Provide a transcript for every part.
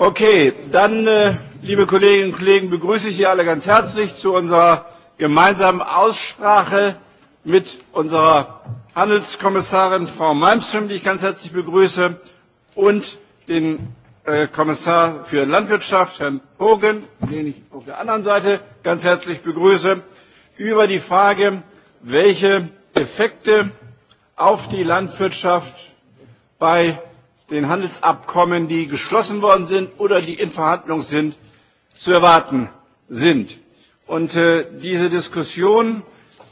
Okay, dann, äh, liebe Kolleginnen und Kollegen, begrüße ich Sie alle ganz herzlich zu unserer gemeinsamen Aussprache mit unserer Handelskommissarin Frau Malmström, die ich ganz herzlich begrüße, und den äh, Kommissar für Landwirtschaft, Herrn Hogan, den ich auf der anderen Seite ganz herzlich begrüße, über die Frage, welche Effekte auf die Landwirtschaft bei den Handelsabkommen, die geschlossen worden sind oder die in Verhandlung sind, zu erwarten sind. Und äh, diese Diskussion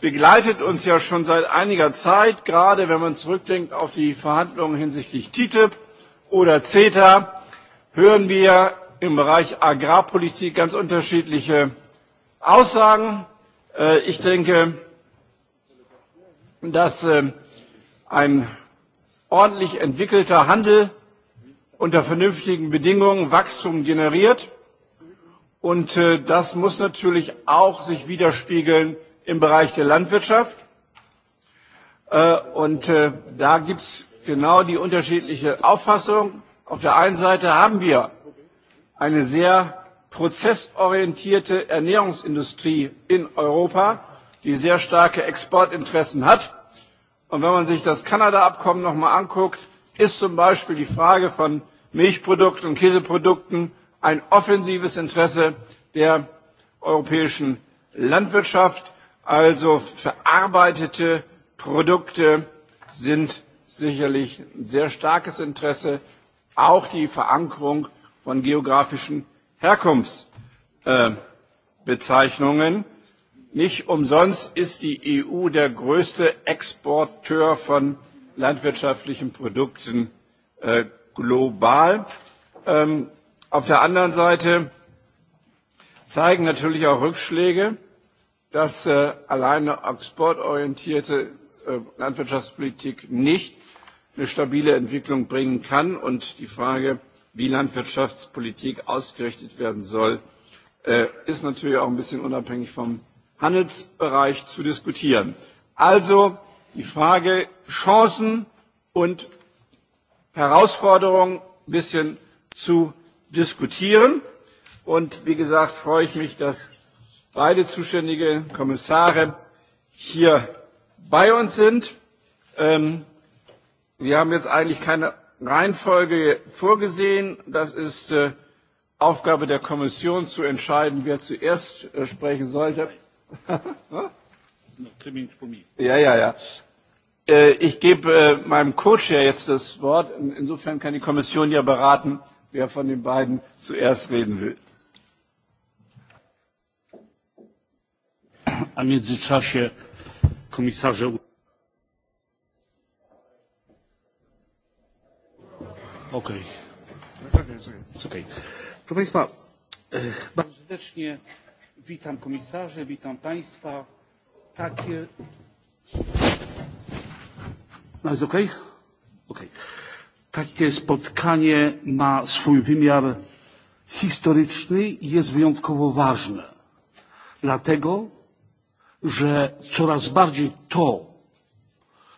begleitet uns ja schon seit einiger Zeit, gerade wenn man zurückdenkt auf die Verhandlungen hinsichtlich TTIP oder CETA, hören wir im Bereich Agrarpolitik ganz unterschiedliche Aussagen. Äh, ich denke, dass äh, ein ordentlich entwickelter Handel unter vernünftigen Bedingungen Wachstum generiert. Und äh, das muss natürlich auch sich widerspiegeln im Bereich der Landwirtschaft. Äh, und äh, da gibt es genau die unterschiedliche Auffassung. Auf der einen Seite haben wir eine sehr prozessorientierte Ernährungsindustrie in Europa, die sehr starke Exportinteressen hat. Und wenn man sich das Kanada-Abkommen nochmal anguckt, ist zum Beispiel die Frage von Milchprodukten und Käseprodukten ein offensives Interesse der europäischen Landwirtschaft. Also verarbeitete Produkte sind sicherlich ein sehr starkes Interesse. Auch die Verankerung von geografischen Herkunftsbezeichnungen. Äh, Nicht umsonst ist die EU der größte Exporteur von landwirtschaftlichen Produkten äh, global. Ähm, auf der anderen Seite zeigen natürlich auch Rückschläge, dass äh, alleine exportorientierte äh, Landwirtschaftspolitik nicht eine stabile Entwicklung bringen kann. Und die Frage, wie Landwirtschaftspolitik ausgerichtet werden soll, äh, ist natürlich auch ein bisschen unabhängig vom Handelsbereich zu diskutieren. Also die Frage Chancen und Herausforderungen ein bisschen zu diskutieren. Und wie gesagt, freue ich mich, dass beide zuständige Kommissare hier bei uns sind. Ähm, wir haben jetzt eigentlich keine Reihenfolge vorgesehen. Das ist äh, Aufgabe der Kommission zu entscheiden, wer zuerst äh, sprechen sollte. Ja, ja, ja. Äh, ich gebe äh, meinem Coach ja jetzt das Wort. Insofern kann die Kommission ja beraten, wer von den beiden zuerst reden will. A międzyczasie komisarze Okej. Okay. Okay. Proszę Państwa, e, bardzo serdecznie witam komisarzy witam państwa takie no jest okej? Okej. takie spotkanie ma swój wymiar historyczny i jest wyjątkowo ważne dlatego że coraz bardziej to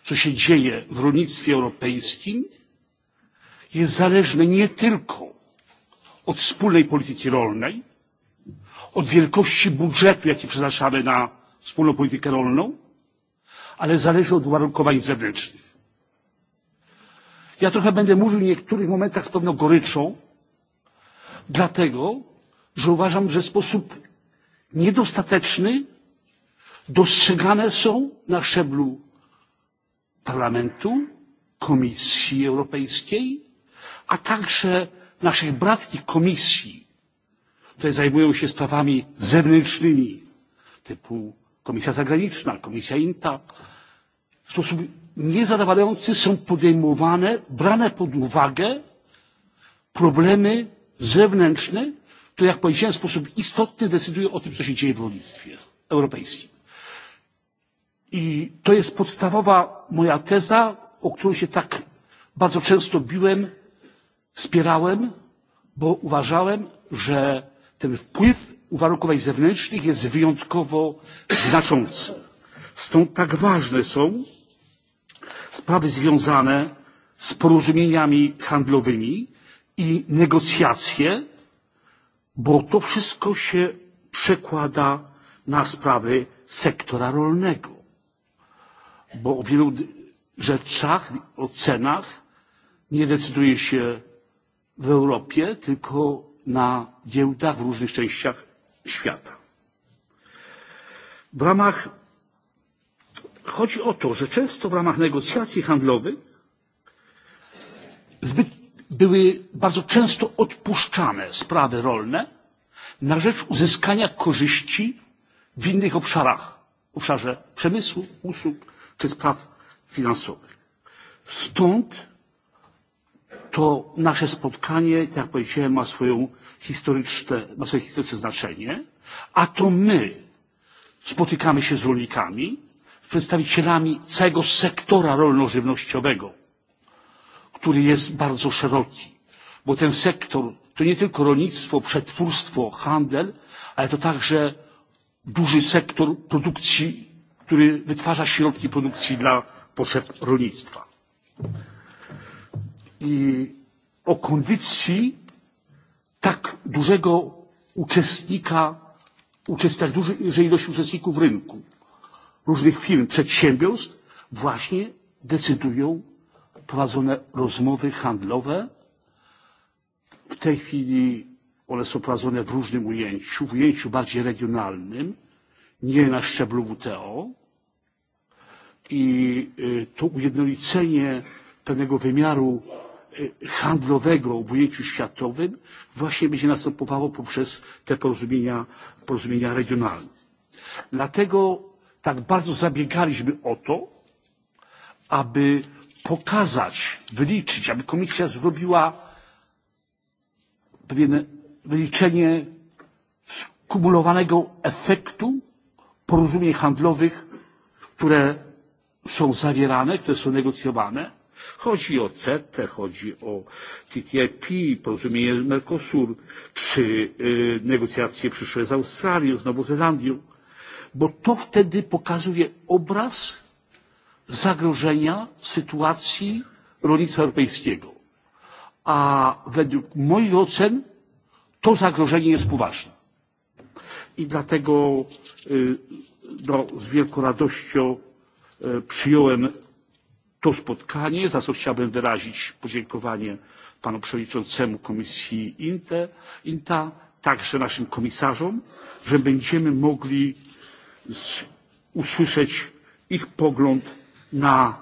co się dzieje w rolnictwie europejskim jest zależne nie tylko od wspólnej polityki rolnej od wielkości budżetu, jaki przeznaczamy na wspólną politykę rolną, ale zależy od uwarunkowań zewnętrznych. Ja trochę będę mówił w niektórych momentach z pewną goryczą, dlatego że uważam, że w sposób niedostateczny dostrzegane są na szczeblu Parlamentu, Komisji Europejskiej, a także naszych bratnich komisji które zajmują się sprawami zewnętrznymi typu komisja zagraniczna komisja inta w sposób niezadowalający są podejmowane brane pod uwagę problemy zewnętrzne które jak powiedziałem w sposób istotny decydują o tym co się dzieje w rolnictwie europejskim. I to jest podstawowa moja teza, o którą się tak bardzo często biłem, wspierałem, bo uważałem, że ten wpływ uwarunkowań zewnętrznych jest wyjątkowo znaczący. Stąd tak ważne są sprawy związane z porozumieniami handlowymi i negocjacje, bo to wszystko się przekłada na sprawy sektora rolnego. Bo o wielu rzeczach, o cenach nie decyduje się w Europie, tylko na giełdach w różnych częściach świata. W ramach, chodzi o to, że często w ramach negocjacji handlowych zbyt, były bardzo często odpuszczane sprawy rolne na rzecz uzyskania korzyści w innych obszarach, w obszarze przemysłu, usług czy spraw finansowych. Stąd to nasze spotkanie, jak powiedziałem, ma, swoją historyczne, ma swoje historyczne znaczenie, a to my spotykamy się z rolnikami, z przedstawicielami całego sektora rolno-żywnościowego, który jest bardzo szeroki, bo ten sektor to nie tylko rolnictwo, przetwórstwo, handel, ale to także duży sektor produkcji, który wytwarza środki produkcji dla potrzeb rolnictwa. Dziękuję i o konwicji tak dużego uczestnika, uczestnika dużej ilości uczestników rynku, różnych firm, przedsiębiorstw, właśnie decydują prowadzone rozmowy handlowe. W tej chwili one są prowadzone w różnym ujęciu, w ujęciu bardziej regionalnym, nie na szczeblu WTO. I to ujednolicenie pewnego wymiaru handlowego w ujęciu światowym właśnie będzie następowało poprzez te porozumienia, porozumienia regionalne. Dlatego tak bardzo zabiegaliśmy o to, aby pokazać, wyliczyć, aby Komisja zrobiła pewne wyliczenie skumulowanego efektu porozumień handlowych, które są zawierane, które są negocjowane. Chodzi o CETE, chodzi o TTIP, porozumienie Mercosur, czy y, negocjacje przyszłe z Australią, z Nową Zelandią, bo to wtedy pokazuje obraz zagrożenia sytuacji rolnictwa europejskiego. A według moich ocen to zagrożenie jest poważne. I dlatego y, no, z wielką radością y, przyjąłem to spotkanie, za co chciałbym wyrazić podziękowanie panu przewodniczącemu Komisji INTE, INTA, także naszym komisarzom, że będziemy mogli z, usłyszeć ich pogląd na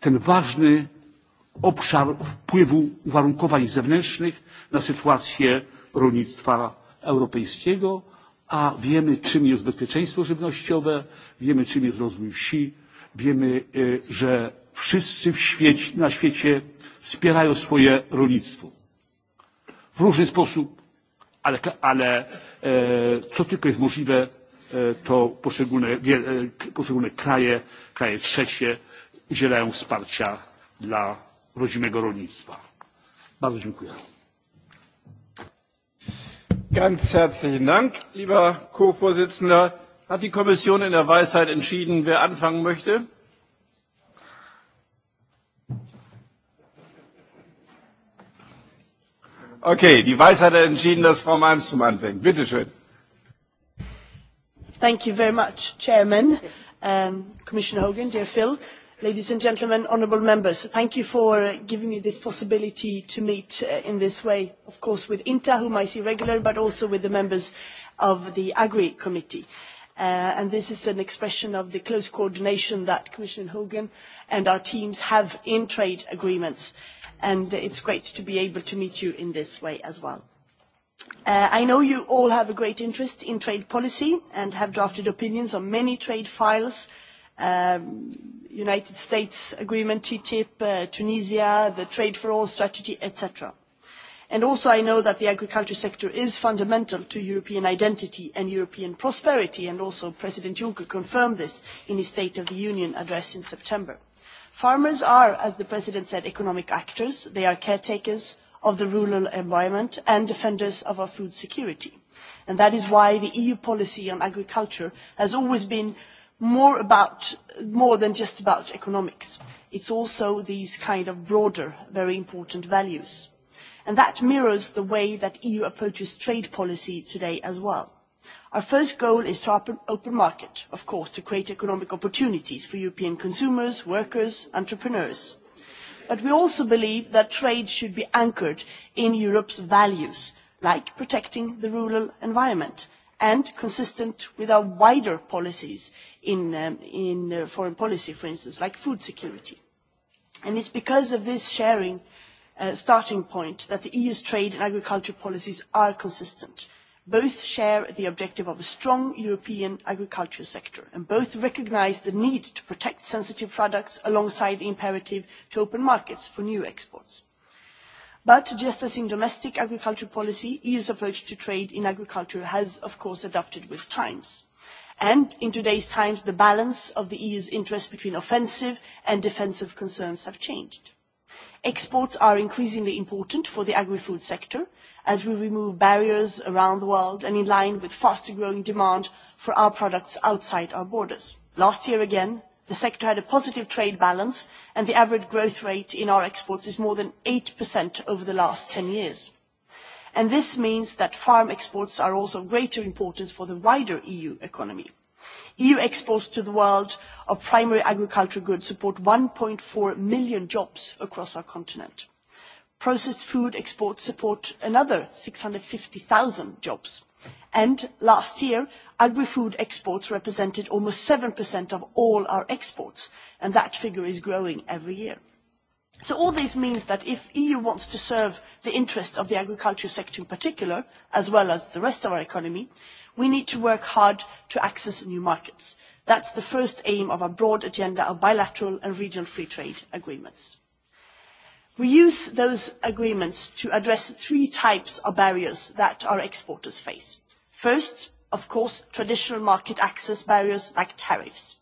ten ważny obszar wpływu uwarunkowań zewnętrznych na sytuację rolnictwa europejskiego, a wiemy, czym jest bezpieczeństwo żywnościowe, wiemy, czym jest rozwój wsi wiemy, że wszyscy w świecie, na świecie wspierają swoje rolnictwo w różny sposób, ale, ale e, co tylko jest możliwe, e, to poszczególne, wie, e, poszczególne kraje, kraje trzecie udzielają wsparcia dla rodzimego rolnictwa. Bardzo dziękuję. Ganz herzlichen Dank, lieber Co-Vorsitzender. Hat die Kommission in der Weisheit entschieden, wer anfangen möchte? Okay, die Weisheit hat entschieden, dass Frau Malms zum Anfängt. Bitte schön. Thank you very much, Chairman, um, Commissioner Hogan, dear Phil, ladies and gentlemen, honourable members. Thank you for giving me this possibility to meet uh, in this way, of course, with INTA, whom I see regularly, but also with the members of the Agri Committee. Uh, Uh, and this is an expression of the close coordination that commissioner hogan and our teams have in trade agreements and it is great to be able to meet you in this way as well. Uh, i know you all have a great interest in trade policy and have drafted opinions on many trade files the um, united states agreement ttip uh, tunisia the trade for all strategy etcetera and also i know that the agriculture sector is fundamental to european identity and european prosperity and also president juncker confirmed this in his state of the union address in september. farmers are as the president said economic actors they are caretakers of the rural environment and defenders of our food security and that is why the eu policy on agriculture has always been more about more than just about economics it is also these kind of broader very important values and that mirrors the way that the eu approaches trade policy today as well. our first goal is to open the market of course to create economic opportunities for european consumers workers entrepreneurs but we also believe that trade should be anchored in europe's values like protecting the rural environment and consistent with our wider policies in, um, in uh, foreign policy for instance like food security. and it is because of this sharing that Uh, starting point that the eu's trade and agriculture policies are consistent both share the objective of a strong european agricultural sector and both recognise the need to protect sensitive products alongside the imperative to open markets for new exports. but just as in domestic agricultural policy the eu's approach to trade in agriculture has of course adapted with times and in today's times the balance of the eu's interests between offensive and defensive concerns has changed exports are increasingly important for the agri food sector as we remove barriers around the world and in line with faster growing demand for our products outside our borders. last year again the sector had a positive trade balance and the average growth rate in our exports is more than eight over the last ten years. this means that farm exports are also of greater importance for the wider eu economy eu exports to the world of primary agricultural goods support. one four million jobs across our continent. processed food exports support another six hundred and fifty zero jobs and last year agri food exports represented almost seven of all our exports and that figure is growing every year. So all this means that if EU wants to serve the interests of the agriculture sector in particular, as well as the rest of our economy, we need to work hard to access new markets. That's the first aim of our broad agenda of bilateral and regional free trade agreements. We use those agreements to address three types of barriers that our exporters face. First, of course, traditional market access barriers like tariffs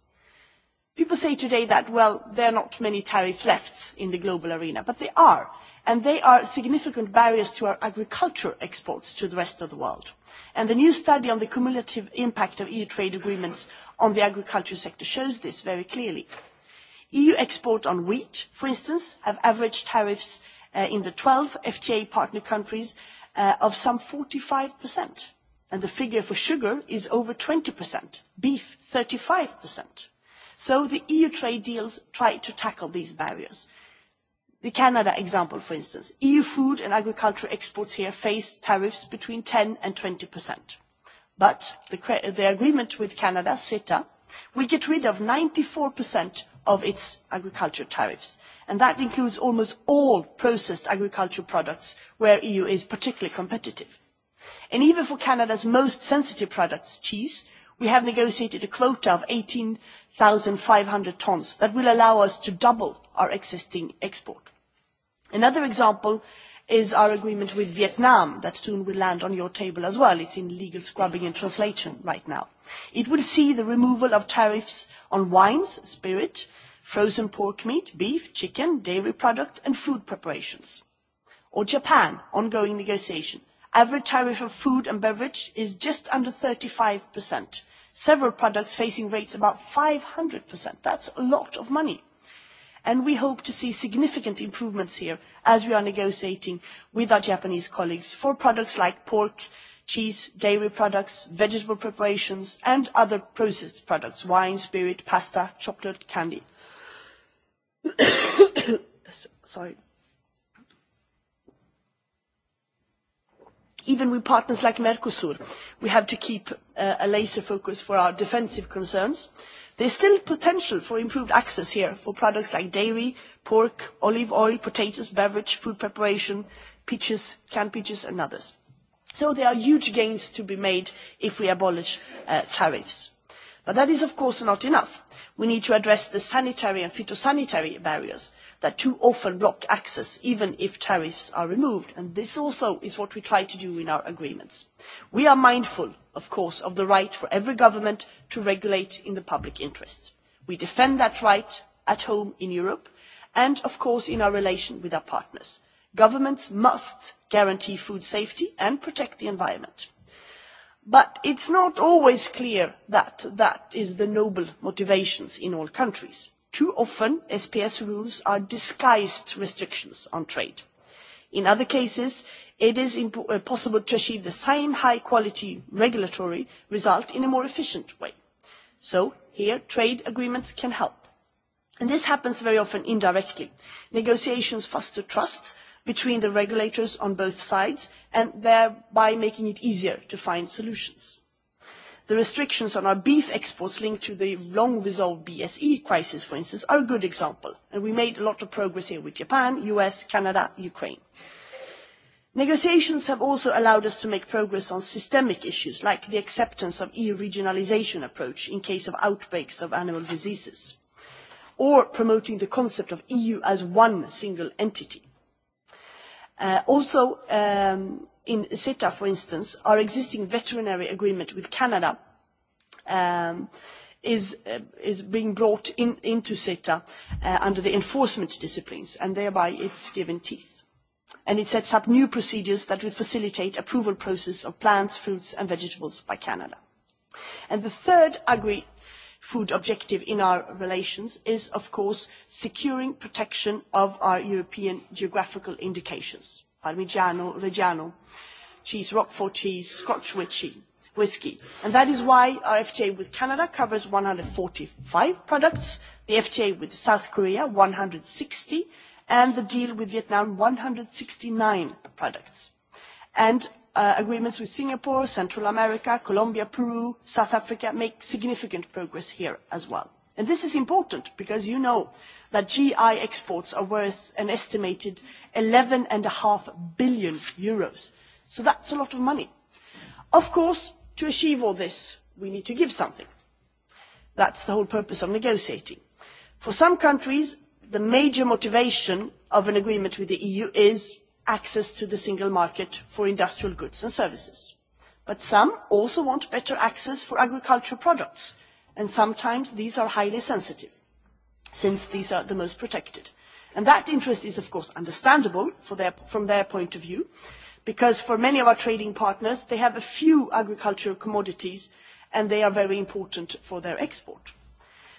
people say today that well there are not many tariffs left in the global arena but there are and they are significant barriers to our agricultural exports to the rest of the world and the new study on the cumulative impact of eu trade agreements on the agricultural sector shows this very clearly. eu exports on wheat for instance have average tariffs uh, in the twelve fta partner countries uh, of some forty five and the figure for sugar is over twenty beef thirty five so the eu trade deals try to tackle these barriers. the canada example for instance eu food and agriculture exports here face tariffs between ten and twenty but the agreement with canada ceta will get rid of ninety four of its agriculture tariffs and that includes almost all processed agricultural products where the eu is particularly competitive. even for canada's most sensitive products cheese we have negotiated a quota of eighteen five hundred tonnes that will allow us to double our existing export. another example is our agreement with vietnam that will soon land on your table as well it is in legal scrubbing and translation right now. it will see the removal of tariffs on wines spirits frozen pork meat beef chicken dairy products and food preparations. or japan ongoing negotiations average tariff of food and beverage is just under thirty five and several products face rates of about five hundred that is a lot of money and we hope to see significant improvements here as we are negotiating with our japanese colleagues for products like pork cheese dairy products vegetable preparations and other processed products wine spirit pasta chocolate candy etc. even with partners like mercosur we have to keep uh, a laser focus on our defensive concerns. there is still potential for improved access here for products like dairy pork olive oil potatoes beverages food preparation peaches canned peaches and others. so there are huge gains to be made if we abolish uh, tariffs but that is of course not enough. we need to address the sanitary and phytosanitary barriers that too often block access even if tariffs are removed and this also is what we try to do in our agreements. we are mindful of course of the right for every government to regulate in the public interest. we defend that right at home in europe and of course in our relations with our partners. governments must guarantee food safety and protect the environment but it is not always clear that that is the noble motivation in all countries. too often sps rules are disguised restrictions on trade. in other cases it is uh, possible to achieve the same high quality regulatory result in a more efficient way. so here trade agreements can help. this happens very often indirectly. negotiations foster trust between the regulators on both sides and thereby making it easier to find solutions. the restrictions on our beef exports linked to the long resolved bse crisis for instance are a good example and we made a lot of progress here with japan the us canada and ukraine. negotiations have also allowed us to make progress on systemic issues like the acceptance of eu regionalisation approach in case of outbreaks of animal diseases or promoting the concept of eu as one single entity. Uh, also um, in ceta for instance our existing veterinary agreement with canada um, uh, is being brought into ceta uh, under the enforcement disciplines and thereby it is given teeth and it sets up new procedures that will facilitate approval process of plants fruits and vegetables by canada. the third agri food objective in our relations is of course securing protection of our european geographical indications parmigiano reggiano cheese roquefort cheese scotch whisky and that is why our fta with canada covers one hundred and forty five products the fta with south korea one hundred and sixty and the deal with vietnam one hundred and sixty nine products and Uh, agreements with singapore central america colombia peru and south africa make significant progress here as well. this is important because you know that gi exports are worth an estimated eur. eleven five billion so that is a lot of money. of course to achieve all this we need to give something. that is the whole purpose of negotiating. for some countries the major motivation of an agreement with the eu access to the single market for industrial goods and services but some also want better access for agricultural products and sometimes these are highly sensitive since these are the most protected and that interest is of course understandable for their, from their point of view because for many of our trading partners they have a few agricultural commodities and they are very important for their export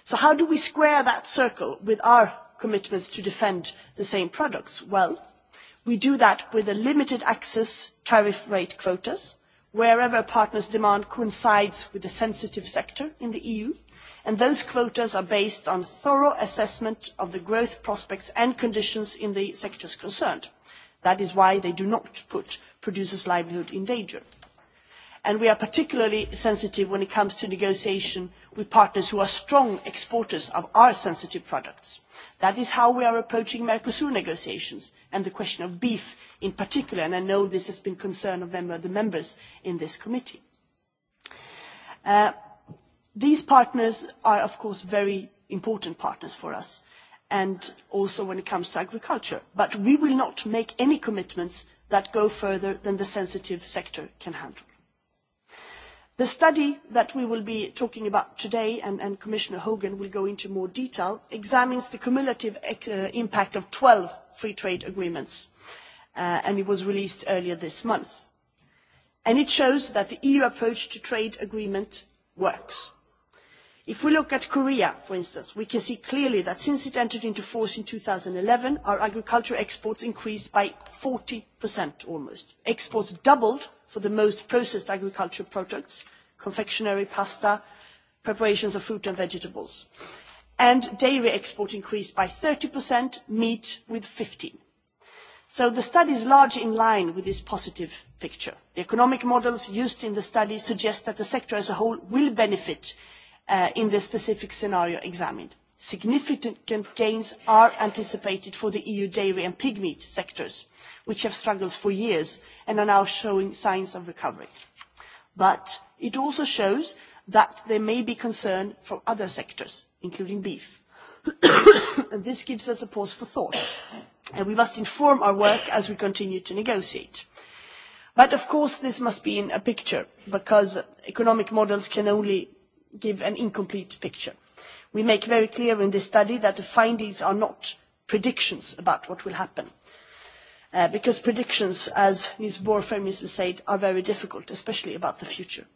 so how do we square that circle with our commitments to defend the same products well we do that with limited access tariff rate quotas wherever a partner's demand coincides with a sensitive sector in the eu and those quotas are based on thorough assessment of the growth prospects and conditions in the sectors concerned. that is why they do not put producers' livelihoods in danger. and we are particularly sensitive when it comes to negotiation with partners who are strong exporters of our sensitive products. that is how we are approaching mercosur negotiations and the question of beef in particular and i know this has been a concern of the members in this committee. Uh, these partners are of course very important partners for us and also when it comes to agriculture but we will not make any commitments that go further than the sensitive sector can handle the study that we will be talking about today and commissioner hogan will go into more detail examines the cumulative uh, impact of twelve free trade agreements uh, and it was released earlier this month and it shows that the eu approach to trade agreement works. if we look at korea for instance we can see clearly that since it entered into force in two thousand and eleven our agricultural exports increased by almost forty exports doubled for the most processed agricultural products confectionery pasta preparations of fruit and vegetables and dairy export increased by 30% meat with 15 so the study is largely in line with this positive picture the economic models used in the study suggest that the sector as a whole will benefit uh, in the specific scenario examined significant gains are anticipated for the eu dairy and pigmeat sectors which have struggled for years and are now showing signs of recovery but it also shows that there may be concern from other sectors including beef. this gives us pause for thought and we must inform our work as we continue to negotiate. but of course this must be in a picture because economic models can only give an incomplete picture we make very clear in this study that the findings are not predictions about what will happen uh, because predictions as ms borfmeister said are very difficult especially about the future.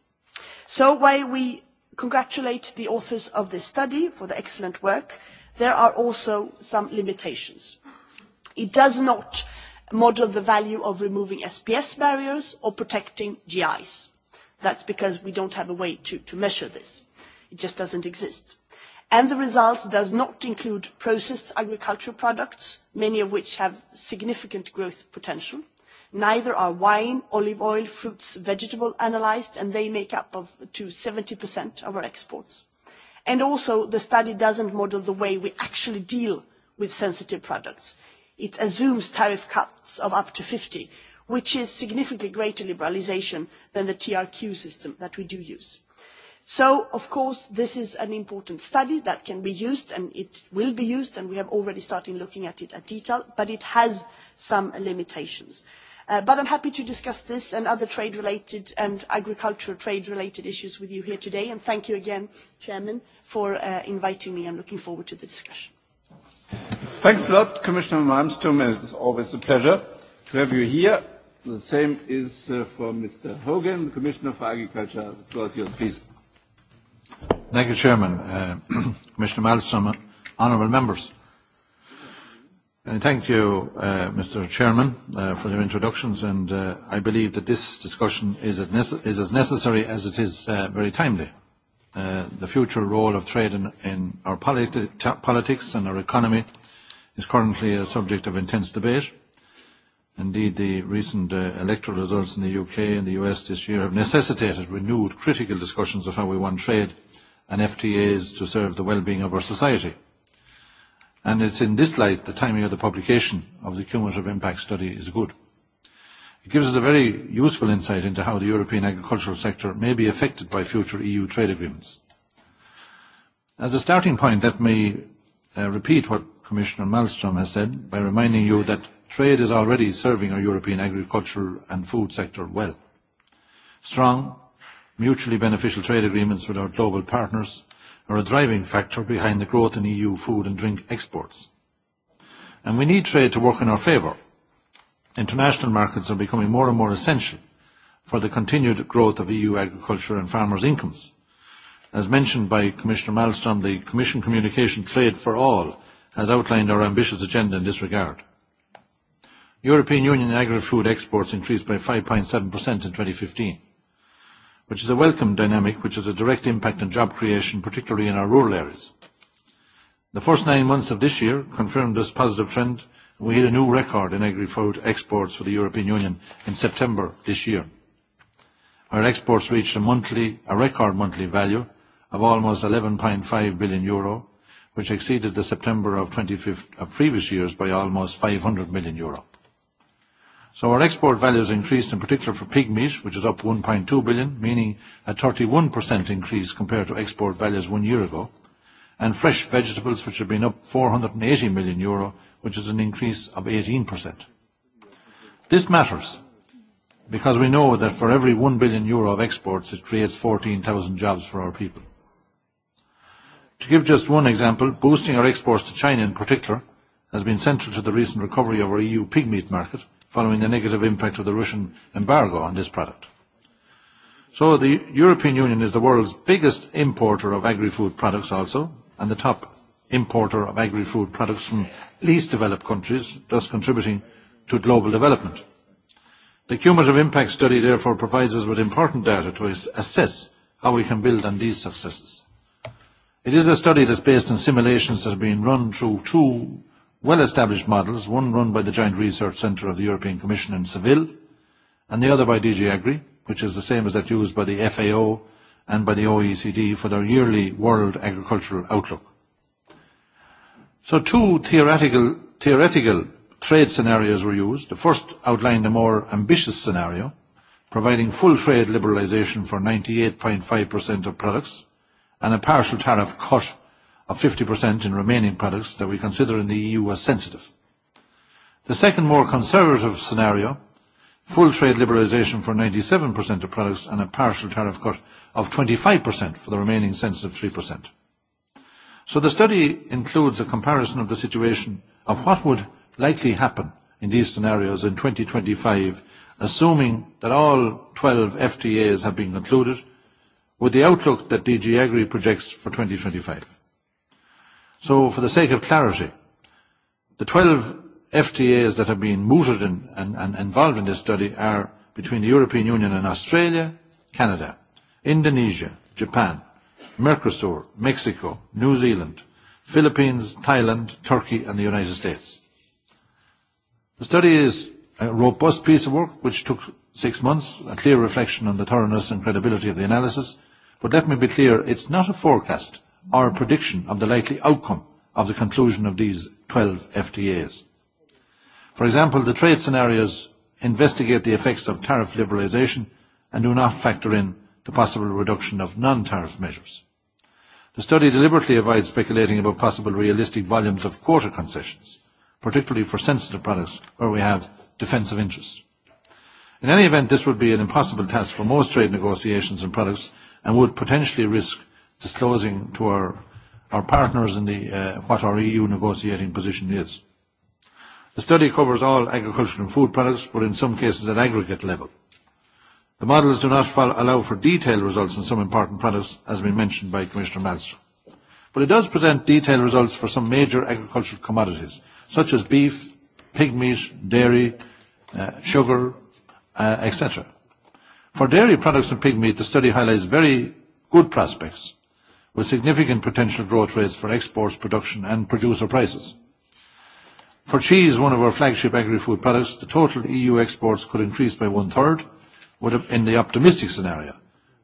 so while we congratulate the authors of this study for their excellent work there are also some limitations. it does not model the value of removing sps barriers or protecting gis. that is because we do not have a way to measure this. it just does not exist and the result does not include processed agricultural products many of which have significant growth potential neither are wine olive oil fruits and vegetables analysed and they make up up to seventy of our exports and also the study does not model the way we actually deal with sensitive products it assumes tariff cuts of up to fifty which is significantly greater liberalisation than the trq system that we do use so of course this is an important study that can be used and it will be used and we have already started looking at it in detail but it has some limitations. Uh, but i am happy to discuss this and other trade related and agricultural trade related issues with you here today and thank you again chairman for uh, inviting me and i am looking forward to the discussion. thanks a lot commissioner malmstrm it is always a pleasure to have you here. the same is uh, for mr hogan commissioner for agriculture. The floor is yours, please. Thank you, Chairman. Uh, Commissioner Malmstrom, honourable members. And thank you, uh, Mr. Chairman, uh, for your introductions. And uh, I believe that this discussion is, nece- is as necessary as it is uh, very timely. Uh, the future role of trade in, in our politi- politics and our economy is currently a subject of intense debate. Uh, Indeed, the recent uh, electoral results in the UK and the US this year have necessitated renewed critical discussions of how we want trade and FTAs to serve the well-being of our society. And it's in this light the timing of the publication of the cumulative impact study is good. It gives us a very useful insight into how the European agricultural sector may be affected by future EU trade agreements. As a starting point, let me uh, repeat what Commissioner Malmström has said by reminding you that trade is already serving our European agricultural and food sector well. Strong, mutually beneficial trade agreements with our global partners are a driving factor behind the growth in EU food and drink exports. And we need trade to work in our favour. International markets are becoming more and more essential for the continued growth of EU agriculture and farmers' incomes. As mentioned by Commissioner Malmstrom, the Commission communication Trade for All has outlined our ambitious agenda in this regard. European Union agri-food exports increased by 5.7% in 2015, which is a welcome dynamic, which has a direct impact on job creation, particularly in our rural areas. The first nine months of this year confirmed this positive trend, and we hit a new record in agri-food exports for the European Union in September this year. Our exports reached a record monthly value of almost 11.5 billion euro, which exceeded the September of previous years by almost 500 million euro. Our export values increased, in particular for pig meat, which is up 1.2 billion, meaning a 31% increase compared to export values one year ago, and fresh vegetables, which have been up 480 million euro, which is an increase of 18%. This matters because we know that for every 1 billion euro of exports, it creates 14,000 jobs for our people. To give just one example, boosting our exports to China in particular has been central to the recent recovery of our EU pig meat market, following the negative impact of the Russian embargo on this product. So the European Union is the world's biggest importer of agri-food products also, and the top importer of agri-food products from least developed countries, thus contributing to global development. The cumulative impact study therefore provides us with important data to assess how we can build on these successes. It is a study that's based on simulations that have been run through two well-established models, one run by the Joint Research Centre of the European Commission in Seville, and the other by DG Agri, which is the same as that used by the FAO and by the OECD for their yearly World Agricultural Outlook. So two theoretical, theoretical trade scenarios were used. The first outlined a more ambitious scenario, providing full trade liberalisation for 98.5% of products and a partial tariff cut of 50% in remaining products that we consider in the EU as sensitive. The second more conservative scenario, full trade liberalisation for 97% of products and a partial tariff cut of 25% for the remaining sensitive 3%. So the study includes a comparison of the situation of what would likely happen in these scenarios in 2025, assuming that all 12 FTAs have been concluded, with the outlook that DG Agri projects for 2025. So, for the sake of clarity, the 12 FTAs that have been mooted in and, and involved in this study are between the European Union and Australia, Canada, Indonesia, Japan, Mercosur, Mexico, New Zealand, Philippines, Thailand, Turkey, and the United States. The study is a robust piece of work which took six months, a clear reflection on the thoroughness and credibility of the analysis. But let me be clear, it's not a forecast or a prediction of the likely outcome of the conclusion of these 12 FTAs. For example, the trade scenarios investigate the effects of tariff liberalisation and do not factor in the possible reduction of non-tariff measures. The study deliberately avoids speculating about possible realistic volumes of quota concessions, particularly for sensitive products where we have defensive interests. In any event, this would be an impossible task for most trade negotiations and products and would potentially risk disclosing to our our partners in the uh, what our EU negotiating position is. The study covers all agricultural and food products, but in some cases at aggregate level. The models do not follow, allow for detailed results in some important products, as we mentioned by Commissioner Malmström. But it does present detailed results for some major agricultural commodities, such as beef, pig meat, dairy, uh, sugar, uh, etc. For dairy products and pig meat, the study highlights very good prospects with significant potential growth rates for exports, production, and producer prices. For cheese, one of our flagship agri-food products, the total EU exports could increase by one-third in the optimistic scenario,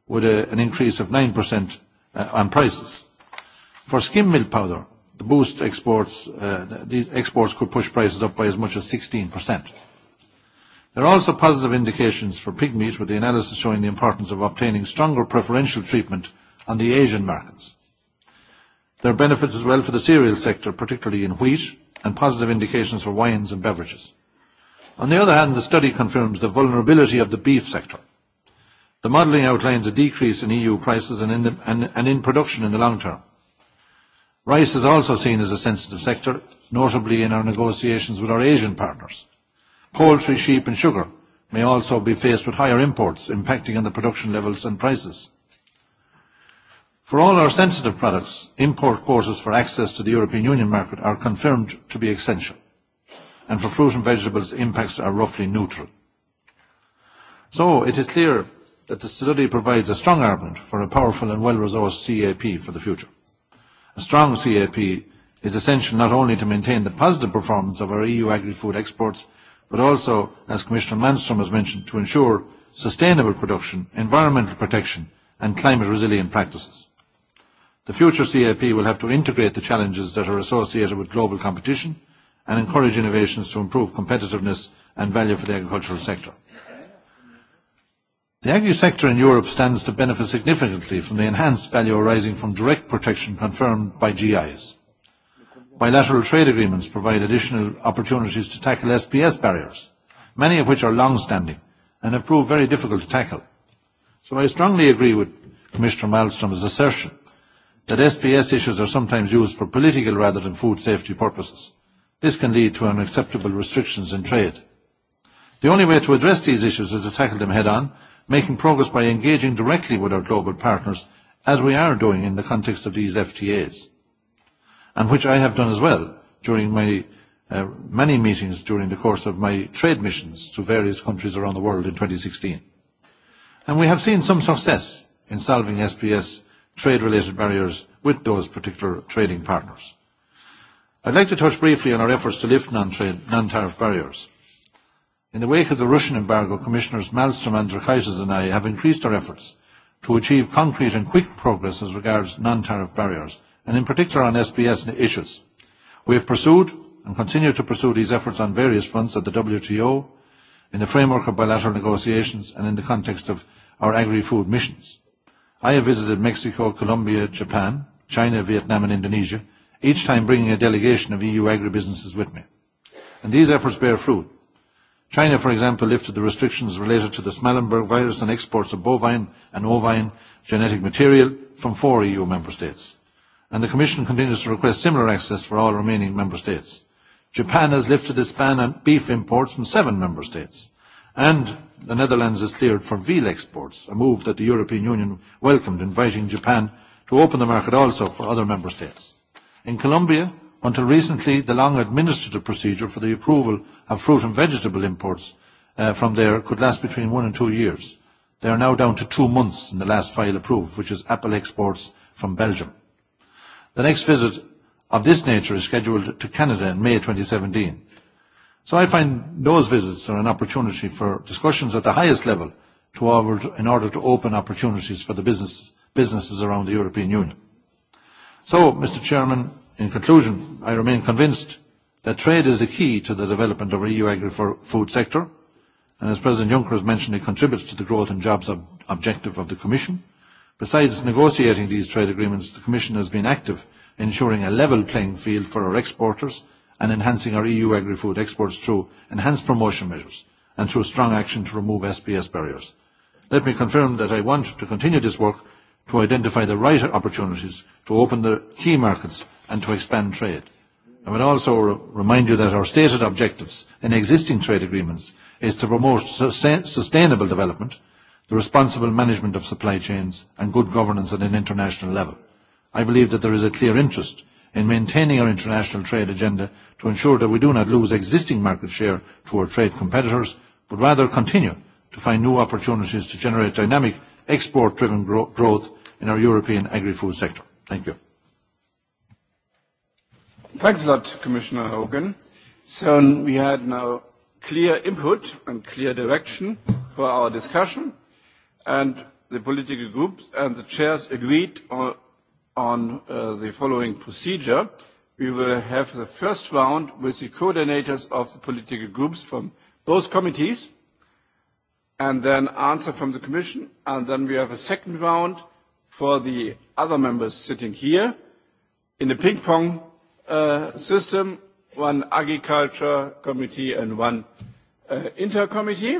with an increase of 9% uh, on prices. For skim milk powder, the boost exports, uh, these exports could push prices up by as much as 16%. There are also positive indications for pig meat, with the analysis showing the importance of obtaining stronger preferential treatment on the Asian markets. There are benefits as well for the cereal sector, particularly in wheat, and positive indications for wines and beverages. On the other hand, the study confirms the vulnerability of the beef sector. The modeling outlines a decrease in EU prices and in production in the long term. Rice is also seen as a sensitive sector, notably in our negotiations with our Asian partners. Poultry, sheep, and sugar may also be faced with higher imports, impacting on the production levels and prices. For all our sensitive products, import quotas for access to the European Union market are confirmed to be essential. And for fruit and vegetables, impacts are roughly neutral. So it is clear that the study provides a strong argument for a powerful and well-resourced CAP for the future. A strong CAP is essential not only to maintain the positive performance of our EU agri-food exports, but also, as Commissioner Manstrom has mentioned, to ensure sustainable production, environmental protection and climate resilient practices. The future CAP will have to integrate the challenges that are associated with global competition and encourage innovations to improve competitiveness and value for the agricultural sector. The agri sector in Europe stands to benefit significantly from the enhanced value arising from direct protection confirmed by GIs. Bilateral trade agreements provide additional opportunities to tackle SPS barriers, many of which are long-standing and have proved very difficult to tackle. So I strongly agree with Commissioner Malmström's assertion that SPS issues are sometimes used for political rather than food safety purposes. This can lead to unacceptable restrictions in trade. The only way to address these issues is to tackle them head on, making progress by engaging directly with our global partners, as we are doing in the context of these FTAs, and which I have done as well during my uh, many meetings during the course of my trade missions to various countries around the world in 2016. And we have seen some success in solving SPS trade-related barriers with those particular trading partners. I'd like to touch briefly on our efforts to lift non-trade, non-tariff barriers. In the wake of the Russian embargo, Commissioners Malmstrom, Andriukaitis, and I have increased our efforts to achieve concrete and quick progress as regards non-tariff barriers, and in particular on SBS issues. We have pursued and continue to pursue these efforts on various fronts at the WTO, in the framework of bilateral negotiations, and in the context of our agri-food missions. I have visited Mexico, Colombia, Japan, China, Vietnam, and Indonesia, each time bringing a delegation of EU agribusinesses with me. And these efforts bear fruit. China, for example, lifted the restrictions related to the Smallenberg virus and exports of bovine and ovine genetic material from four EU member states. And the Commission continues to request similar access for all remaining member states. Japan has lifted its ban on beef imports from seven member states. And the Netherlands is cleared for veal exports, a move that the European Union welcomed, inviting Japan to open the market also for other member states. In Colombia, until recently, the long administrative procedure for the approval of fruit and vegetable imports uh, from there could last between one and two years. They are now down to two months in the last file approved, which is apple exports from Belgium. The next visit of this nature is scheduled to Canada in May 2017. So I find those visits are an opportunity for discussions at the highest level to over, in order to open opportunities for the business, businesses around the European Union. So, Mr. Chairman, in conclusion, I remain convinced that trade is the key to the development of our EU agri-food sector, and as President Juncker has mentioned, it contributes to the growth and jobs ob- objective of the Commission. Besides negotiating these trade agreements, the Commission has been active in ensuring a level playing field for our exporters, and enhancing our EU agri-food exports through enhanced promotion measures and through strong action to remove SPS barriers. Let me confirm that I want to continue this work to identify the right opportunities to open the key markets and to expand trade. I would also re- remind you that our stated objectives in existing trade agreements is to promote sustain- sustainable development, the responsible management of supply chains and good governance at an international level. I believe that there is a clear interest in maintaining our international trade agenda to ensure that we do not lose existing market share to our trade competitors, but rather continue to find new opportunities to generate dynamic export-driven gro growth in our European agri-food sector. Thank you. Thanks a lot, Commissioner Hogan. So we had now clear input and clear direction for our discussion, and the political groups and the chairs agreed on on uh, the following procedure. We will have the first round with the coordinators of the political groups from both committees, and then answer from the Commission, and then we have a second round for the other members sitting here in the ping-pong uh, system, one agriculture committee and one uh, inter-committee.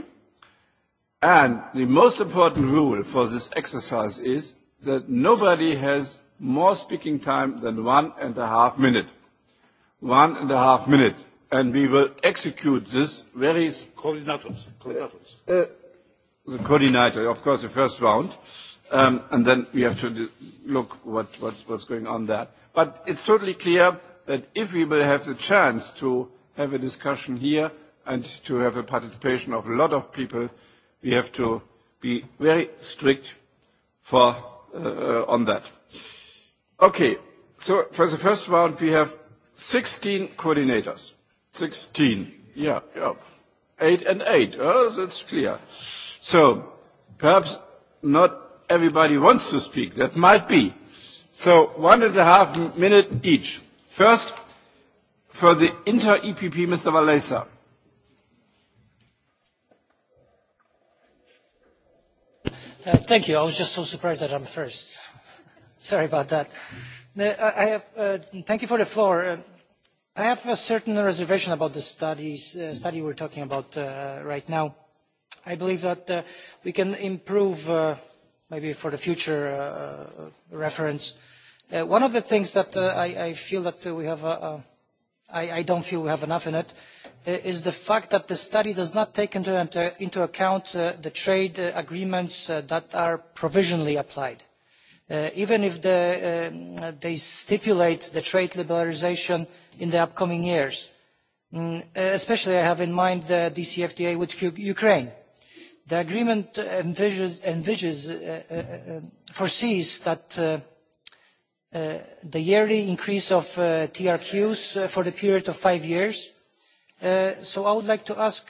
And the most important rule for this exercise is that nobody has more speaking time than one and a half minute. One and a half minute. And we will execute this very... Coordinators. Coordinators. Uh, uh, the coordinator, of course, the first round. Um, and then we have to look what, what's, what's going on there. But it's totally clear that if we will have the chance to have a discussion here and to have a participation of a lot of people, we have to be very strict for, uh, uh, on that. Okay. For the first round, we have 16 coordinators. 16. Yeah. Yeah. Eight and eight. Oh, that's clear. Perhaps not everybody wants to speak. That might be. One and a half minute each. First, for the Inter EPP, Mr. Walesa. Uh, thank you. I was just so surprised that I'm first. Sorry about that. I have, uh, thank you for the floor. Uh, I have a certain reservation about the studies, uh, study we're talking about uh, right now. I believe that uh, we can improve, uh, maybe for the future uh, uh reference. Uh, one of the things that uh, I, I feel that we have, uh, uh, I, I don't feel we have enough in it, uh, is the fact that the study does not take into, into account uh, the trade uh, agreements uh, that are provisionally applied. Uh, even if uh, they stipulate the trade liberalisation in the upcoming years. Mm, uh, especially i have in mind the dcfta with ukraine. the agreement foresees that the yearly increase of trqs for the period of five years. so i would like to ask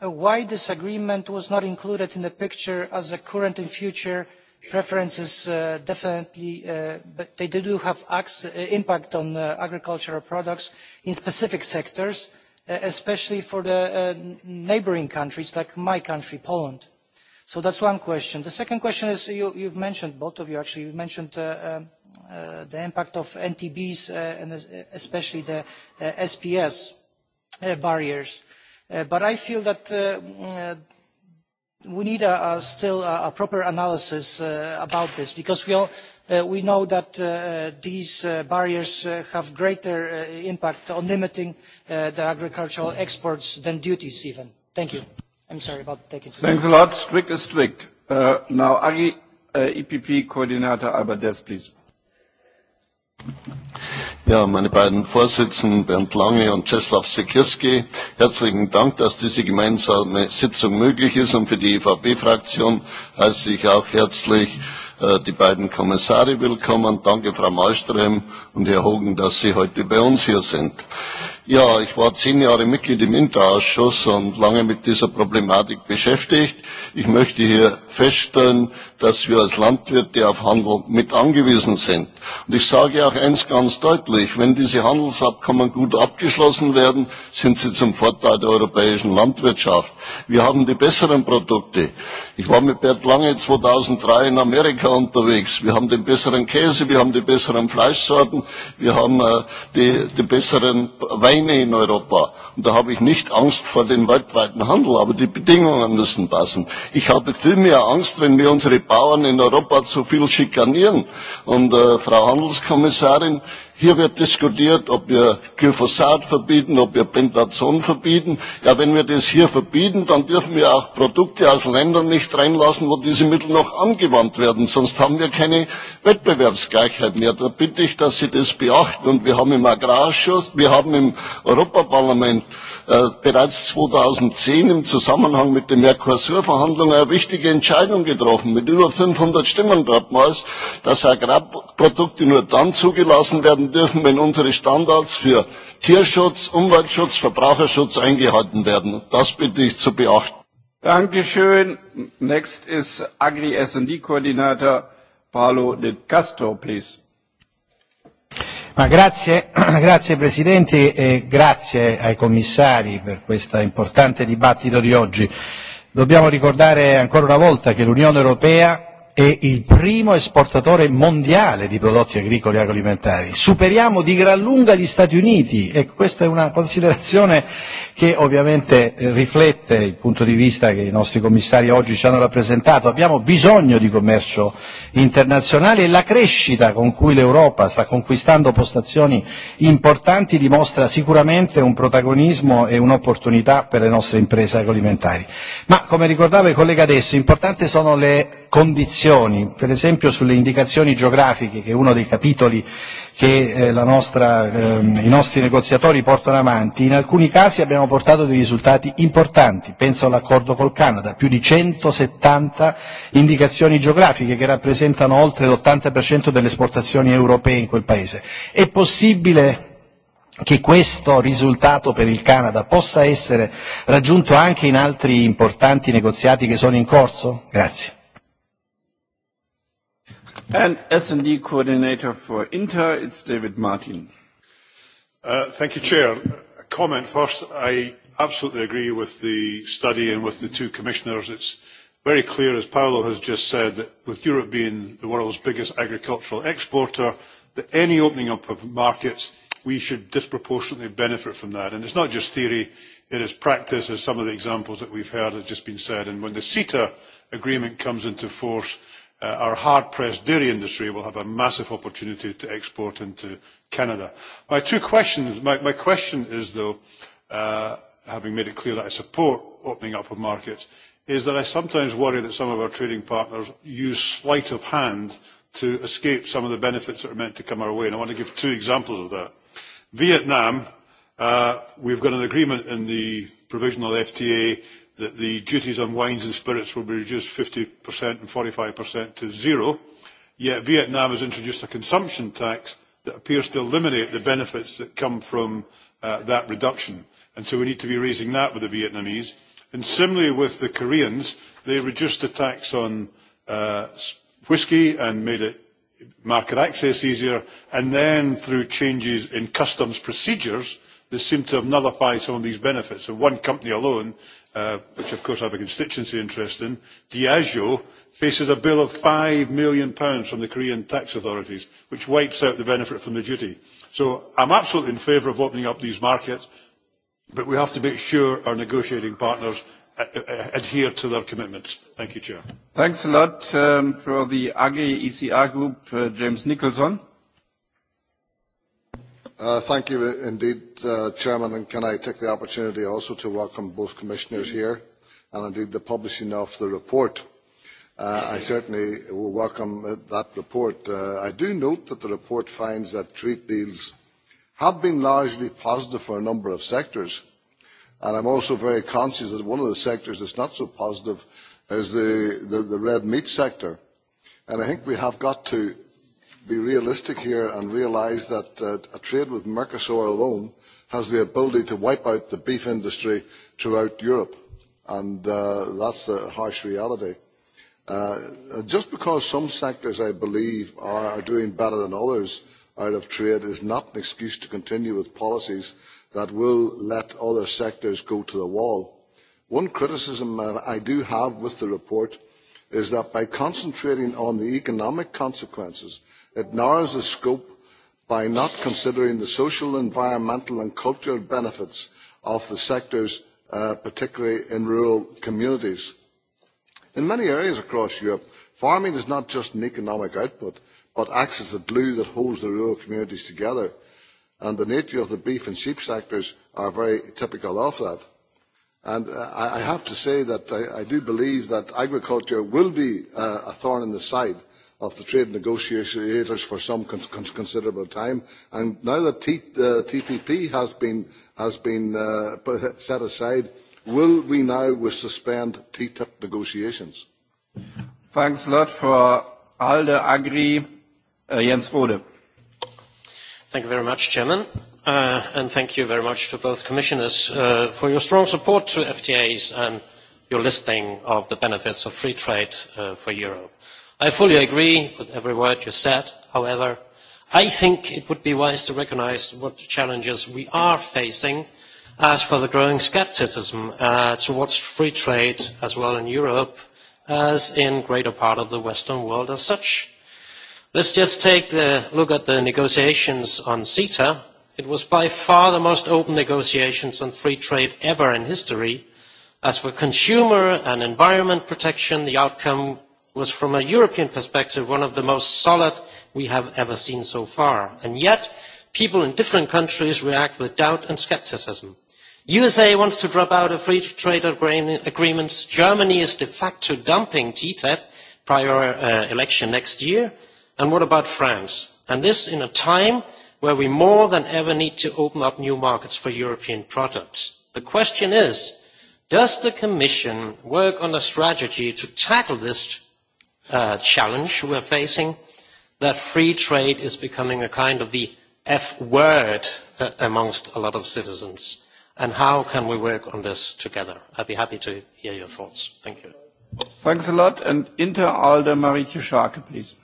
why this agreement was not included in the picture as a current and future preferences uh, definitely uh, do have an uh, impact on agricultural products in specific sectors especially for the neighbouring countries like my country poland. so that is one question. the second question is you have mentioned both of you actually you have mentioned um, the impact of ntbs and especially the sps barriers but i feel that we need a, a still a, a proper analysis uh, about this because we all uh, we know that uh, these uh, barriers uh, have greater uh, impact on limiting uh, the agricultural exports than duties even. Thank you. I'm sorry about taking time. Thanks a lot. Strict is strict. Uh, now, Agi, uh, EPP coordinator Albert Des, please. Ja, meine beiden Vorsitzenden Bernd Lange und Czeslaw Sekirski, herzlichen Dank, dass diese gemeinsame Sitzung möglich ist. Und für die EVP-Fraktion heiße ich auch herzlich äh, die beiden Kommissare willkommen. Danke, Frau Malström und Herr Hogen, dass Sie heute bei uns hier sind. Ja, ich war zehn Jahre Mitglied im Interausschuss und lange mit dieser Problematik beschäftigt. Ich möchte hier feststellen, dass wir als Landwirte auf Handel mit angewiesen sind. Und ich sage auch eins ganz deutlich, wenn diese Handelsabkommen gut abgeschlossen werden, sind sie zum Vorteil der europäischen Landwirtschaft. Wir haben die besseren Produkte. Ich war mit Bert Lange 2003 in Amerika unterwegs. Wir haben den besseren Käse, wir haben die besseren Fleischsorten, wir haben äh, die, die besseren Weine. Gene in Europa. Und da habe ich nicht Angst vor dem weltweiten Handel, aber die Bedingungen müssen passen. Ich habe viel mehr Angst, wenn wir unsere Bauern in Europa zu viel schikanieren. Und äh, Frau Handelskommissarin, Hier wird diskutiert, ob wir Glyphosat verbieten, ob wir Pentazon verbieten. Ja, wenn wir das hier verbieten, dann dürfen wir auch Produkte aus Ländern nicht reinlassen, wo diese Mittel noch angewandt werden. Sonst haben wir keine Wettbewerbsgleichheit mehr. Da bitte ich, dass Sie das beachten. Und wir haben im Agrarausschuss, wir haben im Europaparlament äh, bereits 2010 im Zusammenhang mit den Mercosur-Verhandlungen eine wichtige Entscheidung getroffen, mit über 500 Stimmen damals, dass Agrarprodukte nur dann zugelassen werden, dürfen, wenn unsere Standards für Tierschutz, Umweltschutz, Verbraucherschutz eingehalten werden. Das bitte ich zu beachten. Dankeschön. Next ist Agri SD Koordinator Paolo de Castro, please. Ma grazie, grazie Presidente e grazie ai commissari per questo importante dibattito di oggi. Dobbiamo ricordare ancora una volta che l'Unione Europea è e il primo esportatore mondiale di prodotti agricoli e agroalimentari. Superiamo di gran lunga gli Stati Uniti e questa è una considerazione che ovviamente eh, riflette il punto di vista che i nostri commissari oggi ci hanno rappresentato. Abbiamo bisogno di commercio internazionale e la crescita con cui l'Europa sta conquistando postazioni importanti dimostra sicuramente un protagonismo e un'opportunità per le nostre imprese agroalimentari. Ma come ricordava il collega adesso, importanti sono le condizioni indicazioni, per esempio sulle indicazioni geografiche, che è uno dei capitoli che eh, la nostra, ehm, i nostri negoziatori portano avanti, in alcuni casi abbiamo portato dei risultati importanti, penso all'accordo col Canada, più di 170 indicazioni geografiche che rappresentano oltre l'80% delle esportazioni europee in quel paese. È possibile che questo risultato per il Canada possa essere raggiunto anche in altri importanti negoziati che sono in corso? Grazie. S&D coordinator for Inter, it's David Martin. Uh, thank you, Chair. Comment first, I absolutely agree with the study and with the two commissioners. It's very clear, as Paolo has just said, that with Europe being the world's biggest agricultural exporter, that any opening up of markets, we should disproportionately benefit from that. It's not just theory, it is practice, as some of the examples that we've heard have just been said. When the CETA agreement comes into force, Uh, our hard-pressed dairy industry will have a massive opportunity to export into Canada. My two questions, my, my question is though, uh, having made it clear that I support opening up of markets, is that I sometimes worry that some of our trading partners use sleight of hand to escape some of the benefits that are meant to come our way. And I want to give two examples of that. Vietnam, uh, we've got an agreement in the provisional FTA that the duties on wines and spirits will be reduced 50% and 45% to zero, yet Vietnam has introduced a consumption tax that appears to eliminate the benefits that come from uh, that reduction. And so we need to be raising that with the Vietnamese. And similarly with the Koreans, they reduced the tax on uh, whiskey and made it market access easier. And then through changes in customs procedures, they seem to have nullified some of these benefits. So one company alone Uh, which of course i have a constituency interest in diageo faces a bill of gbp five million from the korean tax authorities which wipes out the benefit from the duty. so i am absolutely in favour of opening up these markets but we have to make sure our negotiating partners uh, uh, adhere to their commitments. thank you. thanks a lot um, for the agri ecr group james nicholson. Uh, thank you uh, indeed, uh, Chairman, and can I take the opportunity also to welcome both commissioners here and indeed the publishing of the report. Uh, I certainly will welcome uh, that report. Uh, I do note that the report finds that trade deals have been largely positive for a number of sectors. And I'm also very conscious that one of the sectors that's not so positive is the, the, the red meat sector. And I think we have got to be realistic here and realise that uh, a trade with Mercosur alone has the ability to wipe out the beef industry throughout Europe. And uh, that's the harsh reality. Uh, uh, just because some sectors, I believe, are, are doing better than others out of trade is not an excuse to continue with policies that will let other sectors go to the wall. One criticism that uh, I do have with the report is that by concentrating on the economic consequences – It narrows the scope by not considering the social, environmental and cultural benefits of the sectors, uh, particularly in rural communities. In many areas across Europe, farming is not just an economic output, but acts as the glue that holds the rural communities together. And the nature of the beef and sheep sectors are very typical of that. And uh, I have to say that I do believe that agriculture will be uh, a thorn in the side of the trade negotiators for some con con considerable time. And now that T uh, TPP has been, has been uh, set aside, will we now we suspend TTIP negotiations? Thanks a lot for ALDE, AGRI, uh, Jens Rode. Thank you very much, Chairman. Uh, and thank you very much to both commissioners uh, for your strong support to FTAs and your listing of the benefits of free trade uh, for Europe. I fully agree with every word you said. However, I think it would be wise to recognize what challenges we are facing as for the growing skepticism uh, towards free trade as well in Europe as in greater part of the Western world as such. Let's just take a look at the negotiations on CETA. It was by far the most open negotiations on free trade ever in history. As for consumer and environment protection, the outcome was from a european perspective one of the most solid we have ever seen so far and yet people in different countries react with doubt and scepticism. the usa wants to drop out of free trade agreements germany is de facto dumping ttip e prior to uh, the election next year and what about france? and this at a time when we more than ever need to open up new markets for european products. the question is does the commission work on a strategy to tackle this Uh, challenge we're facing, that free trade is becoming a kind of the F word uh, amongst a lot of citizens. And how can we work on this together? I'd be happy to hear your thoughts. Thank you. Thanks a lot. And Inter Alder Marie Scharke, please.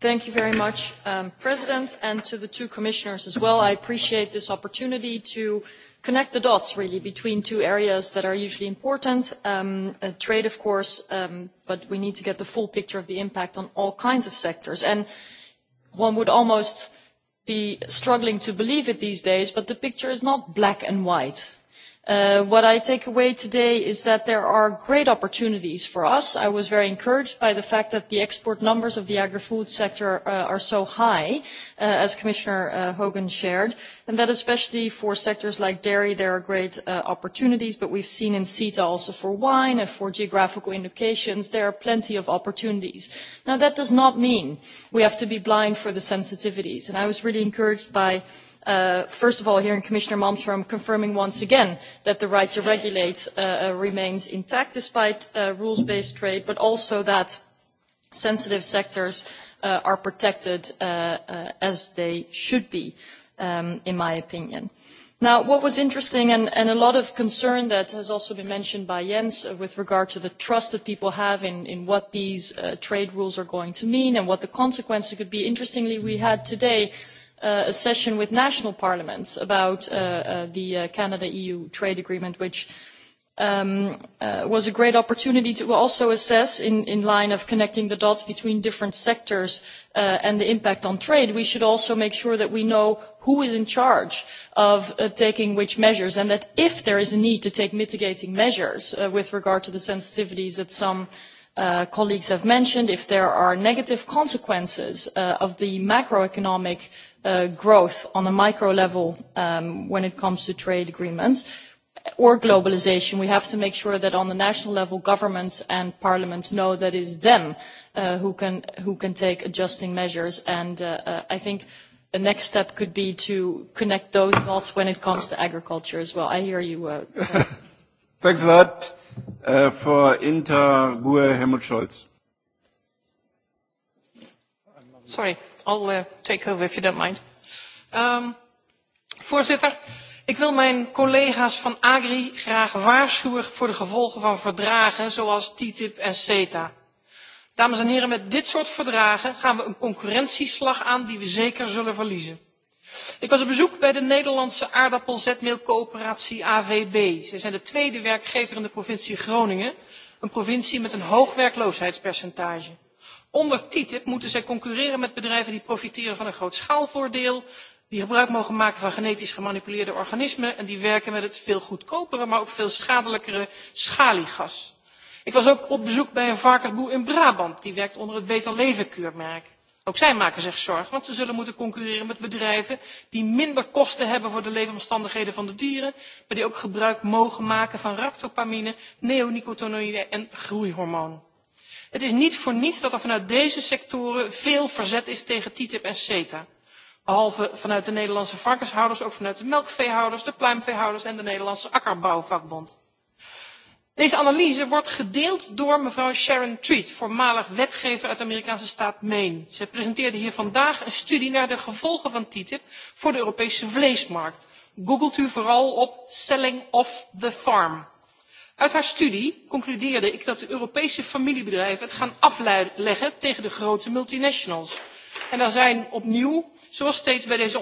Thank you very much, um, President, and to the two commissioners as well. I appreciate this opportunity to connect the dots, really, between two areas that are usually important. Um, uh, trade, of course, um, but we need to get the full picture of the impact on all kinds of sectors. And one would almost be struggling to believe it these days, but the picture is not black and white. Uh, what i take away today is that there are great opportunities for us. i was very encouraged by the fact that the export numbers of the agri food sector uh, are so high uh, as commissioner hogan shared and that especially for sectors like dairy there are great opportunities but we have seen in ceta also for wine and for geographical indications there are plenty of opportunities. now that does not mean we have to be blind to the sensitivities and i was really encouraged uh, first of all, hearing Commissioner Malmstrom confirming once again that the right to regulate uh, uh, remains intact despite uh, rules-based trade, but also that sensitive sectors uh, are protected uh, uh, as they should be, um, in my opinion. Now, what was interesting and, and a lot of concern that has also been mentioned by Jens uh, with regard to the trust that people have in, in what these uh, trade rules are going to mean and what the consequences could be, interestingly, we had today uh, Uh, a session with national parliaments about uh, uh, the canada eu trade agreement which um, was a great opportunity to also assess in line of connecting the dots between different sectors and the impact on trade we should also make sure that we know who is in charge of taking which measures and that if there is a need to take mitigating measures with regard to the sensitivities that some colleagues have mentioned if there are negative consequences of the macroeconomic Uh, growth on a micro level um, when it comes to trade agreements or globalization, we have to make sure that on the national level, governments and parliaments know that it's them uh, who can take adjusting measures. Uh, I think the next step could be to connect those dots when it comes to agriculture as well. I hear you. Thanks a lot. For Inter, Ruhe, Helmut Scholz. Sorry. I'll uh, take over if you don't mind. Um, voorzitter, ik wil mijn collega's van Agri graag waarschuwen voor de gevolgen van verdragen zoals TTIP en CETA. Dames en heren, met dit soort verdragen gaan we een concurrentieslag aan die we zeker zullen verliezen. Ik was op bezoek bij de Nederlandse aardappelzetmeelcoöperatie AVB. Ze zijn de tweede werkgever in de provincie Groningen, een provincie met een hoog werkloosheidspercentage. Onder TTIP moeten zij concurreren met bedrijven die profiteren van een groot schaalvoordeel, die gebruik mogen maken van genetisch gemanipuleerde organismen en die werken met het veel goedkopere, maar ook veel schadelijkere schaliegas. Ik was ook op bezoek bij een varkensboer in Brabant, die werkt onder het Beter Leven keurmerk. Ook zij maken zich zorgen, want ze zullen moeten concurreren met bedrijven die minder kosten hebben voor de leefomstandigheden van de dieren, maar die ook gebruik mogen maken van raptopamine, neonicotinoïden en groeihormoon. Het is niet voor niets dat er vanuit deze sectoren veel verzet is tegen TTIP en CETA. Behalve vanuit de Nederlandse varkenshouders, ook vanuit de melkveehouders, de pluimveehouders en de Nederlandse akkerbouwvakbond. Deze analyse wordt gedeeld door mevrouw Sharon Treat, voormalig wetgever uit de Amerikaanse staat Maine. Zij presenteerde hier vandaag een studie naar de gevolgen van TTIP voor de Europese vleesmarkt. Googelt u vooral op Selling of the Farm. Uit haar studie concludeerde ik dat de Europese familiebedrijven het gaan afleggen tegen de grote multinationals. En dan zijn opnieuw, zoals steeds bij deze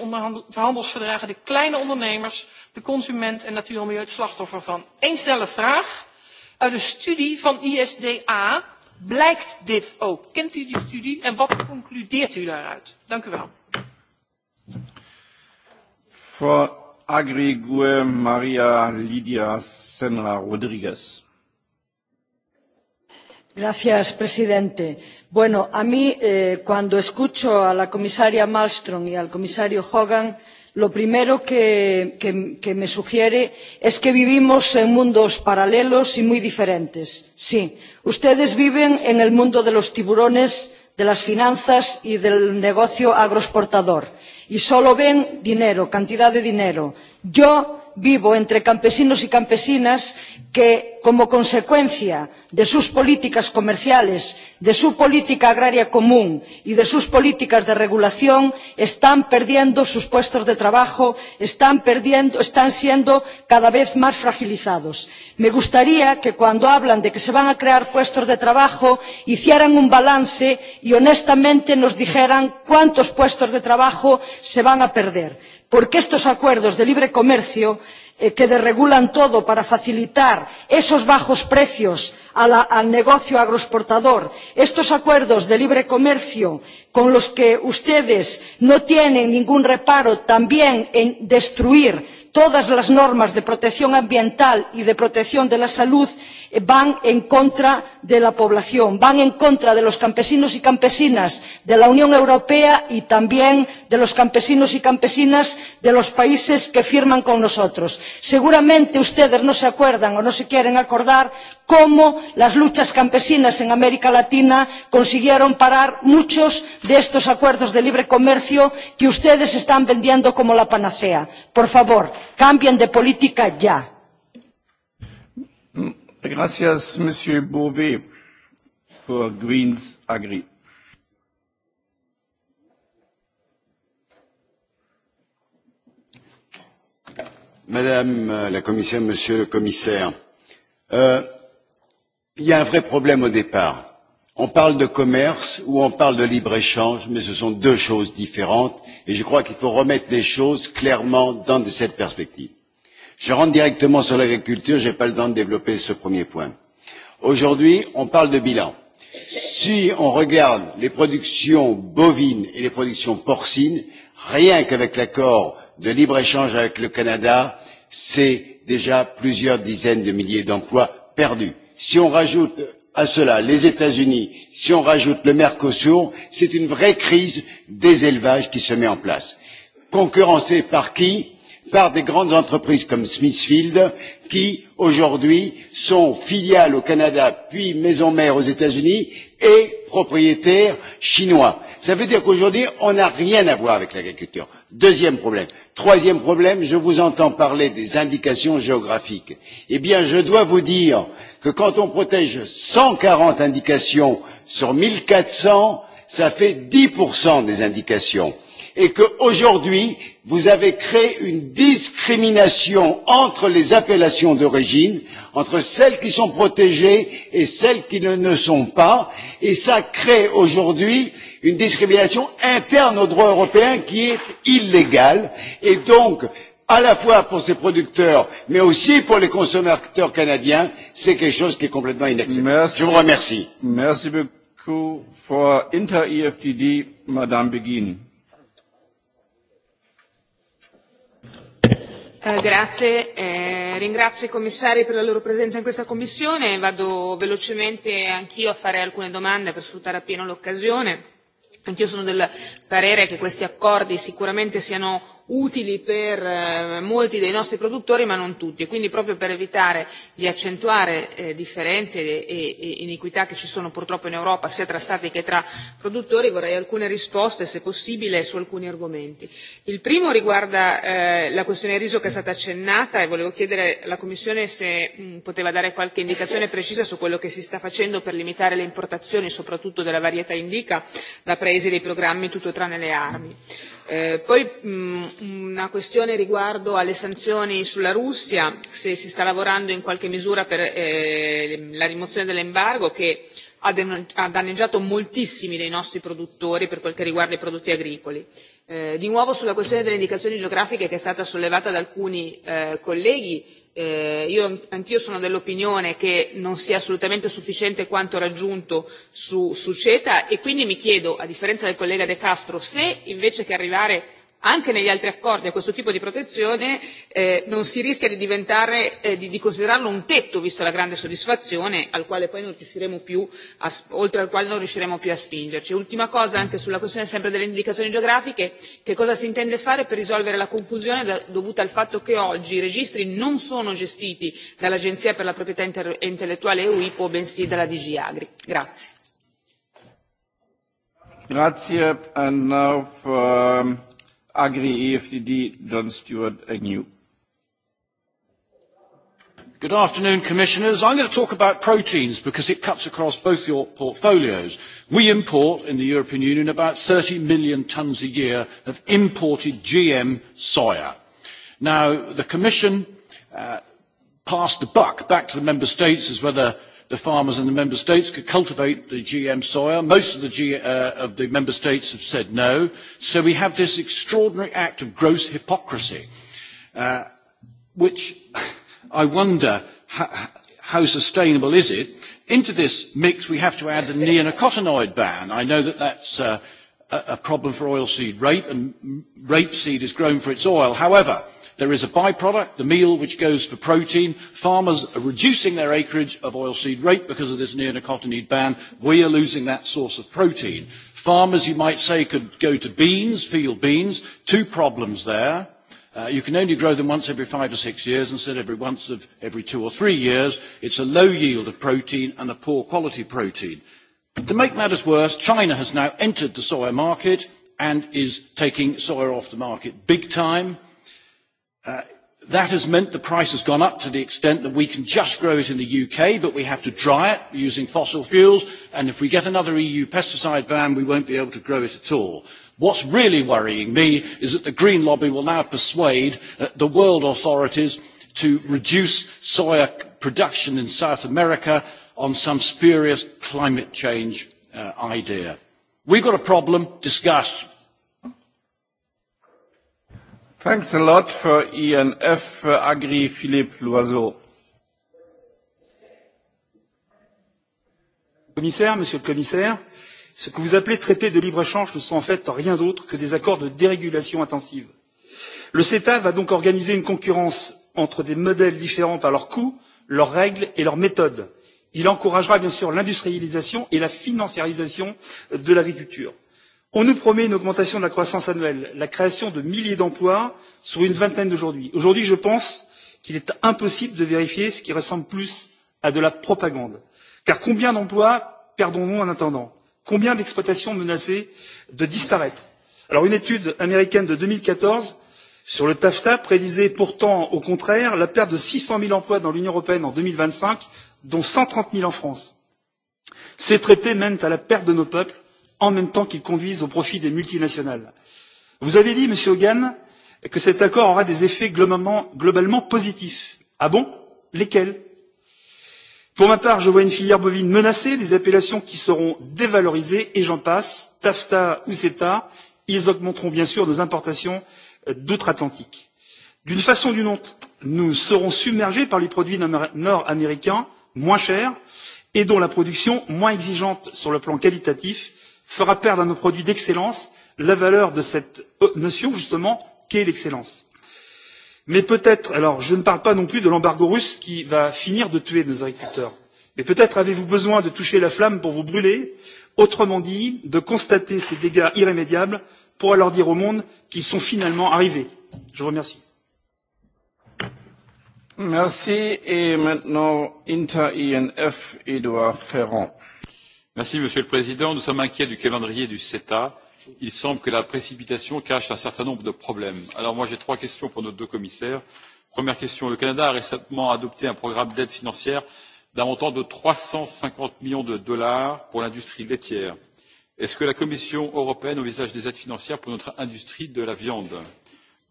verhandelsverdragen, de kleine ondernemers, de consument en natuur en milieu het slachtoffer van. Eén snelle vraag. Uit een studie van ISDA blijkt dit ook. Kent u die studie en wat concludeert u daaruit? Dank u wel. Voor Agrigue Maria Lidia Senra Rodríguez. Gracias, presidente. Bueno, a mí eh, cuando escucho a la comisaria Malmström y al comisario Hogan, lo primero que, que, que me sugiere es que vivimos en mundos paralelos y muy diferentes. Sí, ustedes viven en el mundo de los tiburones, de las finanzas y del negocio agroexportador y solo ven dinero, cantidad de dinero. Yo vivo entre campesinos y campesinas que como consecuencia de sus políticas comerciales de su política agraria común y de sus políticas de regulación están perdiendo sus puestos de trabajo están, perdiendo, están siendo cada vez más fragilizados. me gustaría que cuando hablan de que se van a crear puestos de trabajo hicieran un balance y honestamente nos dijeran cuántos puestos de trabajo se van a perder porque estos acuerdos de libre comercio eh, que desregulan todo para facilitar esos bajos precios al negocio agroexportador estos acuerdos de libre comercio con los que ustedes no tienen ningún reparo también en destruir todas las normas de protección ambiental y de protección de la salud eh, van en contra de la población, van en contra de los campesinos y campesinas de la Unión Europea y también de los campesinos y campesinas de los países que firman con nosotros. Seguramente ustedes no se acuerdan o no se quieren acordar cómo las luchas campesinas en América Latina consiguieron parar muchos de estos acuerdos de libre comercio que ustedes están vendiendo como la panacea. Por favor, cambien de política ya. Gracias, Monsieur Bové, por Greens Agri. Madame euh, la Commissaire, Monsieur le Commissaire, euh, il euh, y a un vrai problème au départ on parle de commerce ou on parle de libre échange mais ce sont deux choses différentes et je crois qu'il faut remettre les choses clairement dans cette perspective. je rentre directement sur l'agriculture je n'ai pas le temps de développer ce premier point. aujourd'hui on parle de bilan. si on regarde les productions bovines et les productions porcines rien qu'avec l'accord de libre échange avec le canada c'est déjà plusieurs dizaines de milliers d'emplois perdus. si on rajoute à cela les états unis si on rajoute le mercosur c'est une vraie crise des élevages qui se met en place. concurrencés par qui? par des grandes entreprises comme smithfield qui aujourd'hui sont filiales au canada puis maison mère aux états unis et propriétaires chinois. cela veut dire qu'aujourd'hui nous n'avons rien à voir avec l'agriculture. deuxième problème. troisième problème je vous entends parler des indications géographiques. eh bien je dois vous dire que quand on protège cent quarante indications sur un quatre cents cela fait dix des indications et qu'aujourd'hui vous avez créé une discrimination entre les appellations d'origine, entre celles qui sont protégées et celles qui ne le sont pas, et ça crée aujourd'hui une discrimination interne au droit européen qui est illégale, et donc, à la fois pour ses producteurs, mais aussi pour les consommateurs canadiens, c'est quelque chose qui est complètement inacceptable. Merci. Je vous remercie. Merci beaucoup. Pour Inter-EFTD, Madame Beguine. Eh, grazie, eh, ringrazio i commissari per la loro presenza in questa commissione, vado velocemente anch'io a fare alcune domande per sfruttare appieno l'occasione. Anch'io sono del parere che questi accordi sicuramente siano utili per eh, molti dei nostri produttori ma non tutti e quindi proprio per evitare di accentuare eh, differenze e, e, e iniquità che ci sono purtroppo in europa sia tra stati che tra produttori vorrei alcune risposte se possibile su alcuni argomenti. il primo riguarda eh, la questione del riso che è stata accennata e volevo chiedere alla commissione se mm, poteva dare qualche indicazione precisa su quello che si sta facendo per limitare le importazioni soprattutto della varietà indica da paesi dei programmi tutto tranne che le armi. Eh, poi mh, mm, una questione riguardo alle sanzioni sulla Russia, se si sta lavorando in qualche misura per eh, la rimozione dell'embargo che ha danneggiato moltissimi dei nostri produttori per quel che riguarda i prodotti agricoli. Eh, di nuovo sulla questione delle indicazioni geografiche che è stata sollevata da alcuni eh, colleghi eh, io anch'io sono dell'opinione che non sia assolutamente sufficiente quanto raggiunto su ceta e quindi mi chiedo a differenza del collega de castro se invece che arrivare anche negli altri accordi a questo tipo di protezione eh, non si rischia di, diventare, eh, di, di considerarlo un tetto visto la grande soddisfazione al quale poi non riusciremo più a, oltre al quale non riusciremo più a spingerci. Ultima cosa anche sulla questione sempre delle indicazioni geografiche, che cosa si intende fare per risolvere la confusione da, dovuta al fatto che oggi i registri non sono gestiti dall'Agenzia per la proprietà inter, intellettuale EUIPO bensì dalla DG Agri. Grazie. Grazie. And now for, um... Agri-EFTD, John Stewart, ANU. Good afternoon, Commissioners. I'm going to talk about proteins because it cuts across both your portfolios. We import in the European Union about 30 million tonnes a year of imported GM soya. Now, the Commission uh, passed the buck back to the Member States as whether well the farmers in the member states could cultivate the gm soya. most of the, G, uh, of the member states have said no. so we have this extraordinary act of gross hypocrisy, uh, which i wonder how, how sustainable is it. into this mix, we have to add the neonicotinoid ban. i know that that's uh, a problem for oilseed rape, and rapeseed is grown for its oil. however, uh, there is a by product the meal which goes for protein farmers are reducing their acreage of oilseed rape because of this neonicotinoid ban we are losing that source of protein farmers you might say could go to beans field beans two problems there uh, you can only grow them once every five or six years instead of every once of every two or three years it's a low yield of protein and a poor quality protein to make matters worse china has now entered the soya market and is taking soya off the market big time. Uh, that has meant the price has gone up to the extent that we can just grow it in the UK, but we have to dry it using fossil fuels. And if we get another EU pesticide ban, we won't be able to grow it at all. What's really worrying me is that the Green Lobby will now persuade uh, the world authorities to reduce soya production in South America on some spurious climate change uh, idea. We've got a problem. Discuss. Thanks a lot for ENF uh, Agri Philippe Loiseau. Commissaire, Monsieur le Commissaire, ce que vous appelez traité de libre-échange ne sont en fait rien d'autre que des accords de dérégulation intensive. Le CETA va donc organiser une concurrence entre des modèles différents par leurs coûts, leurs règles et leurs méthodes. Il encouragera bien sûr l'industrialisation et la financiarisation de l'agriculture. On nous promet une augmentation de la croissance annuelle, la création de milliers d'emplois sur une vingtaine d'aujourd'hui. Aujourd'hui, je pense qu'il est impossible de vérifier ce qui ressemble plus à de la propagande. Car combien d'emplois perdons-nous en attendant Combien d'exploitations menacées de disparaître Alors, une étude américaine de 2014 sur le TAFTA prédisait pourtant, au contraire, la perte de 600 000 emplois dans l'Union européenne en 2025, dont 130 000 en France. Ces traités mènent à la perte de nos peuples en même temps qu'ils conduisent au profit des multinationales. Vous avez dit, Monsieur Hogan, que cet accord aura des effets globalement, globalement positifs. Ah bon Lesquels Pour ma part, je vois une filière bovine menacée, des appellations qui seront dévalorisées, et j'en passe, TAFTA ou CETA, ils augmenteront bien sûr nos importations d'outre-Atlantique. D'une façon ou d'une autre, nous serons submergés par les produits nord-américains moins chers et dont la production moins exigeante sur le plan qualitatif fera perdre à nos produits d'excellence la valeur de cette euh, notion justement qu'est l'excellence. Mais peut-être, alors je ne parle pas non plus de l'embargo russe qui va finir de tuer nos agriculteurs, mais peut-être avez-vous besoin de toucher la flamme pour vous brûler, autrement dit, de constater ces dégâts irrémédiables pour alors dire au monde qu'ils sont finalement arrivés. Je vous remercie. Merci. Et maintenant, Inter-INF, Edouard Ferrand monsieur le président nous sommes inquiets du calendrier du ceta il semble que la précipitation cache un certain nombre de problèmes. alors j'ai trois questions pour nos deux commissaires. première question le canada a récemment adopté un programme d'aide financière d'un montant de trois cent cinquante millions de dollars pour l'industrie laitière. est ce que la commission européenne envisage des aides financières pour notre industrie de la viande?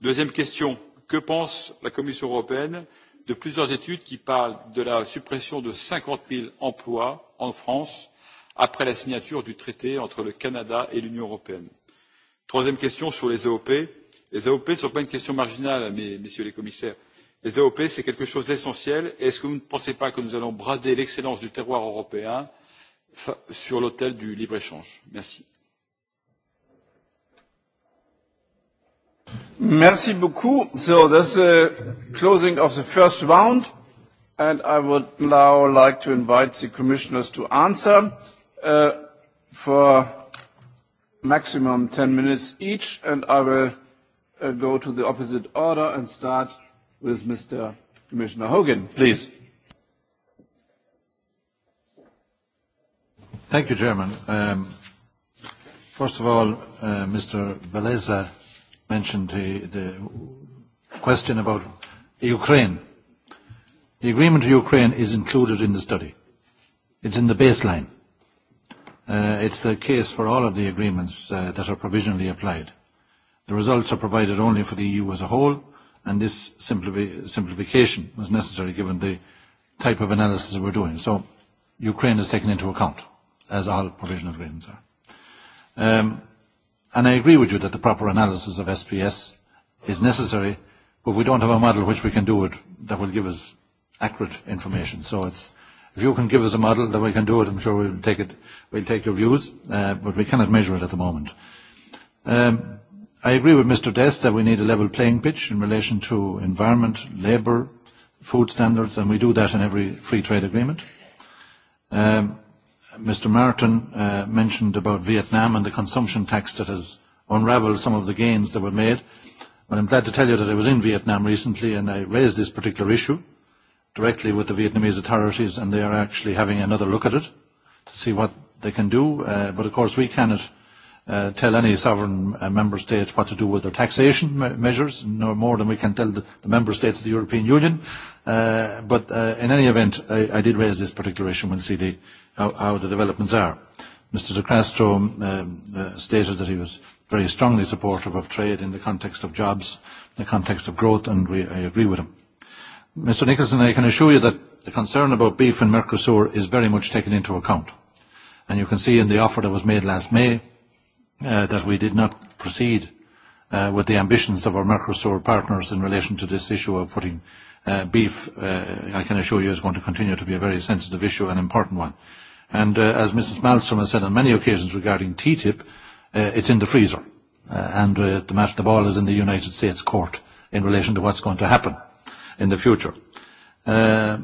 deuxième question que pense la commission européenne de plusieurs études qui parlent de la suppression de cinquante zéro emplois en france? après la signature du traité entre le canada et l'union européenne. troisième question sur les aop. les aop ne sont pas une question marginale messieurs les commissaires. les aop c'est quelque chose d'essentiel et ne pensez vous pas que nous allons brader l'excellence du terroir européen sur l'autel du libre échange? merci. Merci beaucoup. So that's the closing of the first round and I would now like to invite the commissioners to answer. Uh, for maximum 10 minutes each, and I will uh, go to the opposite order and start with Mr. Commissioner Hogan, please. Thank you, Chairman. Um, first of all, uh, Mr. Beleza mentioned the, the question about Ukraine. The agreement to Ukraine is included in the study. It's in the baseline. Uh, it's the case for all of the agreements uh, that are provisionally applied. The results are provided only for the EU as a whole, and this simplif- simplification was necessary given the type of analysis we're doing. So Ukraine is taken into account, as all provisional agreements are. Um, and I agree with you that the proper analysis of SPS is necessary, but we don't have a model which we can do it that will give us accurate information. So it's, If you can give us a model that we can do it, I'm sure we'll take it. We'll take your views, uh, but we cannot measure it at the moment. Um, I agree with Mr. Des that we need a level playing pitch in relation to environment, labour, food standards, and we do that in every free trade agreement. Um, Mr. Martin uh, mentioned about Vietnam and the consumption tax that has unravelled some of the gains that were made. But I'm glad to tell you that I was in Vietnam recently and I raised this particular issue. Uh, directly with the Vietnamese authorities, and they are actually having another look at it to see what they can do. Uh, but of course, we cannot uh, tell any sovereign uh, member state what to do with their taxation me- measures, no more than we can tell the, the member states of the European Union. Uh, but uh, in any event, I, I did raise this particular issue and see the, how, how the developments are. Mr. Zucrastro um, uh, stated that he was very strongly supportive of trade in the context of jobs, in the context of growth, and we, I agree with him. Mr. Nicholson, I can assure you that the concern about beef in Mercosur is very much taken into account. And you can see in the offer that was made last May uh, that we did not proceed uh, with the ambitions of our Mercosur partners in relation to this issue of putting uh, beef, uh, I can assure you, is going to continue to be a very sensitive issue and important one. And uh, as Mrs. Malmstrom has said on many occasions regarding TTIP, uh, it's in the freezer. Uh, and uh, the, match, the ball is in the United States court in relation to what's going to happen in the future. Uh,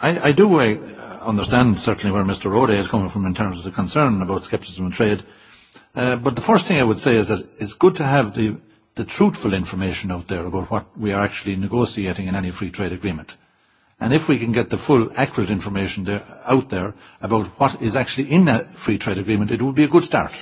I, I do uh, understand certainly where Mr. Rode is coming from in terms of the concern about scepticism and trade. Uh, but the first thing I would say is that it's good to have the, the truthful information out there about what we are actually negotiating in any free trade agreement. And if we can get the full accurate information there, out there about what is actually in that free trade agreement, it would be a good start.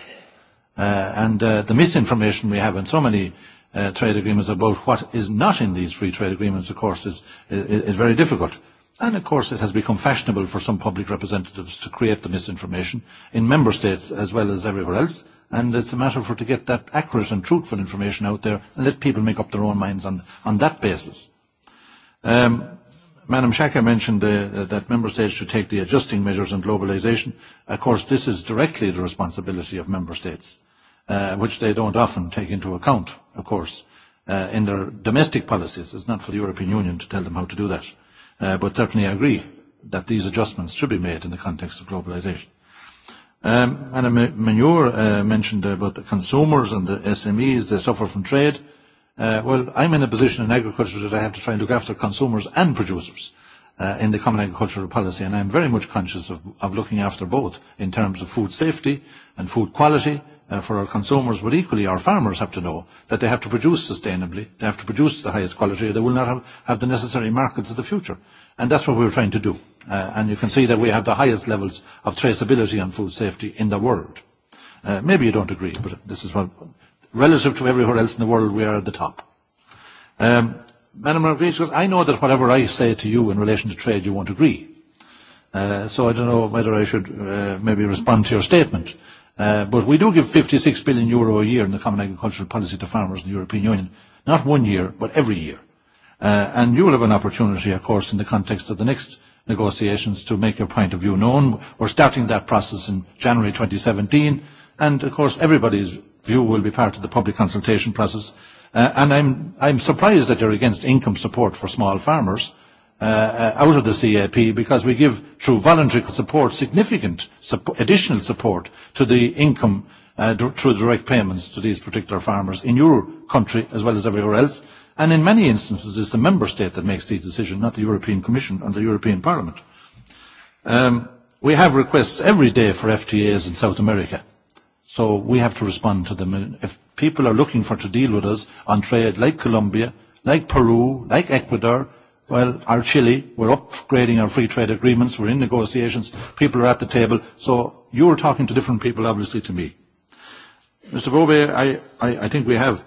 Uh, and uh, the misinformation we have in so many uh, trade agreements about what is not in these free trade agreements, of course, is, is, is very difficult. And of course, it has become fashionable for some public representatives to create the misinformation in member states as well as everywhere else. And it's a matter for to get that accurate and truthful information out there and let people make up their own minds on, on that basis. Um, Madam Shaka mentioned uh, that member states should take the adjusting measures on globalization. Of course, this is directly the responsibility of member states. Uh, Uh, which they don't often take into account, of course, uh, in their domestic policies. It's not for the European Union to tell them how to do that. Uh, but certainly I agree that these adjustments should be made in the context of globalisation. Um, Anna Manure uh, mentioned about the consumers and the SMEs, they suffer from trade. Uh, well, I'm in a position in agriculture that I have to try and look after consumers and producers uh, in the common agricultural policy, and I'm very much conscious of, of looking after both in terms of food safety and food quality uh, for our consumers, but equally our farmers have to know that they have to produce sustainably, they have to produce the highest quality, or they will not have, have the necessary markets of the future. And that's what we're trying to do. Uh, and you can see that we have the highest levels of traceability and food safety in the world. Uh, maybe you don't agree, but this is what, relative to everywhere else in the world, we are at the top. Um, Madam Marguerite, I know that whatever I say to you in relation to trade, you won't agree. Uh, so I don't know whether I should uh, maybe respond to your statement. Uh, but we do give 56 billion euro a year in the Common Agricultural Policy to farmers in the European Union, not one year, but every year. Uh, and you will have an opportunity, of course, in the context of the next negotiations, to make your point of view known. We're starting that process in January 2017, and of course, everybody's view will be part of the public consultation process. Uh, and I'm surprised that you're against income support for small farmers, Uh, uh, out of the CAP because we give through voluntary support significant supp- additional support to the income uh, d- through direct payments to these particular farmers in your country as well as everywhere else. And in many instances, it's the member state that makes these decisions, not the European Commission or the European Parliament. Um, we have requests every day for FTAs in South America. So we have to respond to them. And if people are looking for to deal with us on trade like Colombia, like Peru, like Ecuador, Well, actually, we're upgrading our free trade agreements. We're in negotiations. People are at the table. So you're talking to different people, obviously, to me. Mr. Robey, I think we have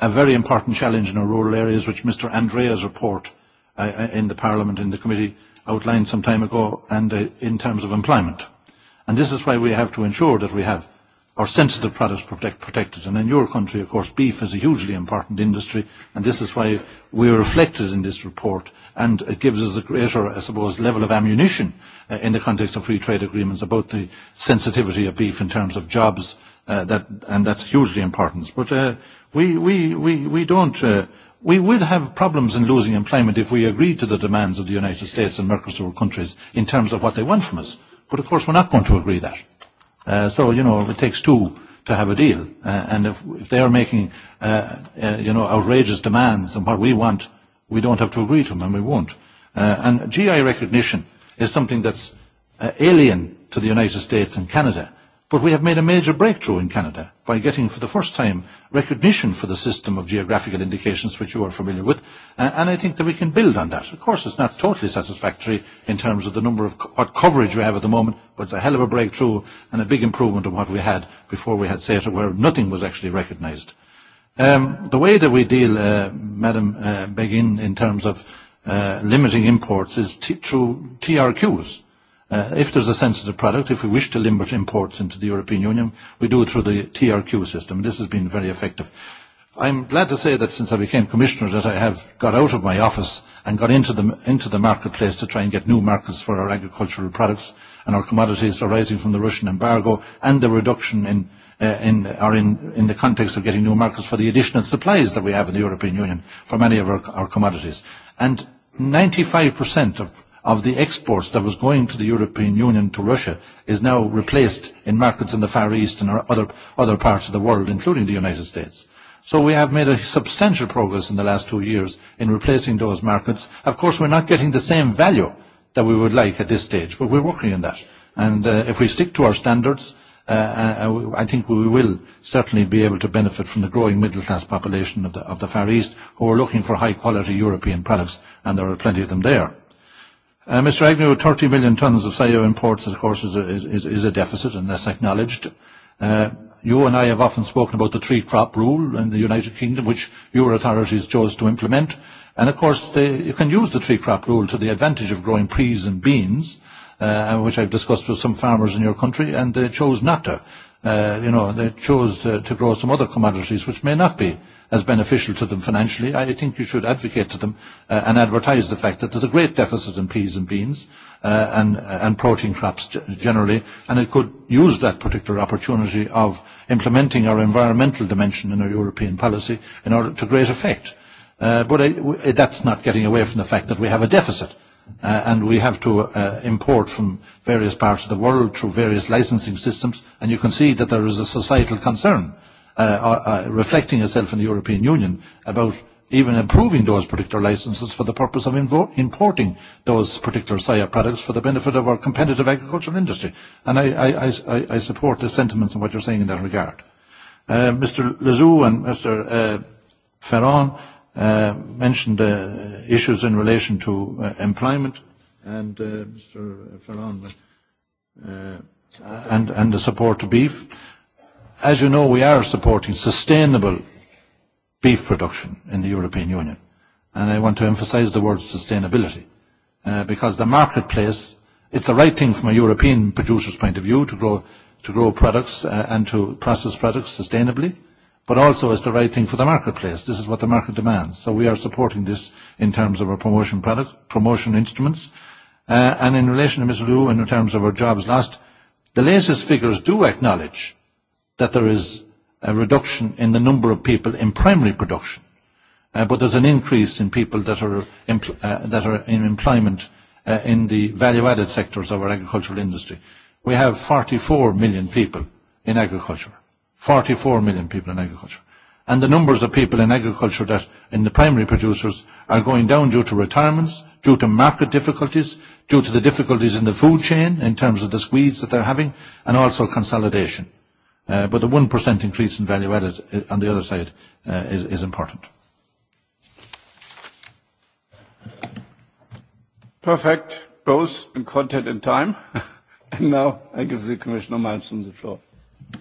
a very important challenge in our rural areas, which Mr. Andrea's report uh, uh, in the Parliament, in the committee, outlined some time ago, and uh, in terms of employment. And this is why we have to ensure that we have or sensitive products protect, protected. And in your country, of course, beef is a hugely important industry, and this is why we are reflected in this report, and it gives us a greater, I suppose, level of ammunition uh, in the context of free trade agreements about the sensitivity of beef in terms of jobs, uh, that, and that's hugely important. But uh, we, we, we, we don't... Uh, we would have problems in losing employment if we agreed to the demands of the United States and Mercosur countries in terms of what they want from us. But of course, we're not going to agree that. Uh, so, you know, it takes two to have a deal. Uh, and if they are making, uh, you know, outrageous demands on what we want, we don't have to agree to them, and we won't. And GI recognition is something that's alien to the United States and Canada. But we have made a major breakthrough in Canada by getting for the first time recognition for the system of geographical indications which you are familiar with. And, and I think that we can build on that. Of course, it's not totally satisfactory in terms of the number of co- what coverage we have at the moment, but it's a hell of a breakthrough and a big improvement of what we had before we had SATA where nothing was actually recognized. Um, the way that we deal, uh, Madam uh, Begin, in terms of uh, limiting imports is t- through TRQs. Uh, Uh, if there's a sensitive product, if we wish to limit imports into the European Union, we do it through the TRQ system. This has been very effective. I'm glad to say that since I became commissioner, that I have got out of my office and got into the marketplace to try and get new markets for our agricultural products and our commodities arising from the Russian embargo and the reduction in uh, the context of getting new markets for the additional supplies that we have in the European Union for many of our commodities. 95% of of the exports that was going to the European Union to Russia is now replaced in markets in the Far East and other, other parts of the world, including the United States. So we have made a substantial progress in the last two years in replacing those markets. Of course, we're not getting the same value that we would like at this stage, but we're working on that. And uh, if we stick to our standards, uh, uh I think we will certainly be able to benefit from the growing middle-class population of the, of the Far East who are looking for high-quality European products, and there are plenty of them there. Uh, Mr. Agnew, 30 million tonnes of sayo imports, of course, is a, is, is a deficit, and that's acknowledged. Uh, you and I have often spoken about the three-crop rule in the United Kingdom, which your authorities chose to implement. And, of course, they, you can use the three-crop rule to the advantage of growing peas and beans, uh, which I've discussed with some farmers in your country, and they chose not to uh, you know, they chose uh, to, to grow some other commodities which may not be as beneficial to them financially. I think you should advocate to them uh, and advertise the fact that there's a great deficit in peas and beans uh, and, uh, and protein crops generally, and it could use that particular opportunity of implementing our environmental dimension in our European policy in order to great effect. Uh, but I, w- that's not getting away from the fact that we have a deficit. Uh, and we have to uh, import from various parts of the world through various licensing systems, and you can see that there is a societal concern uh, uh, uh reflecting itself in the European Union about even approving those particular licenses for the purpose of invo- importing those particular SIA products for the benefit of our competitive agricultural industry. And I, I, I, I support the sentiments and what you're saying in that regard. Uh, Mr. Lazou and Mr. Uh, Ferron, Uh, mentioned uh, issues in relation to uh, employment and uh, Mr. Ferran, uh, and, and the support to beef. As you know, we are supporting sustainable beef production in the European Union. And I want to emphasize the word sustainability. Uh, because the marketplace, it's the right thing from a European producer's point of view to grow, to grow products uh, and to process products sustainably. Uh, but also it's the right thing for the marketplace. This is what the market demands. We are supporting this in terms of our promotion product, promotion instruments. Uh, in relation to Mr. Liu, in terms of our jobs lost, the latest figures do acknowledge that there is a reduction in the number of people in primary production, uh, but there's an increase in people that are uh, in employment in the value-added sectors of our agricultural industry. We have 44 million people in agriculture. 44 million people in agriculture. And the numbers of people in agriculture that in the primary producers are going down due to retirements, due to market difficulties, due to the difficulties in the food chain in terms of the squeeze that they're having, and also consolidation. Uh, but the 1% increase in value added uh, on the other side uh, is, is important. Perfect, both in content and time. and now I give the Commissioner Malmström the floor.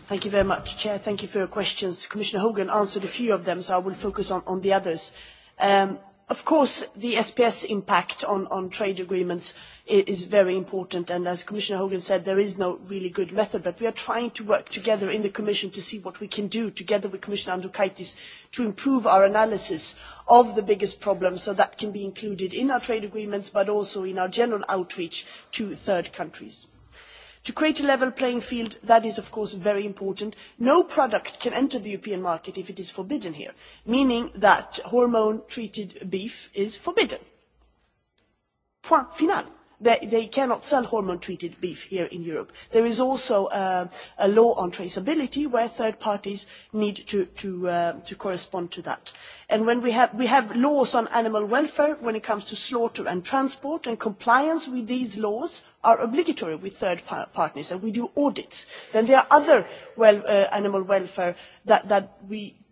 Thank you very much, Chair. Thank you for your questions. Commissioner Hogan answered a few of them, so I will focus on, on the others. Um, of course, the SPS impact on, on trade agreements is, is very important, and as Commissioner Hogan said, there is no really good method, but we are trying to work together in the Commission to see what we can do, together with Commissioner Andukaitis, to improve our analysis of the biggest problems so that can be included in our trade agreements, but also in our general outreach to third countries to create a level playing field that is of course very important no product can enter the european market if it is forbidden here meaning that hormone treated beef is forbidden point final they cannot sell hormone treated beef here in europe. there is also uh, a law on traceability where third parties need to uh, correspond to that. we have laws on animal welfare when it comes to slaughter and transport and compliance with these laws is obligatory with third parties and we do audits. then there are other uh, animal welfare laws that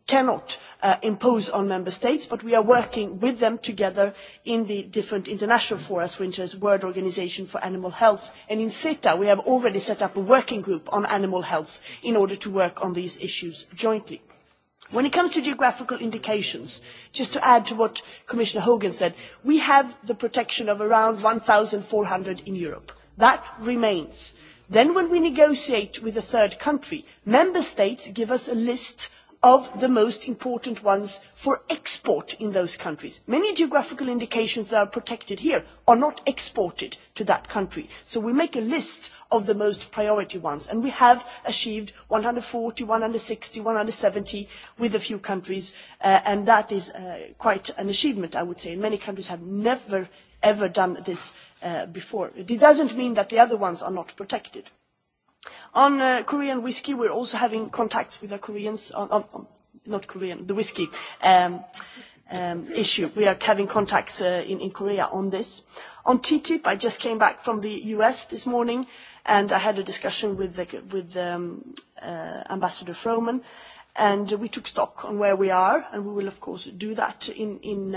cannot uh, impose on member states but we are working with them together in the different international fora for instance the world organisation for animal health and in ceta we have already set up a working group on animal health in order to work on these issues jointly. when it comes to geographical indications just to add to what commissioner hogan said we have the protection of around one four hundred in europe. that remains. then when we negotiate with a third country member states give us a list of the most important ones for export in those countries. many geographical indications that are protected here are not exported to that country so we make a list of the most priority ones and we have achieved one hundred and forty one hundred and sixty one hundred and seventy with a few countries uh, and that is uh, quite an achievement i would say. many countries have never ever done this uh, before. it does not mean that the other ones are not protected on uh, korean whisky we are also having contacts with the koreans not korean the whisky um, um, issue we are having contacts uh, in korea on this. on ttip i just came back from the us this morning and i had a discussion with um, uh, ambassador froman and we took stock on where we are and we will of course do that in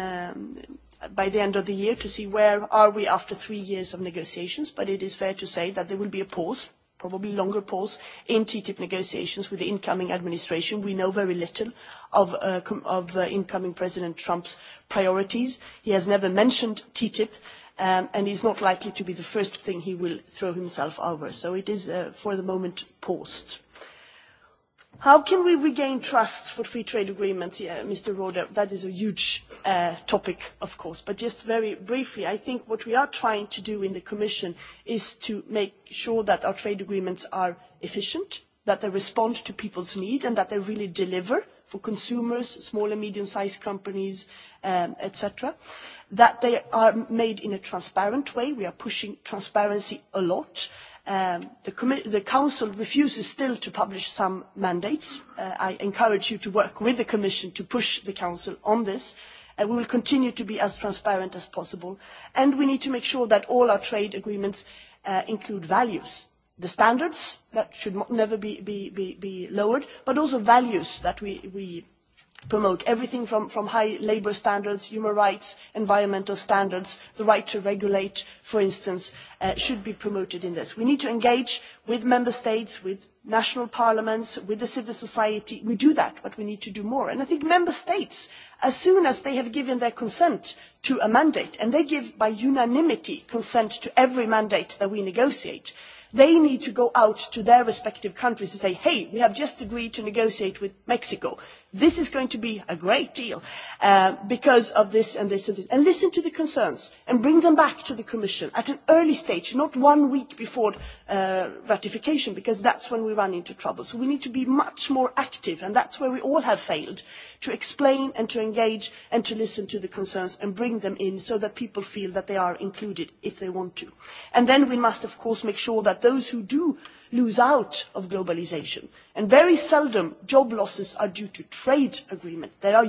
by the end of the year to see where are we after three years of negotiations but it is fair to say that there will be a pause probably longer pause in ttip negotiations with the incoming administration. we know very little of uh, uh, incoming president trump's priorities. he has never mentioned ttip um, and it is not likely to be the first thing he will throw himself over so it is uh, for the moment paused how can we regain trust for free trade agreements here, mr roder that is a huge uh, topic of course but just very briefly i think what we are trying to do in the commission is to make sure that our trade agreements are efficient that they respond to people's needs and that they really deliver for consumers small and medium sized companies um, etc that they are made in a transparent way we are pushing transparency a lot Um, the council refuses still to publish some mandates. Uh, i encourage you to work with the commission to push the council on this and we will continue to be as transparent as possible and we need to make sure that all our trade agreements uh, include values the standards that should never be lowered but also values that we promote everything from high labour standards human rights environmental standards the right to regulate for instance uh, should be promoted in this. we need to engage with member states with national parliaments with civil society. we do that but we need to do more and i think member states as soon as they have given their consent to a mandate and they give by unanimity consent to every mandate that we negotiate they need to go out to their respective countries and say hey we have just agreed to negotiate with mexico this is going to be a great deal uh, because of this and this and this. And listen to the concerns and bring them back to the Commission at an early stage, not one week before uh, ratification, because that's when we run into trouble. So we need to be much more active, and that's where we all have failed, to explain and to engage and to listen to the concerns and bring them in so that people feel that they are included if they want to. And then we must, of course, make sure that those who do lose out of globalisation and very seldom are job losses due to trade agreements they are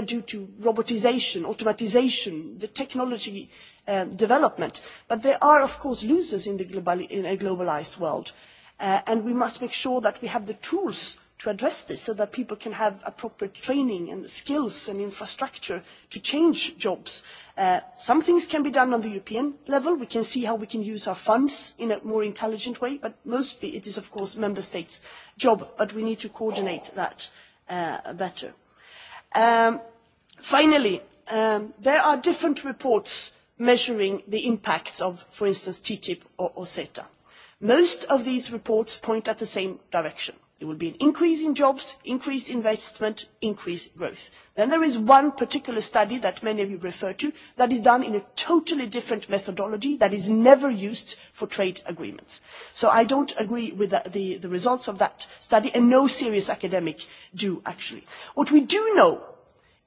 due to robotisation automatisation the technology uh, development but there are of course losers in a globalised world uh, and we must make sure that we have the tools to address this so that people can have appropriate training and skills and infrastructure to change jobs. Uh, some things can be done at european level we can see how we can use our funds in a more intelligent way but mostly it is of course a member state job but we need to coordinate that uh, better. Um, finally um, there are different reports measuring the impact of for instance ttip or ceta. most of these reports point in the same direction there will be an increase in jobs increased investment increased growth. then there is one particular study that many of you referred to that is done in a totally different methodology that is never used for trade agreements. so i do not agree with the, the, the results of that study and no serious academic do actually. what we do know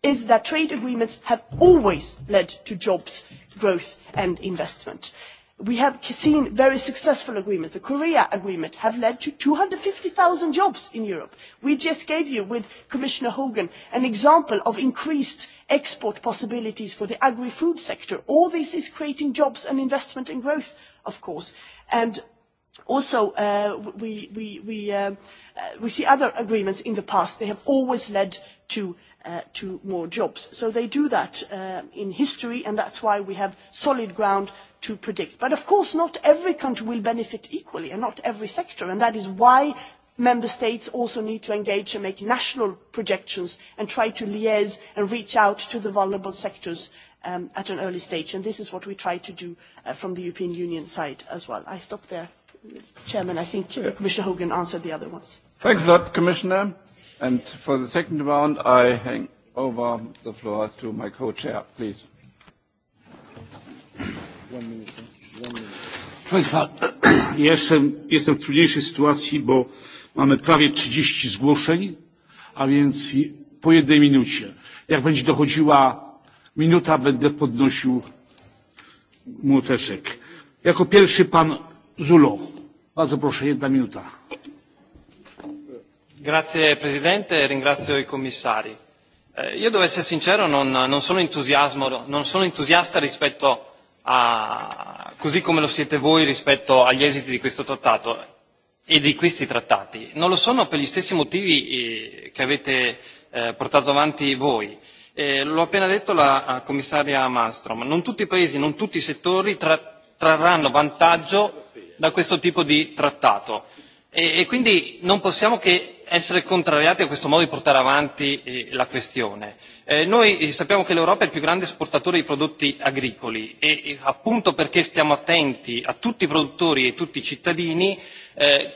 is that trade agreements have always led to jobs growth and investment we have seen very successful agreements the korea agreement has led to two hundred and fifty zero jobs in europe. we just gave you with commissioner hogan an example of increased export possibilities for the agri food sector. all this is creating jobs and investment and growth of course and also uh, we have uh, uh, seen other agreements in the past they have always led to uh, to more jobs. so they do that uh, in history and that is why we have solid ground to predict but of course not every country will benefit equally and not every sector and that is why member states also need to engage and make national projections and try to liaise and reach out to the vulnerable sectors um, at an early stage and this is what we try to do uh, from the european union side as well. i stop there chairman i think commissioner hogan answered the other ones. thanks a lot commissioner and for the second round i hand over the floor to my co-chair please. Proszę Państwa, ja jestem, jestem w trudniejszej sytuacji, bo mamy prawie 30 zgłoszeń, a więc po jednej minucie. Jak będzie dochodziła minuta, będę podnosił młoteczek. Jako pierwszy pan Zulo. Bardzo proszę, jedna minuta. Grazie Presidente, ringrazio i commissari. Eh, io devo essere sincero, non, non, sono, non sono entusiasta rispetto a, così come lo siete voi rispetto agli esiti di questo trattato e di questi trattati. Non lo sono per gli stessi motivi eh, che avete eh, portato avanti voi. Eh, L'ho appena detto la commissaria Malmström, non tutti i paesi, non tutti i settori tra, trarranno vantaggio da questo tipo di trattato e, e quindi non possiamo che essere contrariati a questo modo di portare avanti eh, la questione. Eh, noi eh, sappiamo che l'Europa è il più grande esportatore di prodotti agricoli e appunto perché stiamo attenti a tutti i produttori e tutti i cittadini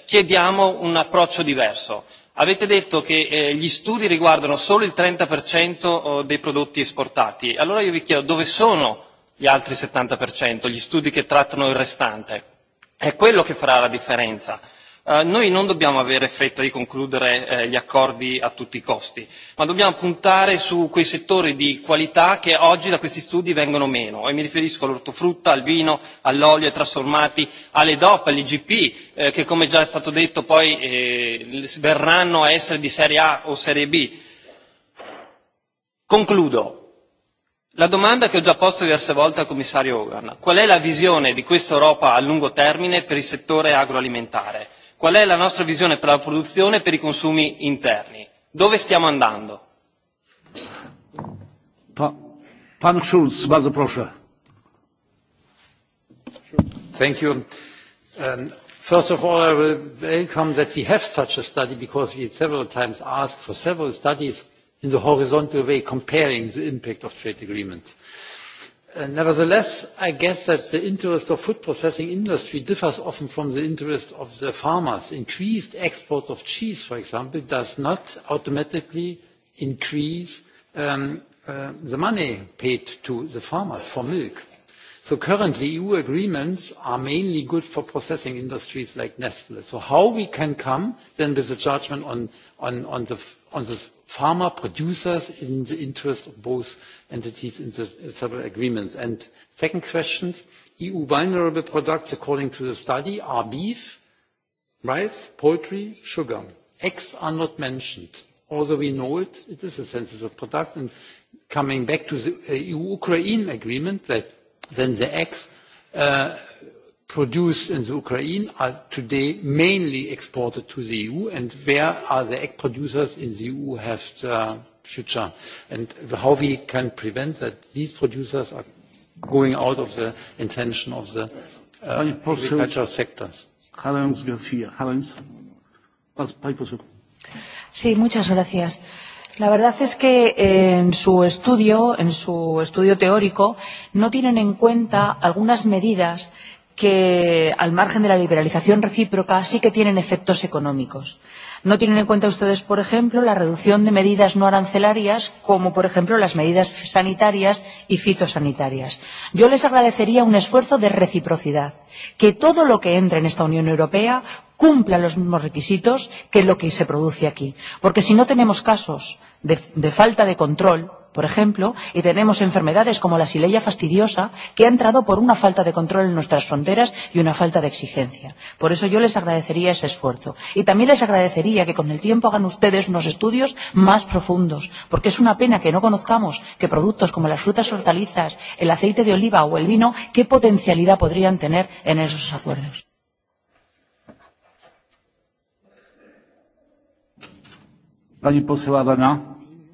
chiediamo un approccio diverso. Avete detto che gli studi riguardano solo il 30% dei prodotti esportati. Allora io vi chiedo dove sono gli altri 70%, gli studi che trattano il restante? È quello che farà la differenza. Eh, noi non dobbiamo avere fretta di concludere eh, gli accordi a tutti i costi, ma dobbiamo puntare su quei settori di qualità che oggi da questi studi vengono meno. E mi riferisco all'ortofrutta, al vino, all'olio, ai trasformati, alle DOP, agli GP, eh, che come già è stato detto poi eh, verranno a essere di serie A o serie B. Concludo. La domanda che ho già posto diverse volte al commissario Hogan, qual è la visione di questa Europa a lungo termine per il settore agroalimentare? qual è la nostra visione per la produzione e per i consumi interni? Dove stiamo andando? Pa, pan Schulz, bardzo proszę. Thank you. Um, first of all, I will welcome that we have such a study because we several times asked for several studies in the horizontal way comparing the impact of trade agreements. Uh, nevertheless i guess that the interest of the food processing industry differs often from the interest of the farmers. increased exports of cheese for example do not automatically increase um, uh, the money paid to the farmers for milk. so currently eu agreements are mainly good for processing industries like nestle. so how can we come then with a judgment on pharma producers in the interest of both entities in the uh, several agreements? Second question, EU vulnerable products according to the study are beef, rice, poultry, sugar. Eggs are not mentioned. Although we know it, it is a sensitive product. And coming back to the uh, EU-Ukraine agreement, that then the eggs uh, produced in Ukraine are today mainly exported to the EU, and where are the egg producers in the EU have the future? How we can prevent that these producers are going out of the intention of the uh, agricultural sectors. Helens García. Helens. Bai, poso. La verdad es que eh, en su estudio teórico no tienen en cuenta algunas medidas que al margen de la liberalización recíproca sí que tienen efectos económicos. No tienen en cuenta ustedes, por ejemplo, la reducción de medidas no arancelarias, como por ejemplo las medidas sanitarias y fitosanitarias. Yo les agradecería un esfuerzo de reciprocidad, que todo lo que entre en esta Unión Europea cumpla los mismos requisitos que lo que se produce aquí. Porque si no tenemos casos de, de falta de control, por ejemplo, y tenemos enfermedades como la sileya fastidiosa que ha entrado por una falta de control en nuestras fronteras y una falta de exigencia. Por eso yo les agradecería ese esfuerzo. Y también les agradecería que con el tiempo hagan ustedes unos estudios más profundos, porque es una pena que no conozcamos que productos como las frutas y hortalizas, el aceite de oliva o el vino, qué potencialidad podrían tener en esos acuerdos. Pani poseł Adana,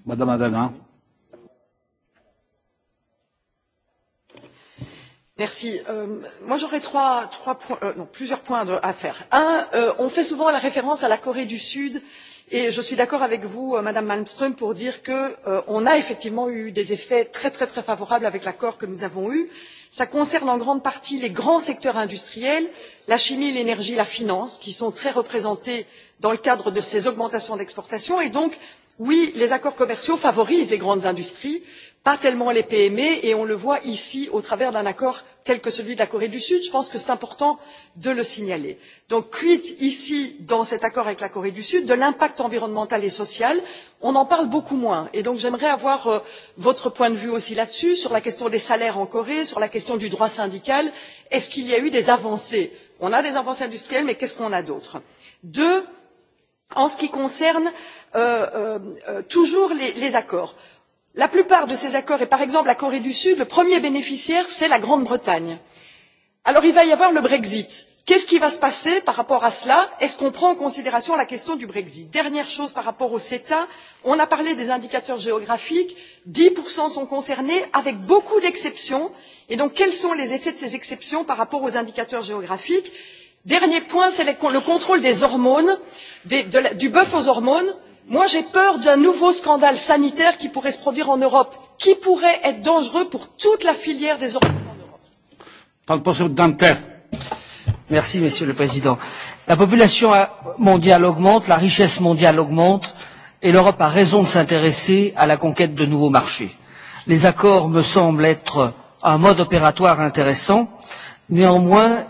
Madame Adana. Euh, moi j'aurais trois points euh, non plusieurs points à faire. un euh, on fait souvent référence à la corée du sud et je suis d'accord avec vous madame malmstrm pour dire qu'on a effectivement eu des effets très très favorables avec l'accord que nous avons eu. cela concerne en grande partie les grands secteurs industriels la chimie l'énergie la finance qui sont très représentés dans le cadre de ces augmentations d'exportations et donc oui les accords commerciaux favorisent les grandes industries pas tellement les pme et on le voit ici au travers d'un accord tel que celui de la corée du sud je pense que c'est important de le signaler. donc quid ici dans cet accord avec la corée du sud de l'impact environnemental et social? on en parle beaucoup moins et donc j'aimerais avoir euh, votre point de vue aussi là dessus sur la question des salaires en corée sur la question du droit syndical est ce qu'il y a eu des avancées? on a des avancées industrielles mais qu'est ce qu'on a d'autre? deuxièmement en ce qui concerne euh, euh, toujours les accords la plupart de ces accords et par exemple la corée du sud le premier bénéficiaire c'est la grande bretagne. alors il va y avoir le brexit qu'est ce qui va se passer par rapport à cela? est ce qu'on prend en considération la question du brexit? dernière chose par rapport au ceta on a parlé des indicateurs géographiques dix sont concernés avec beaucoup d'exceptions et donc quels sont les effets de ces exceptions par rapport aux indicateurs géographiques? dernier point c'est le contrôle des hormones du bœuf aux hormones j'ai peur d'un nouveau scandale sanitaire qui pourrait se produire en europe qui pourrait être dangereux pour toute la filière des ornements d'europe. monsieur le président la population mondiale augmente la richesse mondiale augmente et l'europe a raison de s'intéresser à la conquête de nouveaux marchés. les accords me semblent être un mode opératoire intéressant. néanmoins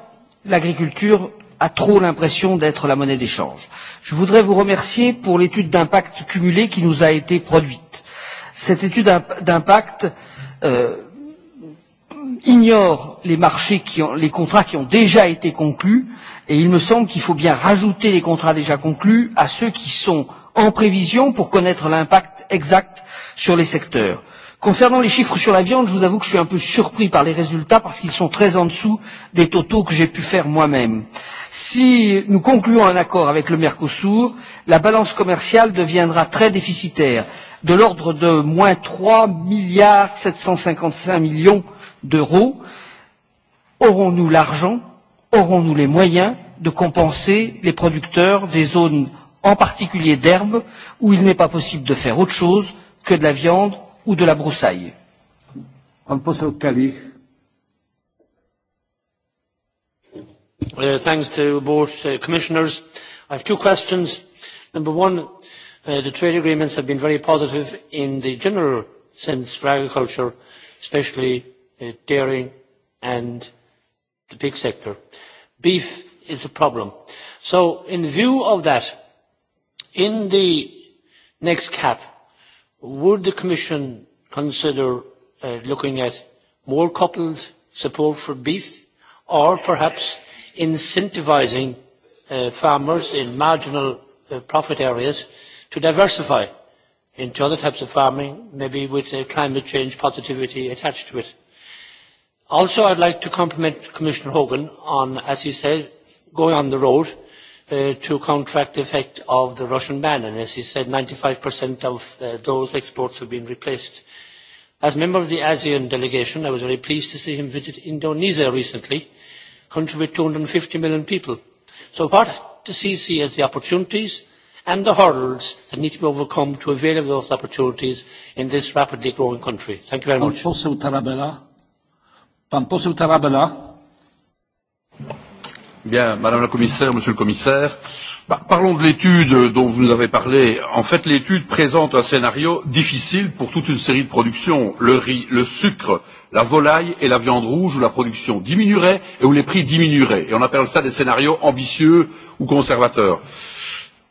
l'agriculture a trop l'impression d'être la monnaie d'échange. Je voudrais vous remercier pour l'étude d'impact cumulée qui nous a été produite. Cette étude d'impact euh, ignore les marchés qui ont, les contrats qui ont déjà été conclus et il me semble qu'il faut bien rajouter les contrats déjà conclus à ceux qui sont en prévision pour connaître l'impact exact sur les secteurs. Concernant les chiffres sur la viande, je vous avoue que je suis un peu surpris par les résultats parce qu'ils sont très en dessous des totaux que j'ai pu faire moi-même. Si nous concluons un accord avec le Mercosur, la balance commerciale deviendra très déficitaire, de l'ordre de moins 3 milliards 755 millions d'euros. Aurons-nous l'argent, aurons-nous les moyens de compenser les producteurs des zones en particulier d'herbes où il n'est pas possible de faire autre chose que de la viande ou de la broussaille. On pose au calife. Uh, thanks to both uh, commissioners. I have two questions. Number one, uh, the trade agreements have been very positive in the general sense for agriculture, especially uh, dairy and the pig sector. Beef is a problem. So in view of that, in the next cap, would the commission consider uh, looking at more coupled support for beef or perhaps incentivising uh, farmers in marginal uh, profit areas to diversify into other types of farming, maybe with a climate change positivity attached to it? Also, I'd like to compliment Commissioner Hogan on, as he said, going on the road. Uh, to counteract the effect of the russian ban and as he said ninety five of uh, those exports have been replaced. as a member of the asean delegation i was very pleased to see him visit indonesia recently a country with two hundred and fifty million people. so what does he see as the opportunities and the hurdles that need to be overcome to avail of those opportunities in this rapidly growing country? thank you very much. Bien, Madame la Commissaire, Monsieur le Commissaire, bah, parlons de l'étude dont vous nous avez parlé. En fait, l'étude présente un scénario difficile pour toute une série de productions le riz, le sucre, la volaille et la viande rouge, où la production diminuerait et où les prix diminueraient. Et on appelle ça des scénarios ambitieux ou conservateurs.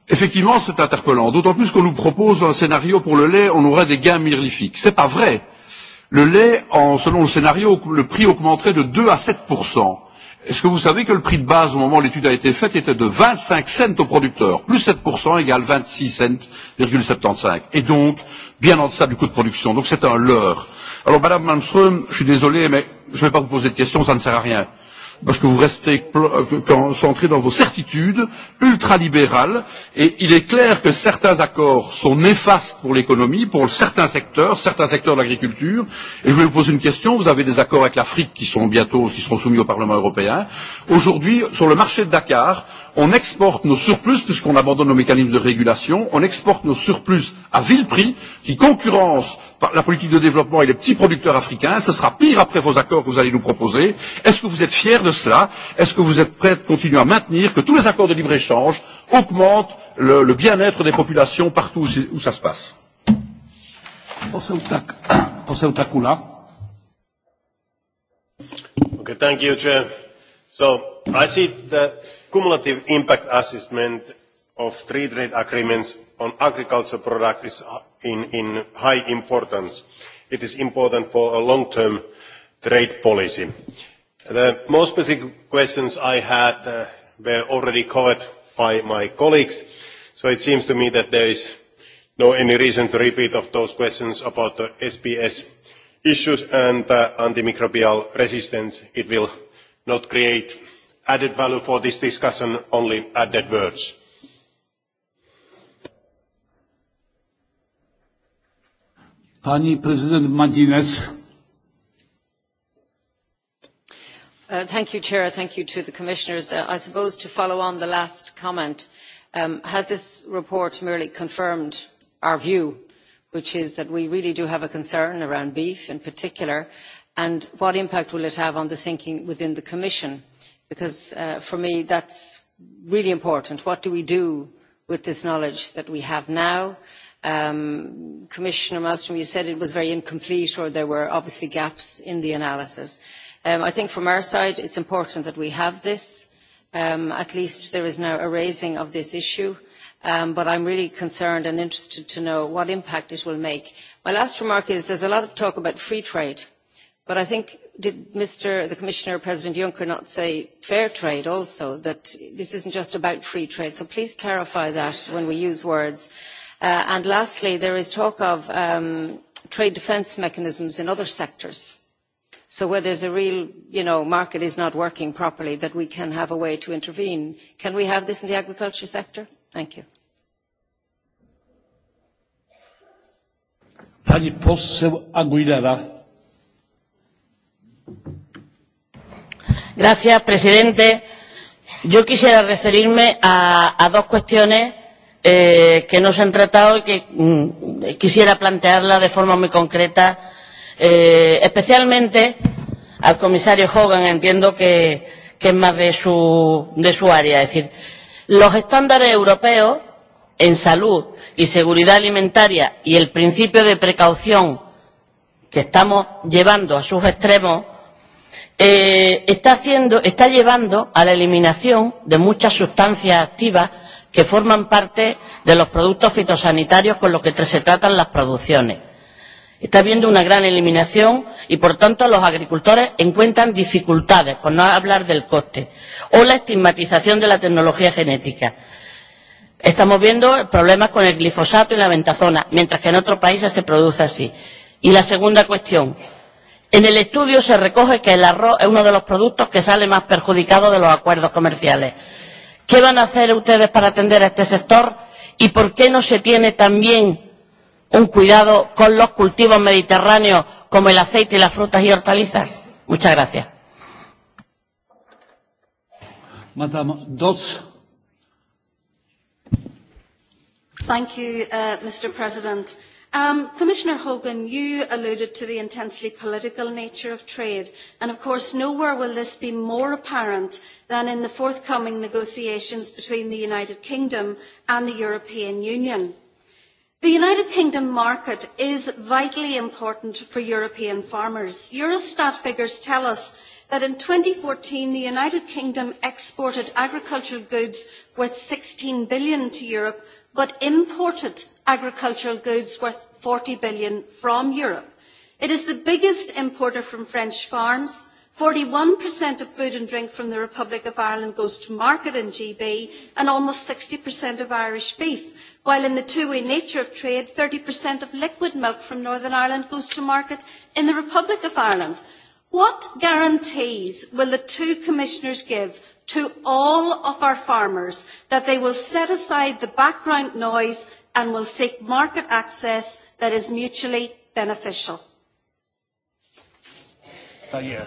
Effectivement, c'est interpellant, d'autant plus qu'on nous propose un scénario pour le lait, on aurait des gains mirlifiques. Ce n'est pas vrai. Le lait, en, selon le scénario, le prix augmenterait de 2 à 7%. Est-ce que vous savez que le prix de base au moment où l'étude a été faite était de 25 cents au producteur, plus 7% égale 26 cents,75. Et donc, bien en deçà du coût de production. Donc c'est un leurre. Alors Madame Malmström, je suis désolé, mais je ne vais pas vous poser de questions, ça ne sert à rien parce que vous restez euh, concentrés dans vos certitudes ultralibérales, et il est clair que certains accords sont néfastes pour l'économie, pour certains secteurs, certains secteurs de l'agriculture, et je vais vous poser une question, vous avez des accords avec l'Afrique qui sont bientôt, qui seront soumis au Parlement européen, aujourd'hui, sur le marché de Dakar, on exporte nos surplus, puisqu'on abandonne nos mécanismes de régulation, on exporte nos surplus à vil prix, qui concurrence par la politique de développement et les petits producteurs africains, ce sera pire après vos accords que vous allez nous proposer. Est-ce que vous êtes fiers de cela Est-ce que vous êtes prêts de continuer à maintenir que tous les accords de libre-échange augmentent le, le bien-être des populations partout où, où ça se passe Okay, thank you, Chair. So, I see that cumulative impact assessment of free trade agreements on agricultural products is of uh, high importance. it is important for a long term trade policy. the most specific questions i had uh, were already covered by my colleagues so it seems to me that there is no any reason to repeat of those questions about the sbs issues and uh, antimicrobial resistance. it will not create added value for this discussion, only added words. Pani prezydent McGuinness. Uh, thank you, Chair. Thank you to the commissioners. Uh, I suppose to follow on the last comment, um, has this report merely confirmed our view, which is that we really do have a concern around beef in particular, and what impact will it have on the thinking within the commission? because uh, for me that is really important what do we do with this knowledge that we have now? Um, commissioner malmstrm you said it was very incomplete or there were obviously gaps in the analysis. Um, i think from our side it is important that we have this um, at least there is now a raising of this issue but i am really concerned and interested to know what impact it will make. my last remark is that there is a lot of talk about free trade but i think did the commissioner president juncker not say fair trade also that this isn't just about free trade so please clarify that when we use words. Uh, and lastly there is talk of um, trade defence mechanisms in other sectors so where there's a real market is not working properly that we can have a way to intervene. can we have this in the agriculture sector? thank you. pani poseł aguilera. Gracias, presidente. Yo quisiera referirme a, a dos cuestiones eh, que no se han tratado y que mm, quisiera plantearla de forma muy concreta, eh, especialmente al comisario Hogan, entiendo que, que es más de su, de su área. Es decir, los estándares europeos en salud y seguridad alimentaria y el principio de precaución que estamos llevando a sus extremos eh, está haciendo, está llevando a la eliminación de muchas sustancias activas que forman parte de los productos fitosanitarios con los que se tratan las producciones. Está habiendo una gran eliminación y, por tanto, los agricultores encuentran dificultades, por no hablar del coste, o la estigmatización de la tecnología genética. Estamos viendo problemas con el glifosato y la ventazona, mientras que en otros países se produce así. Y la segunda cuestión. En el estudio se recoge que el arroz es uno de los productos que sale más perjudicado de los acuerdos comerciales. ¿Qué van a hacer ustedes para atender a este sector? ¿Y por qué no se tiene también un cuidado con los cultivos mediterráneos como el aceite y las frutas y hortalizas? Muchas gracias. Madame Dodds. Thank you, uh, Mr. President. Um, Commissioner Hogan, you alluded to the intensely political nature of trade, and of course nowhere will this be more apparent than in the forthcoming negotiations between the United Kingdom and the European Union. The United Kingdom market is vitally important for European farmers. Eurostat figures tell us that in 2014 the United Kingdom exported agricultural goods worth 16 billion to Europe but imported agricultural goods worth eur forty billion from europe. it is the biggest importer from french farms forty one per cent of food and drink from the republic of ireland goes to market in gb and almost sixty per cent of irish beef while in the two way nature of trade thirty per cent of liquid milk from northern ireland goes to market in the republic of ireland. what guarantees will the two commissioners give to all of our farmers that they will set aside the background noise and will seek market access that is mutually beneficial. Uh, yeah.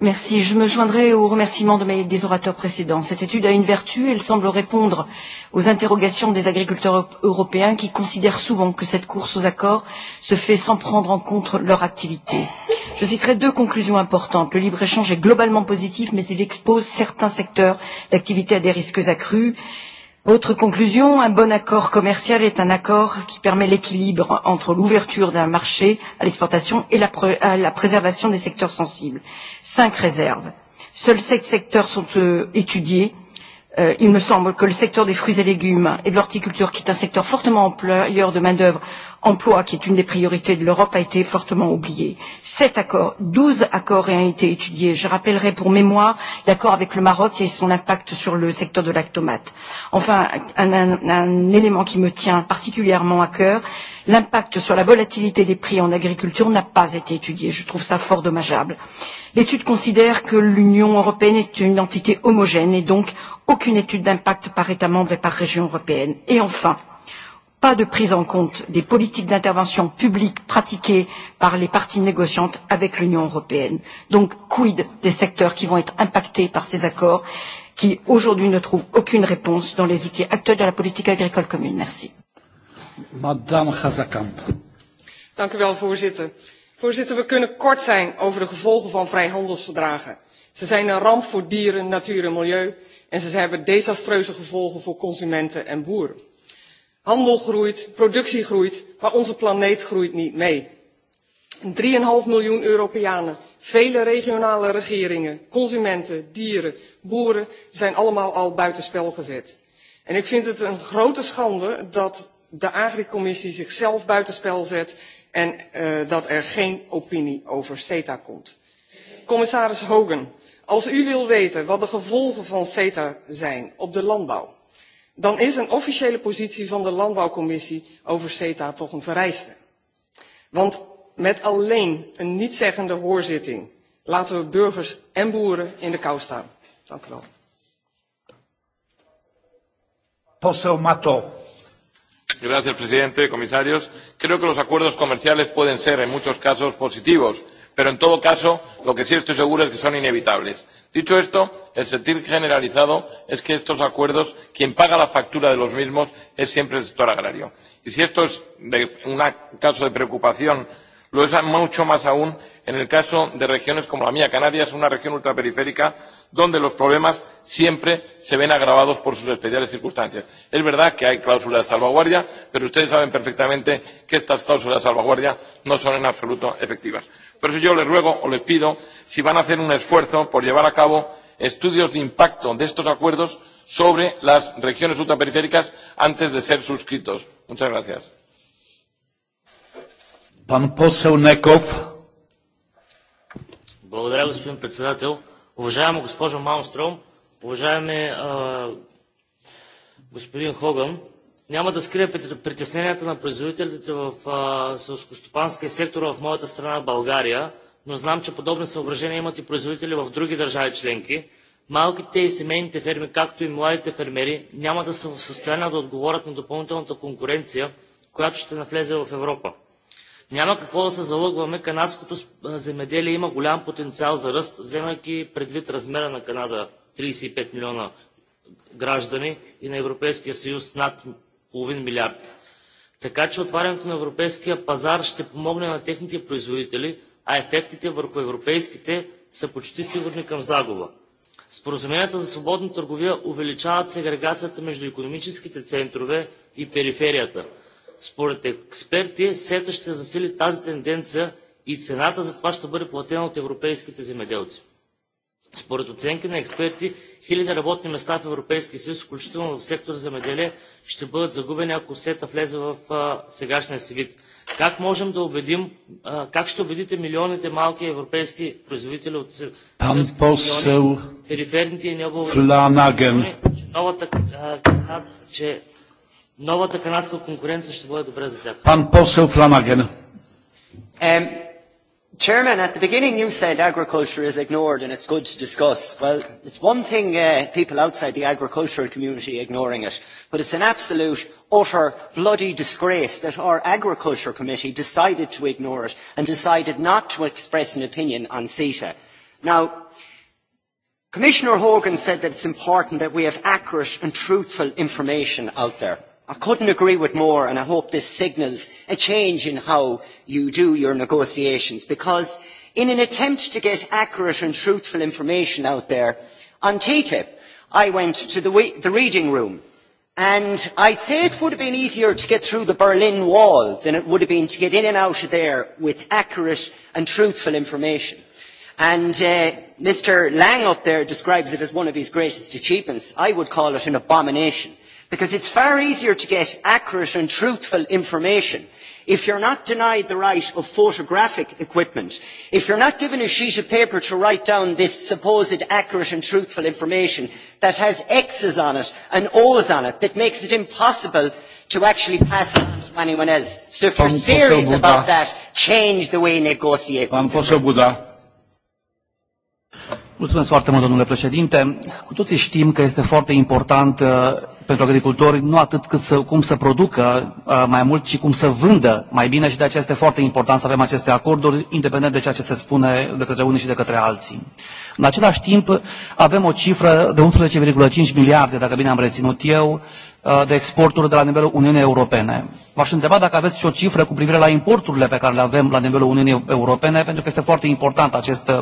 Merci. Je me joindrai aux remerciements de mes, des orateurs précédents. Cette étude a une vertu. Elle semble répondre aux interrogations des agriculteurs européens qui considèrent souvent que cette course aux accords se fait sans prendre en compte leur activité. Je citerai deux conclusions importantes. Le libre-échange est globalement positif, mais il expose certains secteurs d'activité à des risques accrus. Autre conclusion, un bon accord commercial est un accord qui permet l'équilibre entre l'ouverture d'un marché à l'exportation et la, pré- à la préservation des secteurs sensibles. Cinq réserves. Seuls sept secteurs sont euh, étudiés. Euh, il me semble que le secteur des fruits et légumes et de l'horticulture, qui est un secteur fortement employeur de main d'œuvre, emploi, qui est une des priorités de l'Europe, a été fortement oublié. Sept accords, douze accords ont été étudiés. Je rappellerai pour mémoire l'accord avec le Maroc et son impact sur le secteur de l'actomate. Enfin, un, un, un élément qui me tient particulièrement à cœur, l'impact sur la volatilité des prix en agriculture n'a pas été étudié. Je trouve ça fort dommageable. L'étude considère que l'Union européenne est une entité homogène et donc aucune étude d'impact par État membre et par région européenne. Et enfin, pas de prise en compte des politiques d'intervention publique pratiquées par les parties négociantes avec l'Union européenne. Donc, quid des secteurs qui vont être impactés par ces accords qui, aujourd'hui, ne trouvent aucune réponse dans les outils actuels de la politique agricole commune Merci. Madame Hazakamp. Dank u wel, voorzitter. Voorzitter, we kunnen kort zijn over de gevolgen van vrijhandelsverdragen. Ze zijn een ramp voor dieren, natuur en milieu en ze hebben desastreuze gevolgen voor consumenten en boeren handel groeit productie groeit maar onze planeet groeit niet mee. drieënhalf miljoen europeanen vele regionale regeringen consumenten dieren boeren zijn allemaal al buitenspel gezet. ik vind het een grote schande dat de commissie zichzelf buitenspel zet en eh, dat er geen opinie over ceta komt. commissaris hogan als u wil weten wat de gevolgen van ceta zijn op de landbouw dan is een officiële positie van de landbouwcommissie over ceta toch een vereiste. Want met alleen een nietzeggende hoorzitting laten we burgers en boeren in de kou staan. Dank u wel. Gracias, presidente, comisarios. Creo que los acuerdos comerciales pueden ser, en muchos casos, positivos pero en todo caso lo que sí estoy seguro es que son inevitables. dicho esto el sentir generalizado es que estos acuerdos quien paga la factura de los mismos es siempre el sector agrario y si esto es un caso de preocupación lo es mucho más aún en el caso de regiones como la mía canarias una región ultraperiférica donde los problemas siempre se ven agravados por sus especiales circunstancias. es verdad que hay cláusulas de salvaguardia pero ustedes saben perfectamente que estas cláusulas de salvaguardia no son en absoluto efectivas por eso yo les ruego o les pido si van a hacer un esfuerzo por llevar a cabo estudios de impacto de estos acuerdos sobre las regiones ultraperiféricas antes de ser suscritos. Muchas gracias. Pan poseł Nekov. Благодаря, господин председател. Уважаема госпожо Маунстром, уважаеми uh, господин Хоган, uh, Няма да скрия притесненията на производителите в селскостопанския сектор в моята страна България, но знам, че подобни съображения имат и производители в други държави членки. Малките и семейните ферми, както и младите фермери, няма да са в състояние да отговорят на допълнителната конкуренция, която ще навлезе в Европа. Няма какво да се залъгваме, канадското земеделие има голям потенциал за ръст, вземайки предвид размера на Канада 35 милиона граждани и на Европейския съюз над половин милиард. Така че отварянето на европейския пазар ще помогне на техните производители, а ефектите върху европейските са почти сигурни към загуба. Споразуменията за свободна търговия увеличават сегрегацията между економическите центрове и периферията. Според експерти, СЕТА ще засили тази тенденция и цената за това ще бъде платена от европейските земеделци. Според оценки на експерти, хиляди работни места в Европейския съюз, включително в сектор земеделие, ще бъдат загубени, ако сета влезе в а, сегашния си вид. Как можем да убедим, а, как ще убедите милионите малки европейски производители от Ампосел периферните и неговите новата, а, че новата канадска конкуренция ще бъде добре за тях? Пан Посел Фланаген. Chairman, at the beginning you said agriculture is ignored and it's good to discuss. Well, it's one thing uh, people outside the agricultural community ignoring it, but it's an absolute, utter, bloody disgrace that our agriculture committee decided to ignore it and decided not to express an opinion on CETA. Now, Commissioner Hogan said that it's important that we have accurate and truthful information out there. I couldn't agree with more, and I hope this signals a change in how you do your negotiations, because in an attempt to get accurate and truthful information out there, on TTIP, I went to the, the reading room, and I'd say it would have been easier to get through the Berlin Wall than it would have been to get in and out of there with accurate and truthful information. And uh, Mr Lang up there describes it as one of his greatest achievements. I would call it an abomination. Because it's far easier to get accurate and truthful information if you're not denied the right of photographic equipment, if you're not given a sheet of paper to write down this supposed accurate and truthful information that has X's on it and O's on it that makes it impossible to actually pass it on to anyone else. So if you're serious about that, change the way negotiate. Pan poseł Buda. Mulțumesc foarte mult, domnule președinte. Cu toții știm că este foarte important uh, pentru agricultori nu atât cât să, cum să producă uh, mai mult, ci cum să vândă mai bine și de aceea este foarte important să avem aceste acorduri, independent de ceea ce se spune de către unii și de către alții. În același timp, avem o cifră de 11,5 miliarde, dacă bine am reținut eu, Uh, de exporturi de la nivelul Uniunii Europene. V-aș întreba dacă aveți și o cifră cu privire la importurile pe care le avem la nivelul Uniunii Europene, pentru că este foarte important acest, uh,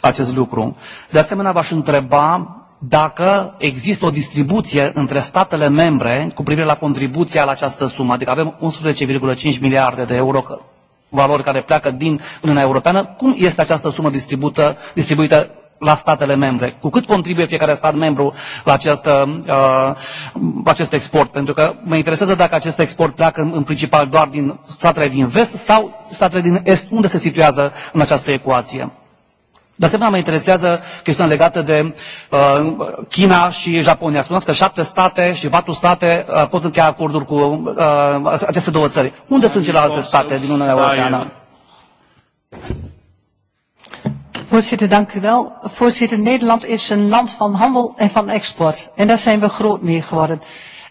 acest lucru. De asemenea, v-aș întreba dacă există o distribuție între statele membre cu privire la contribuția la această sumă. Adică avem 11,5 miliarde de euro valori care pleacă din Uniunea Europeană. Cum este această sumă distribuită, distribuită la statele membre. Cu cât contribuie fiecare stat membru la, această, uh, la acest export? Pentru că mă interesează dacă acest export pleacă în principal doar din statele din vest sau statele din est, unde se situează în această ecuație. De asemenea, mă interesează chestiunea legată de uh, China și Japonia. Spuneați că șapte state și patru state uh, pot încheia acorduri cu uh, aceste două țări. Unde sunt celelalte state din Uniunea Europeană? Da, Voorzitter, dank u wel. Voorzitter, Nederland is een land van handel en van export. En daar zijn we groot mee geworden.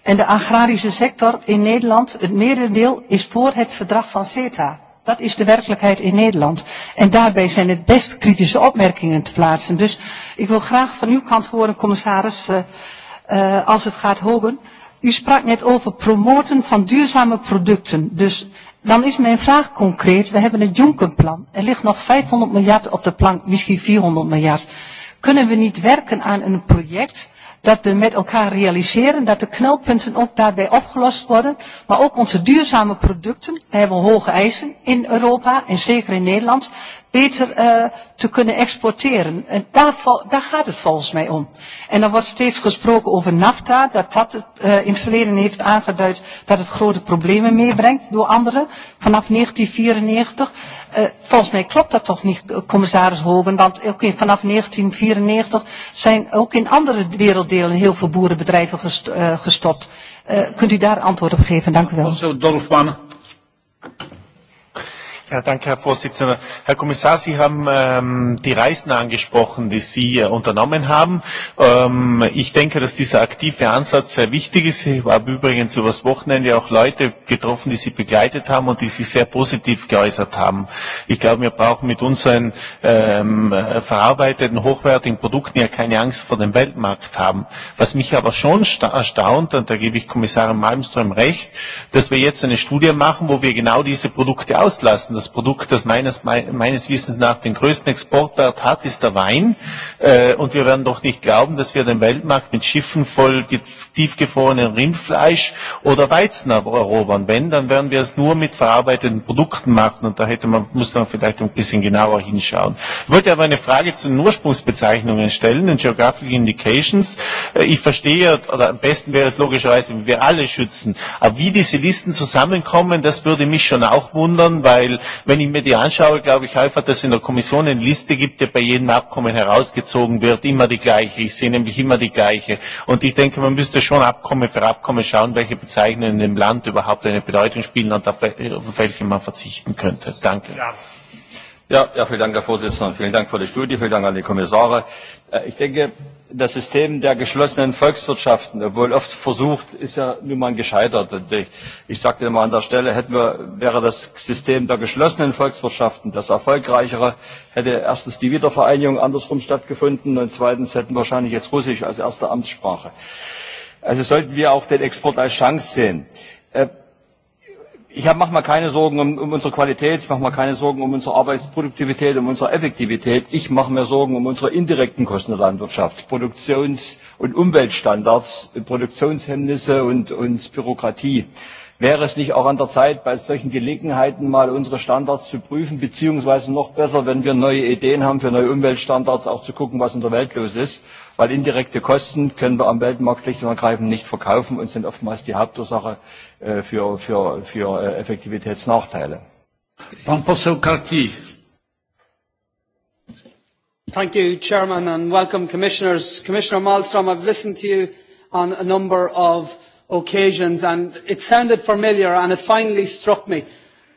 En de agrarische sector in Nederland, het merendeel, is voor het verdrag van CETA. Dat is de werkelijkheid in Nederland. En daarbij zijn het best kritische opmerkingen te plaatsen. Dus ik wil graag van uw kant horen, commissaris, uh, uh, als het gaat hogen. U sprak net over promoten van duurzame producten. Dus Dan is mijn vraag concreet. We hebben het Jonkerplan. Er ligt nog 500 miljard op de plank, misschien 400 miljard. Kunnen we niet werken aan een project dat we met elkaar realiseren dat de knelpunten ook daarbij opgelost worden. Maar ook onze duurzame producten, we hebben hoge eisen in Europa en zeker in Nederland, beter uh, te kunnen exporteren. En daar, daar gaat het volgens mij om. En dan er wordt steeds gesproken over NAFTA, dat dat uh, in het verleden heeft aangeduid dat het grote problemen meebrengt door anderen vanaf 1994. Eh, volgens mij klopt dat toch niet, commissaris Hogen, want ook in, vanaf 1994 zijn ook in andere werelddelen heel veel boerenbedrijven gest, uh, gestopt. Uh, kunt u daar antwoord op geven? Dank u wel. Dolf Wanne. Ja, danke, Herr Vorsitzender. Herr Kommissar, Sie haben ähm, die Reisen angesprochen, die Sie äh, unternommen haben. Ähm, ich denke, dass dieser aktive Ansatz sehr wichtig ist. Ich habe übrigens übers Wochenende auch Leute getroffen, die Sie begleitet haben und die sich sehr positiv geäußert haben. Ich glaube, wir brauchen mit unseren ähm, verarbeiteten, hochwertigen Produkten ja keine Angst vor dem Weltmarkt haben. Was mich aber schon erstaunt, und da gebe ich Kommissarin Malmström recht, dass wir jetzt eine Studie machen, wo wir genau diese Produkte auslassen das Produkt, das meines, meines Wissens nach den größten Exportwert hat, ist der Wein. Äh, und wir werden doch nicht glauben, dass wir den Weltmarkt mit Schiffen voll tiefgefrorenen Rindfleisch oder Weizen erobern. Wenn, dann werden wir es nur mit verarbeiteten Produkten machen. Und da hätte man, muss man vielleicht ein bisschen genauer hinschauen. Ich wollte aber eine Frage zu den Ursprungsbezeichnungen stellen, den Geographic Indications. Äh, ich verstehe, oder am besten wäre es logischerweise, wenn wir alle schützen. Aber wie diese Listen zusammenkommen, das würde mich schon auch wundern, weil äh, Wenn ich mir die anschaue, glaube ich, häufig, dass es in der Kommission eine Liste gibt, die bei jedem Abkommen herausgezogen wird, immer die gleiche. Ich sehe nämlich immer die gleiche. Und ich denke, man müsste schon Abkommen für Abkommen schauen, welche Bezeichnungen in dem Land überhaupt eine Bedeutung spielen und auf welche man verzichten könnte. Danke. Ja. Ja, ja, vielen Dank, Herr Vorsitzender. Vielen Dank für die Studie. Vielen Dank an die Kommissare. Äh, ich denke, das System der geschlossenen Volkswirtschaften, obwohl oft versucht, ist ja nun mal gescheitert. Und ich, ich sagte immer an der Stelle, hätten wir, wäre das System der geschlossenen Volkswirtschaften das erfolgreichere, hätte erstens die Wiedervereinigung andersrum stattgefunden und zweitens hätten wir wahrscheinlich jetzt Russisch als erste Amtssprache. Also sollten wir auch den Export als Chance sehen. Äh, Ich mache mal keine Sorgen um, um unsere Qualität, ich mache mal keine Sorgen um unsere Arbeitsproduktivität, um unsere Effektivität. Ich mache mir Sorgen um unsere indirekten Kosten der Landwirtschaft, Produktions- und Umweltstandards, Produktionshemmnisse und, und Bürokratie. Wäre es nicht auch an der Zeit, bei solchen Gelegenheiten mal unsere Standards zu prüfen, beziehungsweise noch besser, wenn wir neue Ideen haben für neue Umweltstandards, auch zu gucken, was in der Welt los ist? weil indirekte Kosten können wir am Weltmarkt schlicht und ergreifend nicht verkaufen und sind oftmals die Hauptursache äh, für, für, für äh, Effektivitätsnachteile. Thank you, Chairman, and welcome, Commissioners. Commissioner Malmström, I've listened to you on a number of occasions, and it sounded familiar, and it finally struck me.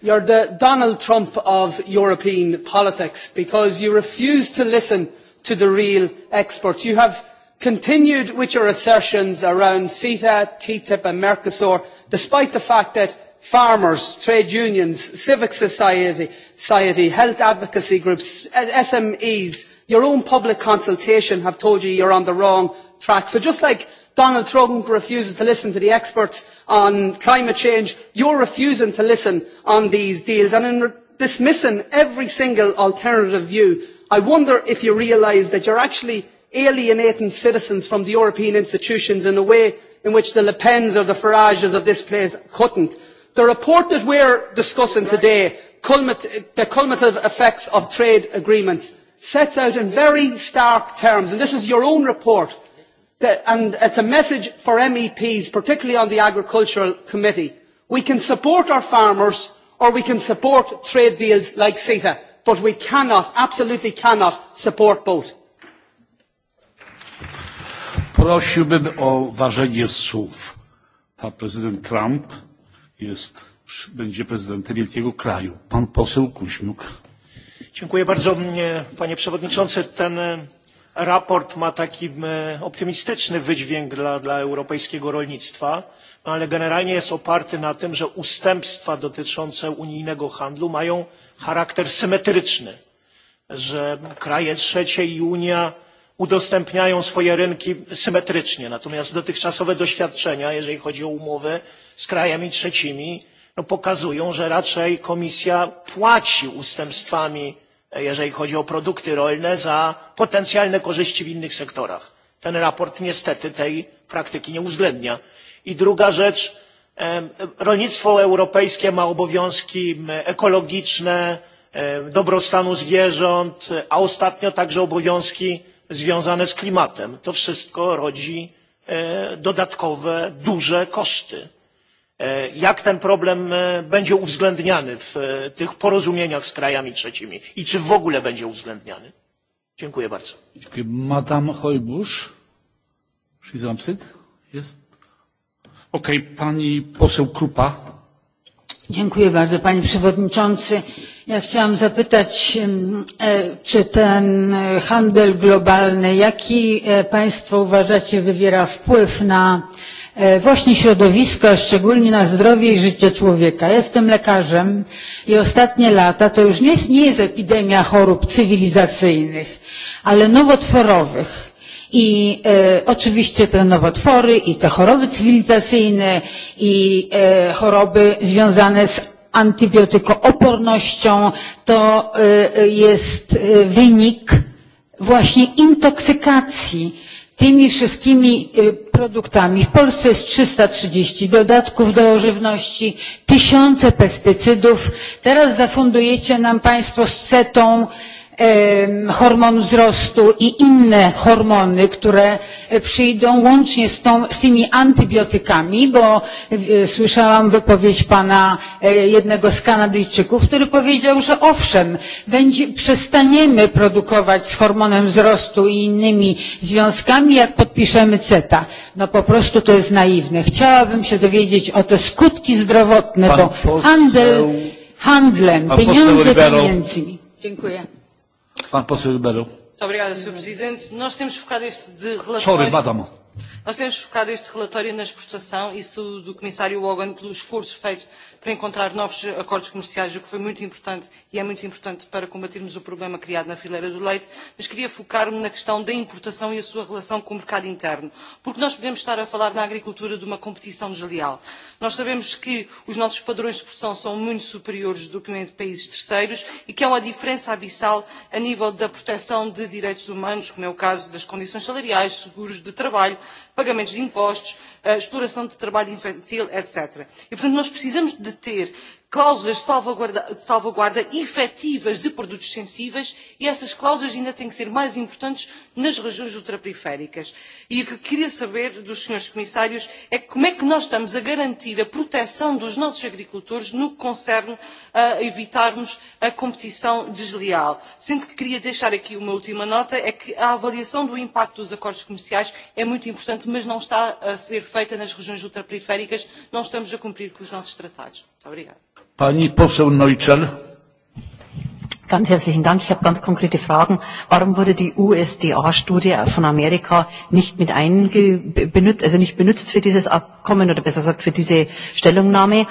You're the Donald Trump of European politics because you refuse to listen to the real experts. You have continued with your assertions around CETA, TTIP and Mercosur, despite the fact that farmers, trade unions, civic society, society health advocacy groups, SMEs, your own public consultation have told you you're on the wrong track. So just like Donald Trump refuses to listen to the experts on climate change, you're refusing to listen on these deals. And in re- dismissing every single alternative view I wonder if you realise that you're actually alienating citizens from the European institutions in a way in which the Le Pens or the Farages of this place couldn't. The report that we're discussing today, the culminative effects of trade agreements, sets out in very stark terms, and this is your own report, that, and it's a message for MEPs, particularly on the Agricultural Committee. We can support our farmers, or we can support trade deals like CETA but we cannot absolutely cannot support both. Prosiłbym o ważenie słów. Pan prezydent Trump jest, będzie prezydentem wielkiego kraju. Pan poseł Kuźniuk. Dziękuję bardzo, panie przewodniczący. Ten e, raport ma taki e, optymistyczny wydźwięk dla, dla europejskiego rolnictwa no ale generalnie jest oparty na tym że ustępstwa dotyczące unijnego handlu mają charakter symetryczny że kraje trzecie i unia udostępniają swoje rynki symetrycznie natomiast dotychczasowe doświadczenia jeżeli chodzi o umowy z krajami trzecimi no pokazują że raczej komisja płaci ustępstwami jeżeli chodzi o produkty rolne za potencjalne korzyści w innych sektorach. ten raport niestety tej praktyki nie uwzględnia i druga rzecz rolnictwo europejskie ma obowiązki ekologiczne dobrostanu zwierząt a ostatnio także obowiązki związane z klimatem. to wszystko rodzi e, dodatkowe duże koszty. E, jak ten problem e, będzie uwzględniany w tych porozumieniach z krajami trzecimi i czy w ogóle będzie uwzględniany? dziękuję bardzo panie przewodniczący! ja chciałam zapytać e, czy ten handel globalny jaki e, państwo uważacie wywiera wpływ na e, właśnie środowisko a szczególnie na zdrowie i życie człowieka? Ja jestem lekarzem i ostatnie lata to już nie jest epidemia chorób cywilizacyjnych ale nowotworowych. I e, oczywiście te nowotwory i te choroby cywilizacyjne i e, choroby związane z antybiotykoopornością to e, e jest e, wynik właśnie intoksykacji tymi wszystkimi e, produktami. W Polsce jest 330 dodatków do żywności, tysiące pestycydów. Teraz zafundujecie nam Państwo z setą hormon wzrostu i inne hormony, które e, przyjdą łącznie z, tą, z tymi antybiotykami, bo e, słyszałam wypowiedź pana e, jednego z Kanadyjczyków, który powiedział, że owszem, będzie, przestaniemy produkować z hormonem wzrostu i innymi związkami, jak podpiszemy CETA. No po prostu to jest naiwne. Chciałabym się dowiedzieć o te skutki zdrowotne, pan bo poseł, handel handlem, pieniądze pieniędzmi. Dziękuję. Pan poseł Ribeiro. Obrigada, Sr. Presidente. Nós temos focado este de relatório... Nós temos focado este relatório na exportação e sou do Comissário Hogan pelo esforço feito para encontrar novos acordos comerciais, o que foi muito importante e é muito importante para combatermos o problema criado na fileira do leite, mas queria focar-me na questão da importação e a sua relação com o mercado interno, porque nós podemos estar a falar na agricultura de uma competição desleal. Nós sabemos que os nossos padrões de produção são muito superiores do que em países terceiros e que há uma diferença abissal a nível da proteção de direitos humanos, como é o caso das condições salariais, seguros de trabalho, pagamentos de impostos, Eh, exploração do trabalho infantil etc. E, portanto, nós precisamos de ter cláusulas de salvaguarda, de salvaguarda efetivas de produtos sensíveis e essas cláusulas ainda têm que ser mais importantes nas regiões ultraperiféricas. E o que eu queria saber dos senhores comissários é como é que nós estamos a garantir a proteção dos nossos agricultores no que concerne a evitarmos a competição desleal. Sendo que queria deixar aqui uma última nota, é que a avaliação do impacto dos acordos comerciais é muito importante, mas não está a ser feita nas regiões ultraperiféricas, não estamos a cumprir com os nossos tratados. Muito obrigada. Pani poseł Neuchel. Ganz herzlichen Dank. Ich habe ganz konkrete Fragen. Warum wurde die USDA-Studie von Amerika nicht mit einge benutzt, also nicht benutzt für dieses Abkommen oder besser gesagt für diese Stellungnahme? Äh,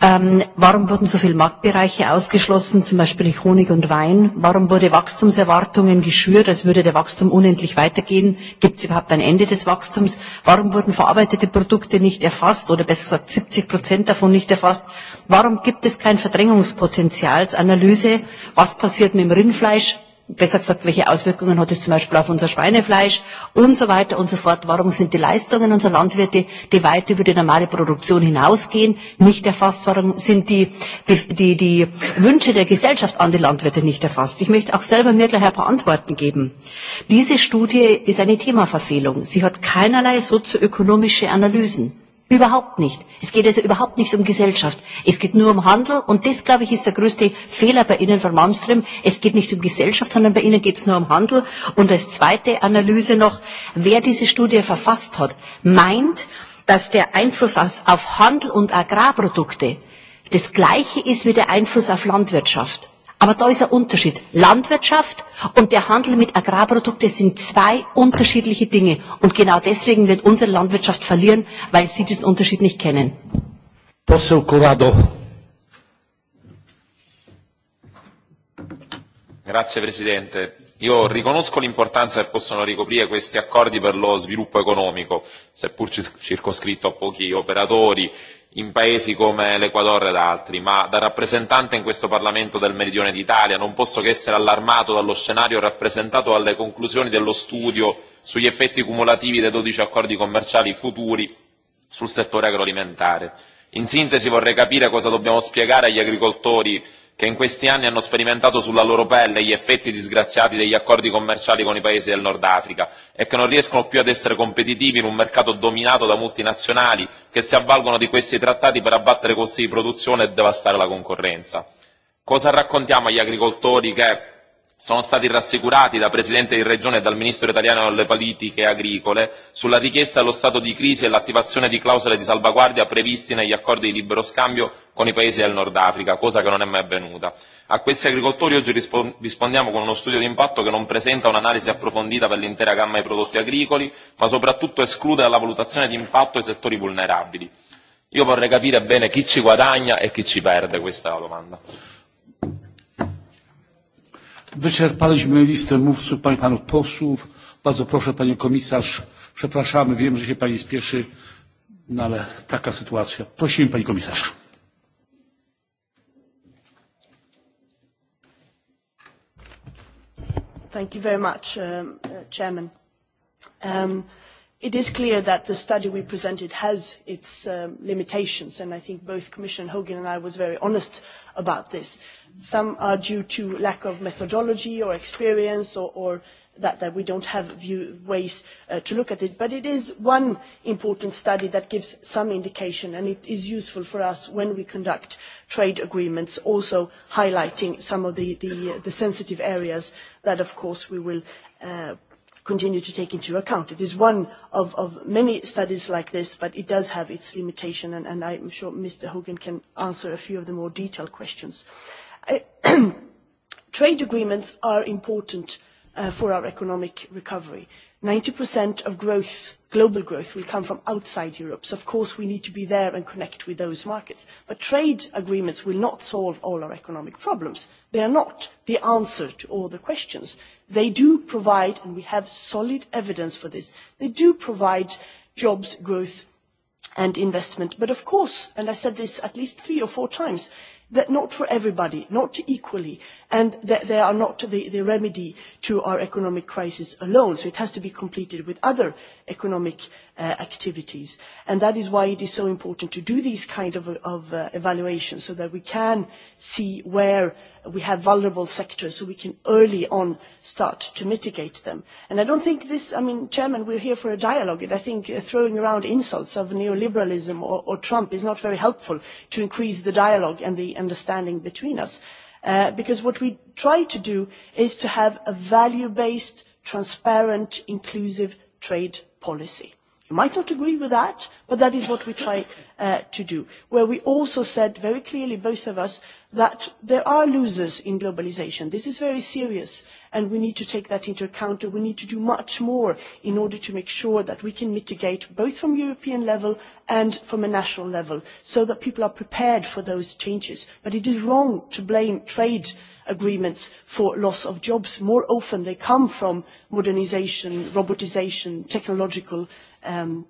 Ähm, warum wurden so viele Marktbereiche ausgeschlossen, zum Beispiel Honig und Wein? Warum wurde Wachstumserwartungen geschürt, als würde der Wachstum unendlich weitergehen? Gibt es überhaupt ein Ende des Wachstums? Warum wurden verarbeitete Produkte nicht erfasst oder besser gesagt 70 Prozent davon nicht erfasst? Warum gibt es kein Verdrängungspotenzialsanalyse? Was passiert mit dem Rindfleisch? besser gesagt, welche Auswirkungen hat es zum Beispiel auf unser Schweinefleisch und so weiter und so fort. Warum sind die Leistungen unserer Landwirte, die weit über die normale Produktion hinausgehen, nicht erfasst? Warum sind die, die, die Wünsche der Gesellschaft an die Landwirte nicht erfasst? Ich möchte auch selber mir gleich ein paar Antworten geben. Diese Studie ist eine Themaverfehlung. Sie hat keinerlei sozioökonomische Analysen. Überhaupt nicht. Es geht also überhaupt nicht um Gesellschaft. Es geht nur um Handel. Und das, glaube ich, ist der größte Fehler bei Ihnen, Frau Malmström. Es geht nicht um Gesellschaft, sondern bei Ihnen geht es nur um Handel. Und als zweite Analyse noch, wer diese Studie verfasst hat, meint, dass der Einfluss auf Handel und Agrarprodukte das gleiche ist wie der Einfluss auf Landwirtschaft. Aber da ist ein Unterschied. Landwirtschaft und der Handel mit Agrarprodukten sind zwei unterschiedliche Dinge. Und genau deswegen wird unsere Landwirtschaft verlieren, weil sie diesen Unterschied nicht kennen. Posso Corrado. Grazie Presidente. Io riconosco l'importanza che possono ricoprire questi accordi per lo sviluppo economico, seppur circoscritto a pochi operatori in paesi come l'Ecuador ed altri, ma da rappresentante in questo Parlamento del Meridione d'Italia non posso che essere allarmato dallo scenario rappresentato alle conclusioni dello studio sugli effetti cumulativi dei 12 accordi commerciali futuri sul settore agroalimentare. In sintesi vorrei capire cosa dobbiamo spiegare agli agricoltori che in questi anni hanno sperimentato sulla loro pelle gli effetti disgraziati degli accordi commerciali con i paesi del Nord Africa e che non riescono più ad essere competitivi in un mercato dominato da multinazionali che si avvalgono di questi trattati per abbattere costi di produzione e devastare la concorrenza. Cosa raccontiamo agli agricoltori che, sono stati rassicurati da Presidente di Regione e dal Ministro italiano delle politiche agricole sulla richiesta dello stato di crisi e l'attivazione di clausole di salvaguardia previsti negli accordi di libero scambio con i paesi del Nord Africa, cosa che non è mai avvenuta. A questi agricoltori oggi rispondiamo con uno studio di impatto che non presenta un'analisi approfondita per l'intera gamma di prodotti agricoli, ma soprattutto esclude dalla valutazione di impatto i settori vulnerabili. Io vorrei capire bene chi ci guadagna e chi ci perde, questa è la domanda. Wyczerpaliśmy listę mówców, pani, panów posłów. Bardzo proszę panią komisarz, przepraszamy, wiem, że się pani spieszy, no ale taka sytuacja. Prosimy pani komisarz. Thank you very much, um, uh, Chairman. Um, it is clear that the study we presented has its um, limitations, and I think both Commissioner Hogan and I was very honest about this some are due to lack of methodology or experience or, or that, that we don't have view, ways uh, to look at it. But it is one important study that gives some indication and it is useful for us when we conduct trade agreements, also highlighting some of the, the, uh, the sensitive areas that of course we will uh, continue to take into account. It is one of, of many studies like this, but it does have its limitation and, and I'm sure Mr. Hogan can answer a few of the more detailed questions. Uh, trade agreements are important uh, for our economic recovery ninety of global growth will come from outside europe so of course we need to be there and connect with those markets but trade agreements will not solve all our economic problems they are not the answer to all the questions. they do provide and we have solid evidence for this they do provide jobs growth and investment but of course and i said this at least three or four times not for everybody not equally and that they are not the, the remedy to our economic crisis alone so it has to be completed with other economic uh, uh, activities. And that is why it is so important to do these kind of, of uh, evaluations so that we can see where we have vulnerable sectors so we can early on start to mitigate them. And I don't think this, I mean, Chairman, we're here for a dialogue. And I think uh, throwing around insults of neoliberalism or, or Trump is not very helpful to increase the dialogue and the understanding between us. Uh, because what we try to do is to have a value-based, transparent, inclusive trade policy you might not agree with that but that is what we try uh, to do where we also said very clearly both of us that there are losers in globalisation this is very serious and we need to take that into account and we need to do much more in order to make sure that we can mitigate both from european level and from a national level so that people are prepared for those changes but it is wrong to blame trade agreements for loss of jobs more often they come from modernisation robotisation technological Um,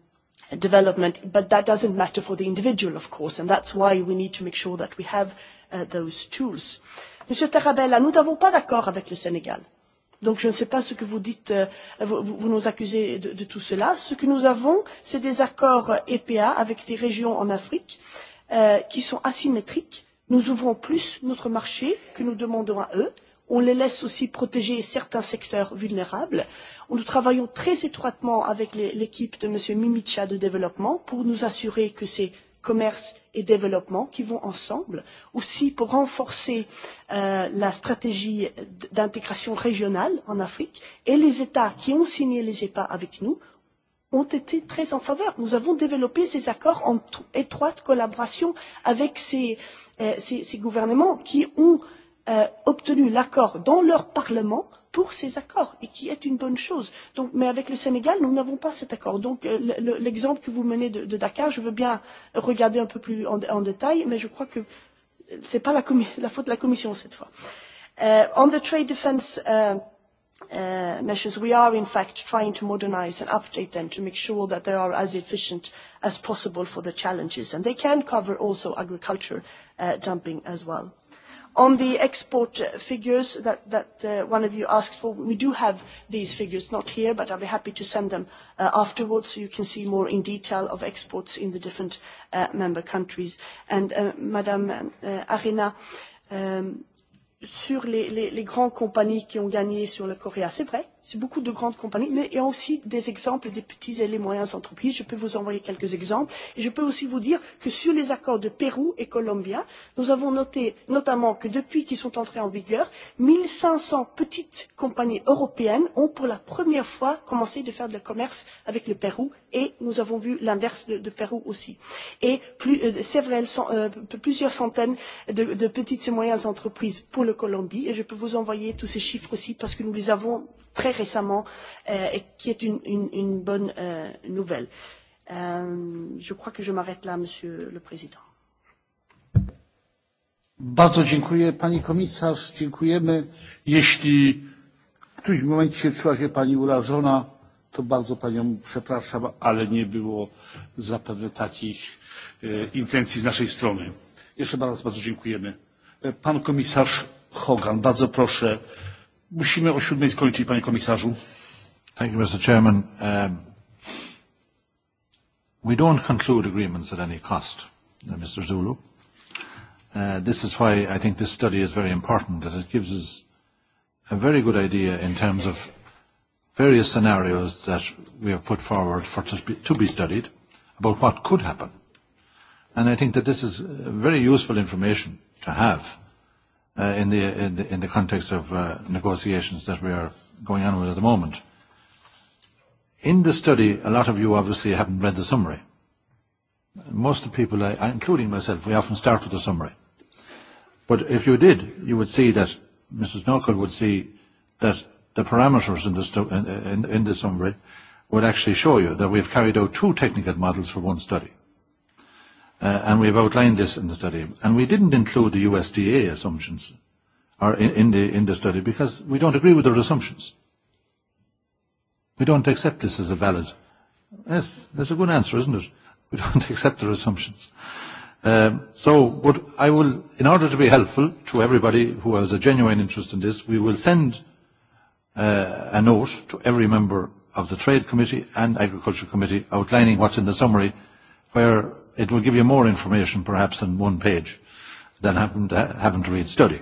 development but that doesn't matter for the individual of course and that's why we need to make sure that we have uh, those tools. Monsieur Tarabella, nous n'avons pas d'accord avec le Sénégal. Donc je ne sais pas ce que vous dites, euh, vous, vous nous accusez de, de tout cela. Ce que nous avons, c'est des accords EPA avec des régions en Afrique euh, qui sont asymétriques. Nous ouvrons plus notre marché que nous demandons à eux. On les laisse aussi protéger certains secteurs vulnérables nous travaillons très étroitement avec l'équipe de m. mimica de développement pour nous assurer que ces commerce et développement qui vont ensemble, aussi pour renforcer euh, la stratégie d'intégration régionale en Afrique. Et les États qui ont signé les EPA avec nous ont été très en faveur. Nous avons développé ces accords en étroite collaboration avec ces, euh, ces, ces gouvernements qui ont euh, obtenu l'accord dans leur Parlement pour ces accords et qui est une bonne chose. Donc, mais avec le Sénégal, nous n'avons pas cet accord. Donc euh, l'exemple que vous menez de, de Dakar, je veux bien regarder un peu plus en, en détail, mais je crois que ce n'est pas la, la faute de la Commission cette fois. Uh, on the trade defense uh, uh, measures, we are in fact trying to modernize and update them to make sure that they are as efficient as possible for the challenges. And they can cover also agriculture uh, dumping as well on the export uh, figures that uh, one of you asked for we do have these figures not here but i will be happy to send them uh, afterwards so you can see more in detail of exports in the different member countries and madam arena um, sur les grandes compagnies qui ont gagné sur la corea c'est vrai c'est beaucoup de grandes compagnies, mais il y a aussi des exemples des petites et les moyennes entreprises. Je peux vous envoyer quelques exemples. Et je peux aussi vous dire que sur les accords de Pérou et Colombia, nous avons noté notamment que depuis qu'ils sont entrés en vigueur, 1500 petites compagnies européennes ont pour la première fois commencé de faire de commerce avec le Pérou. Et nous avons vu l'inverse de, de Pérou aussi. Et plus, euh, several, sont, euh, plusieurs centaines de, de petites et moyennes entreprises pour le Colombie. Et je peux vous envoyer tous ces chiffres aussi parce que nous les avons très récemment euh, et qui est une, une, une bonne euh, nouvelle. Euh, je crois que je m'arrête là, Monsieur le Président. Bardzo dziękuję Pani Komisarz, dziękujemy. Jeśli w którymś momencie czuła się Pani urażona, to bardzo Panią przepraszam, ale nie było zapewne takich e, intencji z naszej strony. Jeszcze raz bardzo dziękujemy. E, pan Komisarz Hogan, bardzo proszę. Musimy o siódmej skończyć, panie komisarzu. Thank you, Mr. Chairman. Um, we don't conclude agreements at any cost, uh, Mr. Zulu. Uh, this is why I think this study is very important, that it gives us a very good idea in terms of various scenarios that we have put forward for to, be, to be studied about what could happen. And I think that this is uh, very useful information to have. Uh, in the, in the, in the context of uh, negotiations that we are going on with at the moment. In the study, a lot of you obviously haven't read the summary. Most of the people, uh, including myself, we often start with the summary. But if you did, you would see that Mrs. Knockle would see that the parameters in the, stu- in, in, in the summary would actually show you that we've carried out two technical models for one study uh, and we've outlined this in the study. And we didn't include the USDA assumptions or in, in, the, in the study because we don't agree with their assumptions. We don't accept this as a valid. Yes, that's a good answer, isn't it? We don't accept their assumptions. Um, so, but I will, in order to be helpful to everybody who has a genuine interest in this, we will send uh, a note to every member of the Trade Committee and Agriculture Committee outlining what's in the summary, where it will give you more information perhaps in one page than having to, having to read study.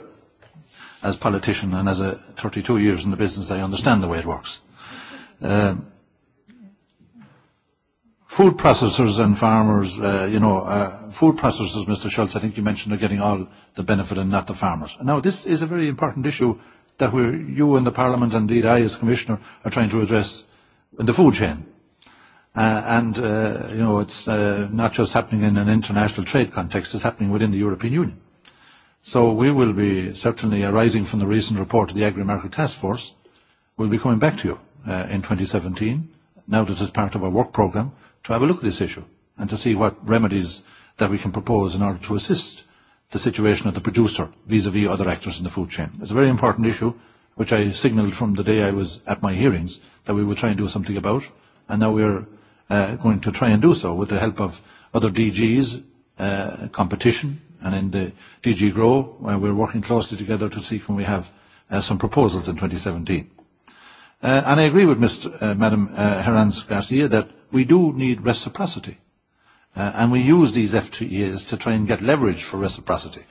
As politician and as a 32 years in the business, I understand the way it works. Um, food processors and farmers, uh, you know, uh, food processors, Mr. Schultz, I think you mentioned are getting all the benefit and not the farmers. Now, this is a very important issue that we're, you and the Parliament, and indeed I as Commissioner, are trying to address in the food chain. Uh, Uh, and, uh, you know, it's uh, not just happening in an international trade context, it's happening within the European Union. So we will be certainly arising from the recent report of the Agri-Market Task Force. We'll be coming back to you uh, in 2017, now that it's part of our work programme, to have a look at this issue and to see what remedies that we can propose in order to assist the situation of the producer vis-à-vis other actors in the food chain. It's a very important issue, which I signalled from the day I was at my hearings, that we would try and do something about. And now we're Uh, going to try and do so with the help of other DGs, uh, competition, and in the DG Grow, where we're working closely together to see can we have uh, some proposals in 2017. Uh, and I agree with Mr. Uh, Madam uh, Herans Garcia that we do need reciprocity, uh, and we use these FTEs to try and get leverage for reciprocity.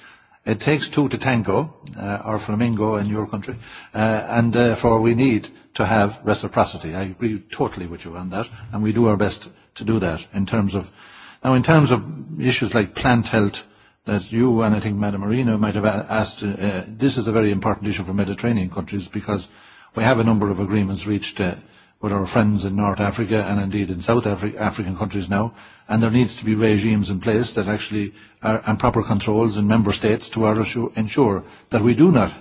It takes two to tango, uh, or flamingo in your country, uh, and therefore uh, we need uh, to have reciprocity. I agree totally with you on that, and we do our best to do that in terms of now in terms of issues like plant health that you and I think Madam Marina might have asked uh, this is a very important issue for Mediterranean countries because we have a number of agreements reached uh, with our friends in North Africa and indeed in South Afri- African countries now, and there needs to be regimes in place that actually are and proper controls in member states to ensure that we do not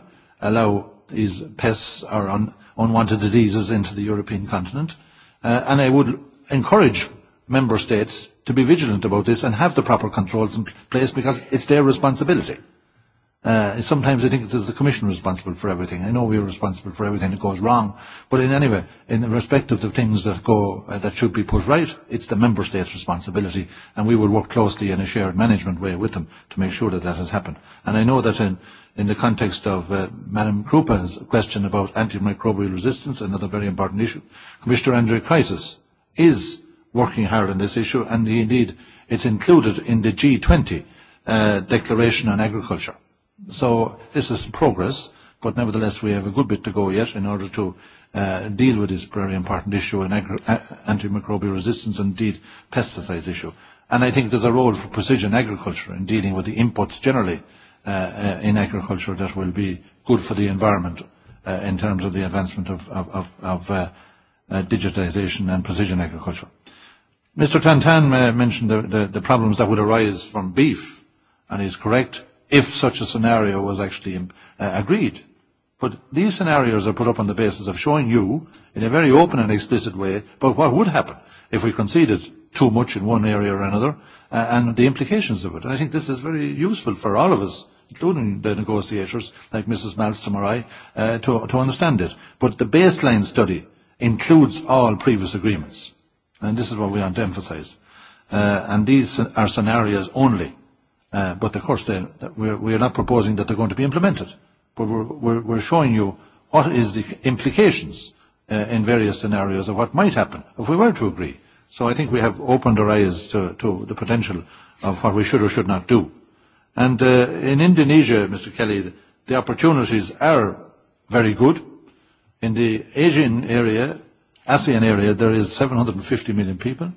allow these pests or un- unwanted diseases into the European continent. Uh, and I would encourage member states to be vigilant about this and have the proper controls in place because it's their responsibility. Uh, sometimes I think it's the commission responsible for everything. I know we're responsible for everything that goes wrong, but in any way, in respect of the things that go uh, that should be put right, it's the member states' responsibility, and we will work closely in a shared management way with them to make sure that that has happened. And I know that in in the context of uh, Madam Krupa's question about antimicrobial resistance, another very important issue, Commissioner Andrew Kaitis is working hard on this issue, and he, indeed it's included in the G20 uh, declaration on agriculture. So this is progress, but nevertheless, we have a good bit to go yet in order to uh, deal with this very important issue in uh, antimicrobial resistance, indeed, pesticides issue. And I think there's a role for precision agriculture in dealing with the inputs generally uh, in agriculture that will be good for the environment in terms of the advancement of digitization and precision agriculture. Mr. Tan Tan mentioned the problems that would arise from beef, and he's correct if such a scenario was actually uh, agreed. But these scenarios are put up on the basis of showing you, in a very open and explicit way, but what would happen if we conceded too much in one area or another, uh, and the implications of it. And I think this is very useful for all of us, including the negotiators, like Mrs. Malmström or I, uh, to, to understand it. But the baseline study includes all previous agreements. And this is what we want to emphasize. Uh, and these are scenarios only. Uh, but of course, then we're, we are not proposing that they're going to be implemented. But we're, we're, we're showing you what is the implications uh, in various scenarios of what might happen if we were to agree. So I think we have opened our eyes to, to the potential of what we should or should not do. And uh, in Indonesia, Mr. Kelly, the, the opportunities are very good. In the Asian area, ASEAN area, there is 750 million people.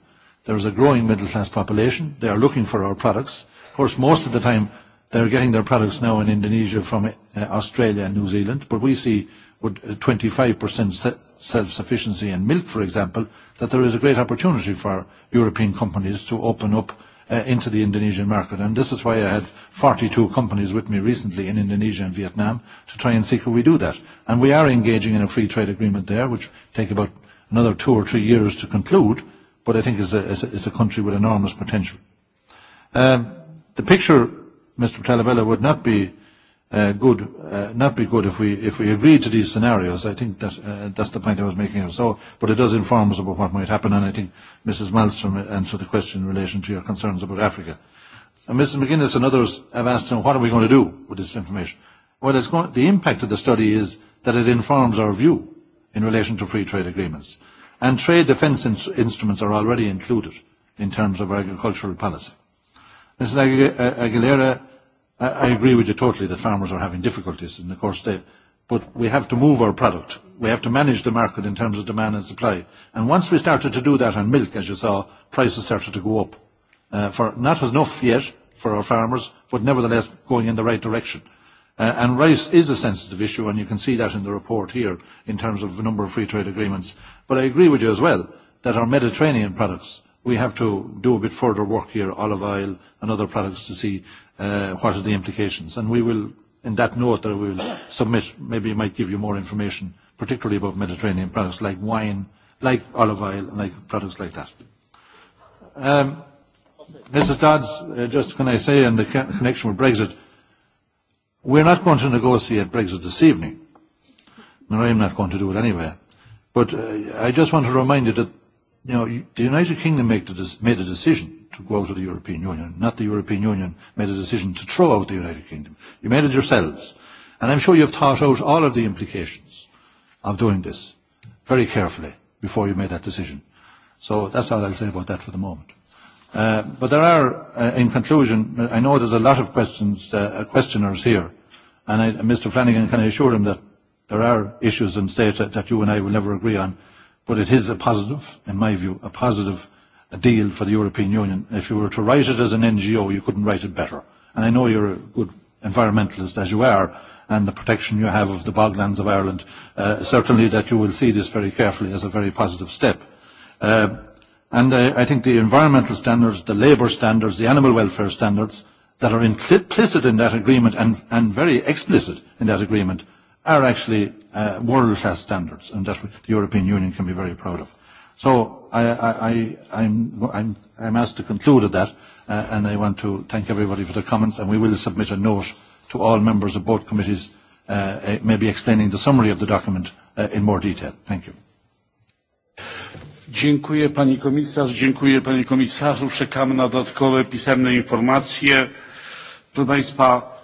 There is a growing middle class population. They are looking for our products course, most of the time, they're getting their products now in Indonesia from uh, Australia and New Zealand, but we see with 25% uh, self-sufficiency in milk, for example, that there is a great opportunity for European companies to open up uh, into the Indonesian market. And this is why I had 42 companies with me recently in Indonesia and Vietnam to try and see could we do that. And we are engaging in a free trade agreement there, which take about another two or three years to conclude, but I think it's a country with enormous potential. Um, the picture, Mr. Talabella, would not be uh, good, uh, not be good if we if we agreed to these scenarios. I think that uh, that's the point I was making. So, but it does inform us about what might happen. And I think Mrs. Malmstrom answered the question in relation to your concerns about Africa. And Mrs. McGuinness and others have asked, him, what are we going to do with this information? Well, it's going, the impact of the study is that it informs our view in relation to free trade agreements. And trade defence in- instruments are already included in terms of agricultural policy. Mrs. Agu- uh, Aguilera, I-, I agree with you totally that farmers are having difficulties, and of course they. But we have to move our product. We have to manage the market in terms of demand and supply. And once we started to do that on milk, as you saw, prices started to go up. Uh, for not enough yet for our farmers, but nevertheless going in the right direction. Uh, and rice is a sensitive issue, and you can see that in the report here in terms of the number of free trade agreements. But I agree with you as well that our Mediterranean products we have to do a bit further work here, olive oil and other products, to see uh, what are the implications. And we will, in that note that we will submit, maybe it might give you more information, particularly about Mediterranean products like wine, like olive oil, and like products like that. Okay. Um, Mrs. Dodds, uh, just can I say in the connection with Brexit, we're not going to negotiate Brexit this evening, nor I'm not going to do it anyway. But, uh, I just want to remind you that Now, the United Kingdom made, the, made a decision to go out of the European Union, not the European Union made a decision to throw out the United Kingdom. You made it yourselves. And I'm sure you've thought out all of the implications of doing this very carefully before you made that decision. So that's all I'll say about that for the moment. Uh, but there are, uh, in conclusion, I know there's a lot of questions, uh, uh questioners here, and I, Mr. Flanagan, can I assure him that there are issues in state that, that you and I will never agree on but it is a positive, in my view, a positive a deal for the European Union. If you were to write it as an NGO, you couldn't write it better. And I know you're a good environmentalist, as you are, and the protection you have of the boglands of Ireland, uh, certainly that you will see this very carefully as a very positive step. Uh, and I, I think the environmental standards, the labour standards, the animal welfare standards that are implicit in that agreement and, and very explicit in that agreement are actually uh, world-class standards and that the European Union can be very proud of. So I, I, I, I'm, I'm, I'm asked to conclude at that uh, and I want to thank everybody for their comments and we will submit a note to all members of both committees uh, eh, maybe explaining the summary of the document uh, in more detail. Thank you. Dziękuję Pani Komisarz, dziękuję Panie Komisarzu. Czekamy na dodatkowe pisemne informacje. Proszę Państwa,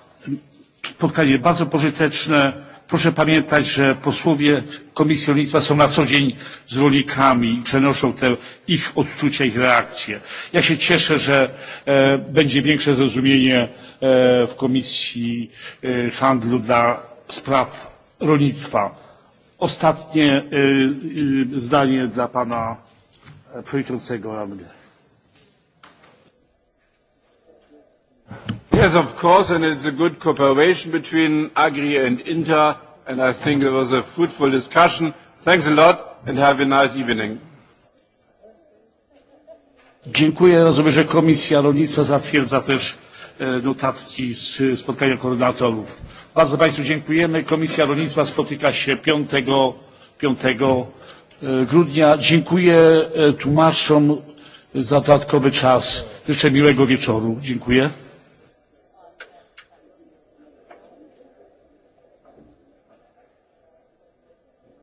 spotkanie bardzo pożyteczne. Proszę pamiętać, że posłowie Komisji Rolnictwa są na co dzień z rolnikami i przenoszą te ich odczucia, ich reakcje. Ja się cieszę, że e, będzie większe zrozumienie e, w Komisji e, Handlu dla spraw rolnictwa. Ostatnie e, e, zdanie dla pana e, przewodniczącego Langlera. Yes, of course, and it's a good cooperation between Agri and Inter, and I think it was a fruitful discussion. Thanks a lot, and have a nice evening. Dziękuję. Rozumiem, że Komisja Rolnictwa zatwierdza też e, notatki z spotkania koordynatorów. Bardzo Państwu dziękujemy. Komisja Rolnictwa spotyka się 5, 5 e, grudnia. Dziękuję e, tłumaczom za dodatkowy czas. Życzę miłego wieczoru. Dziękuję.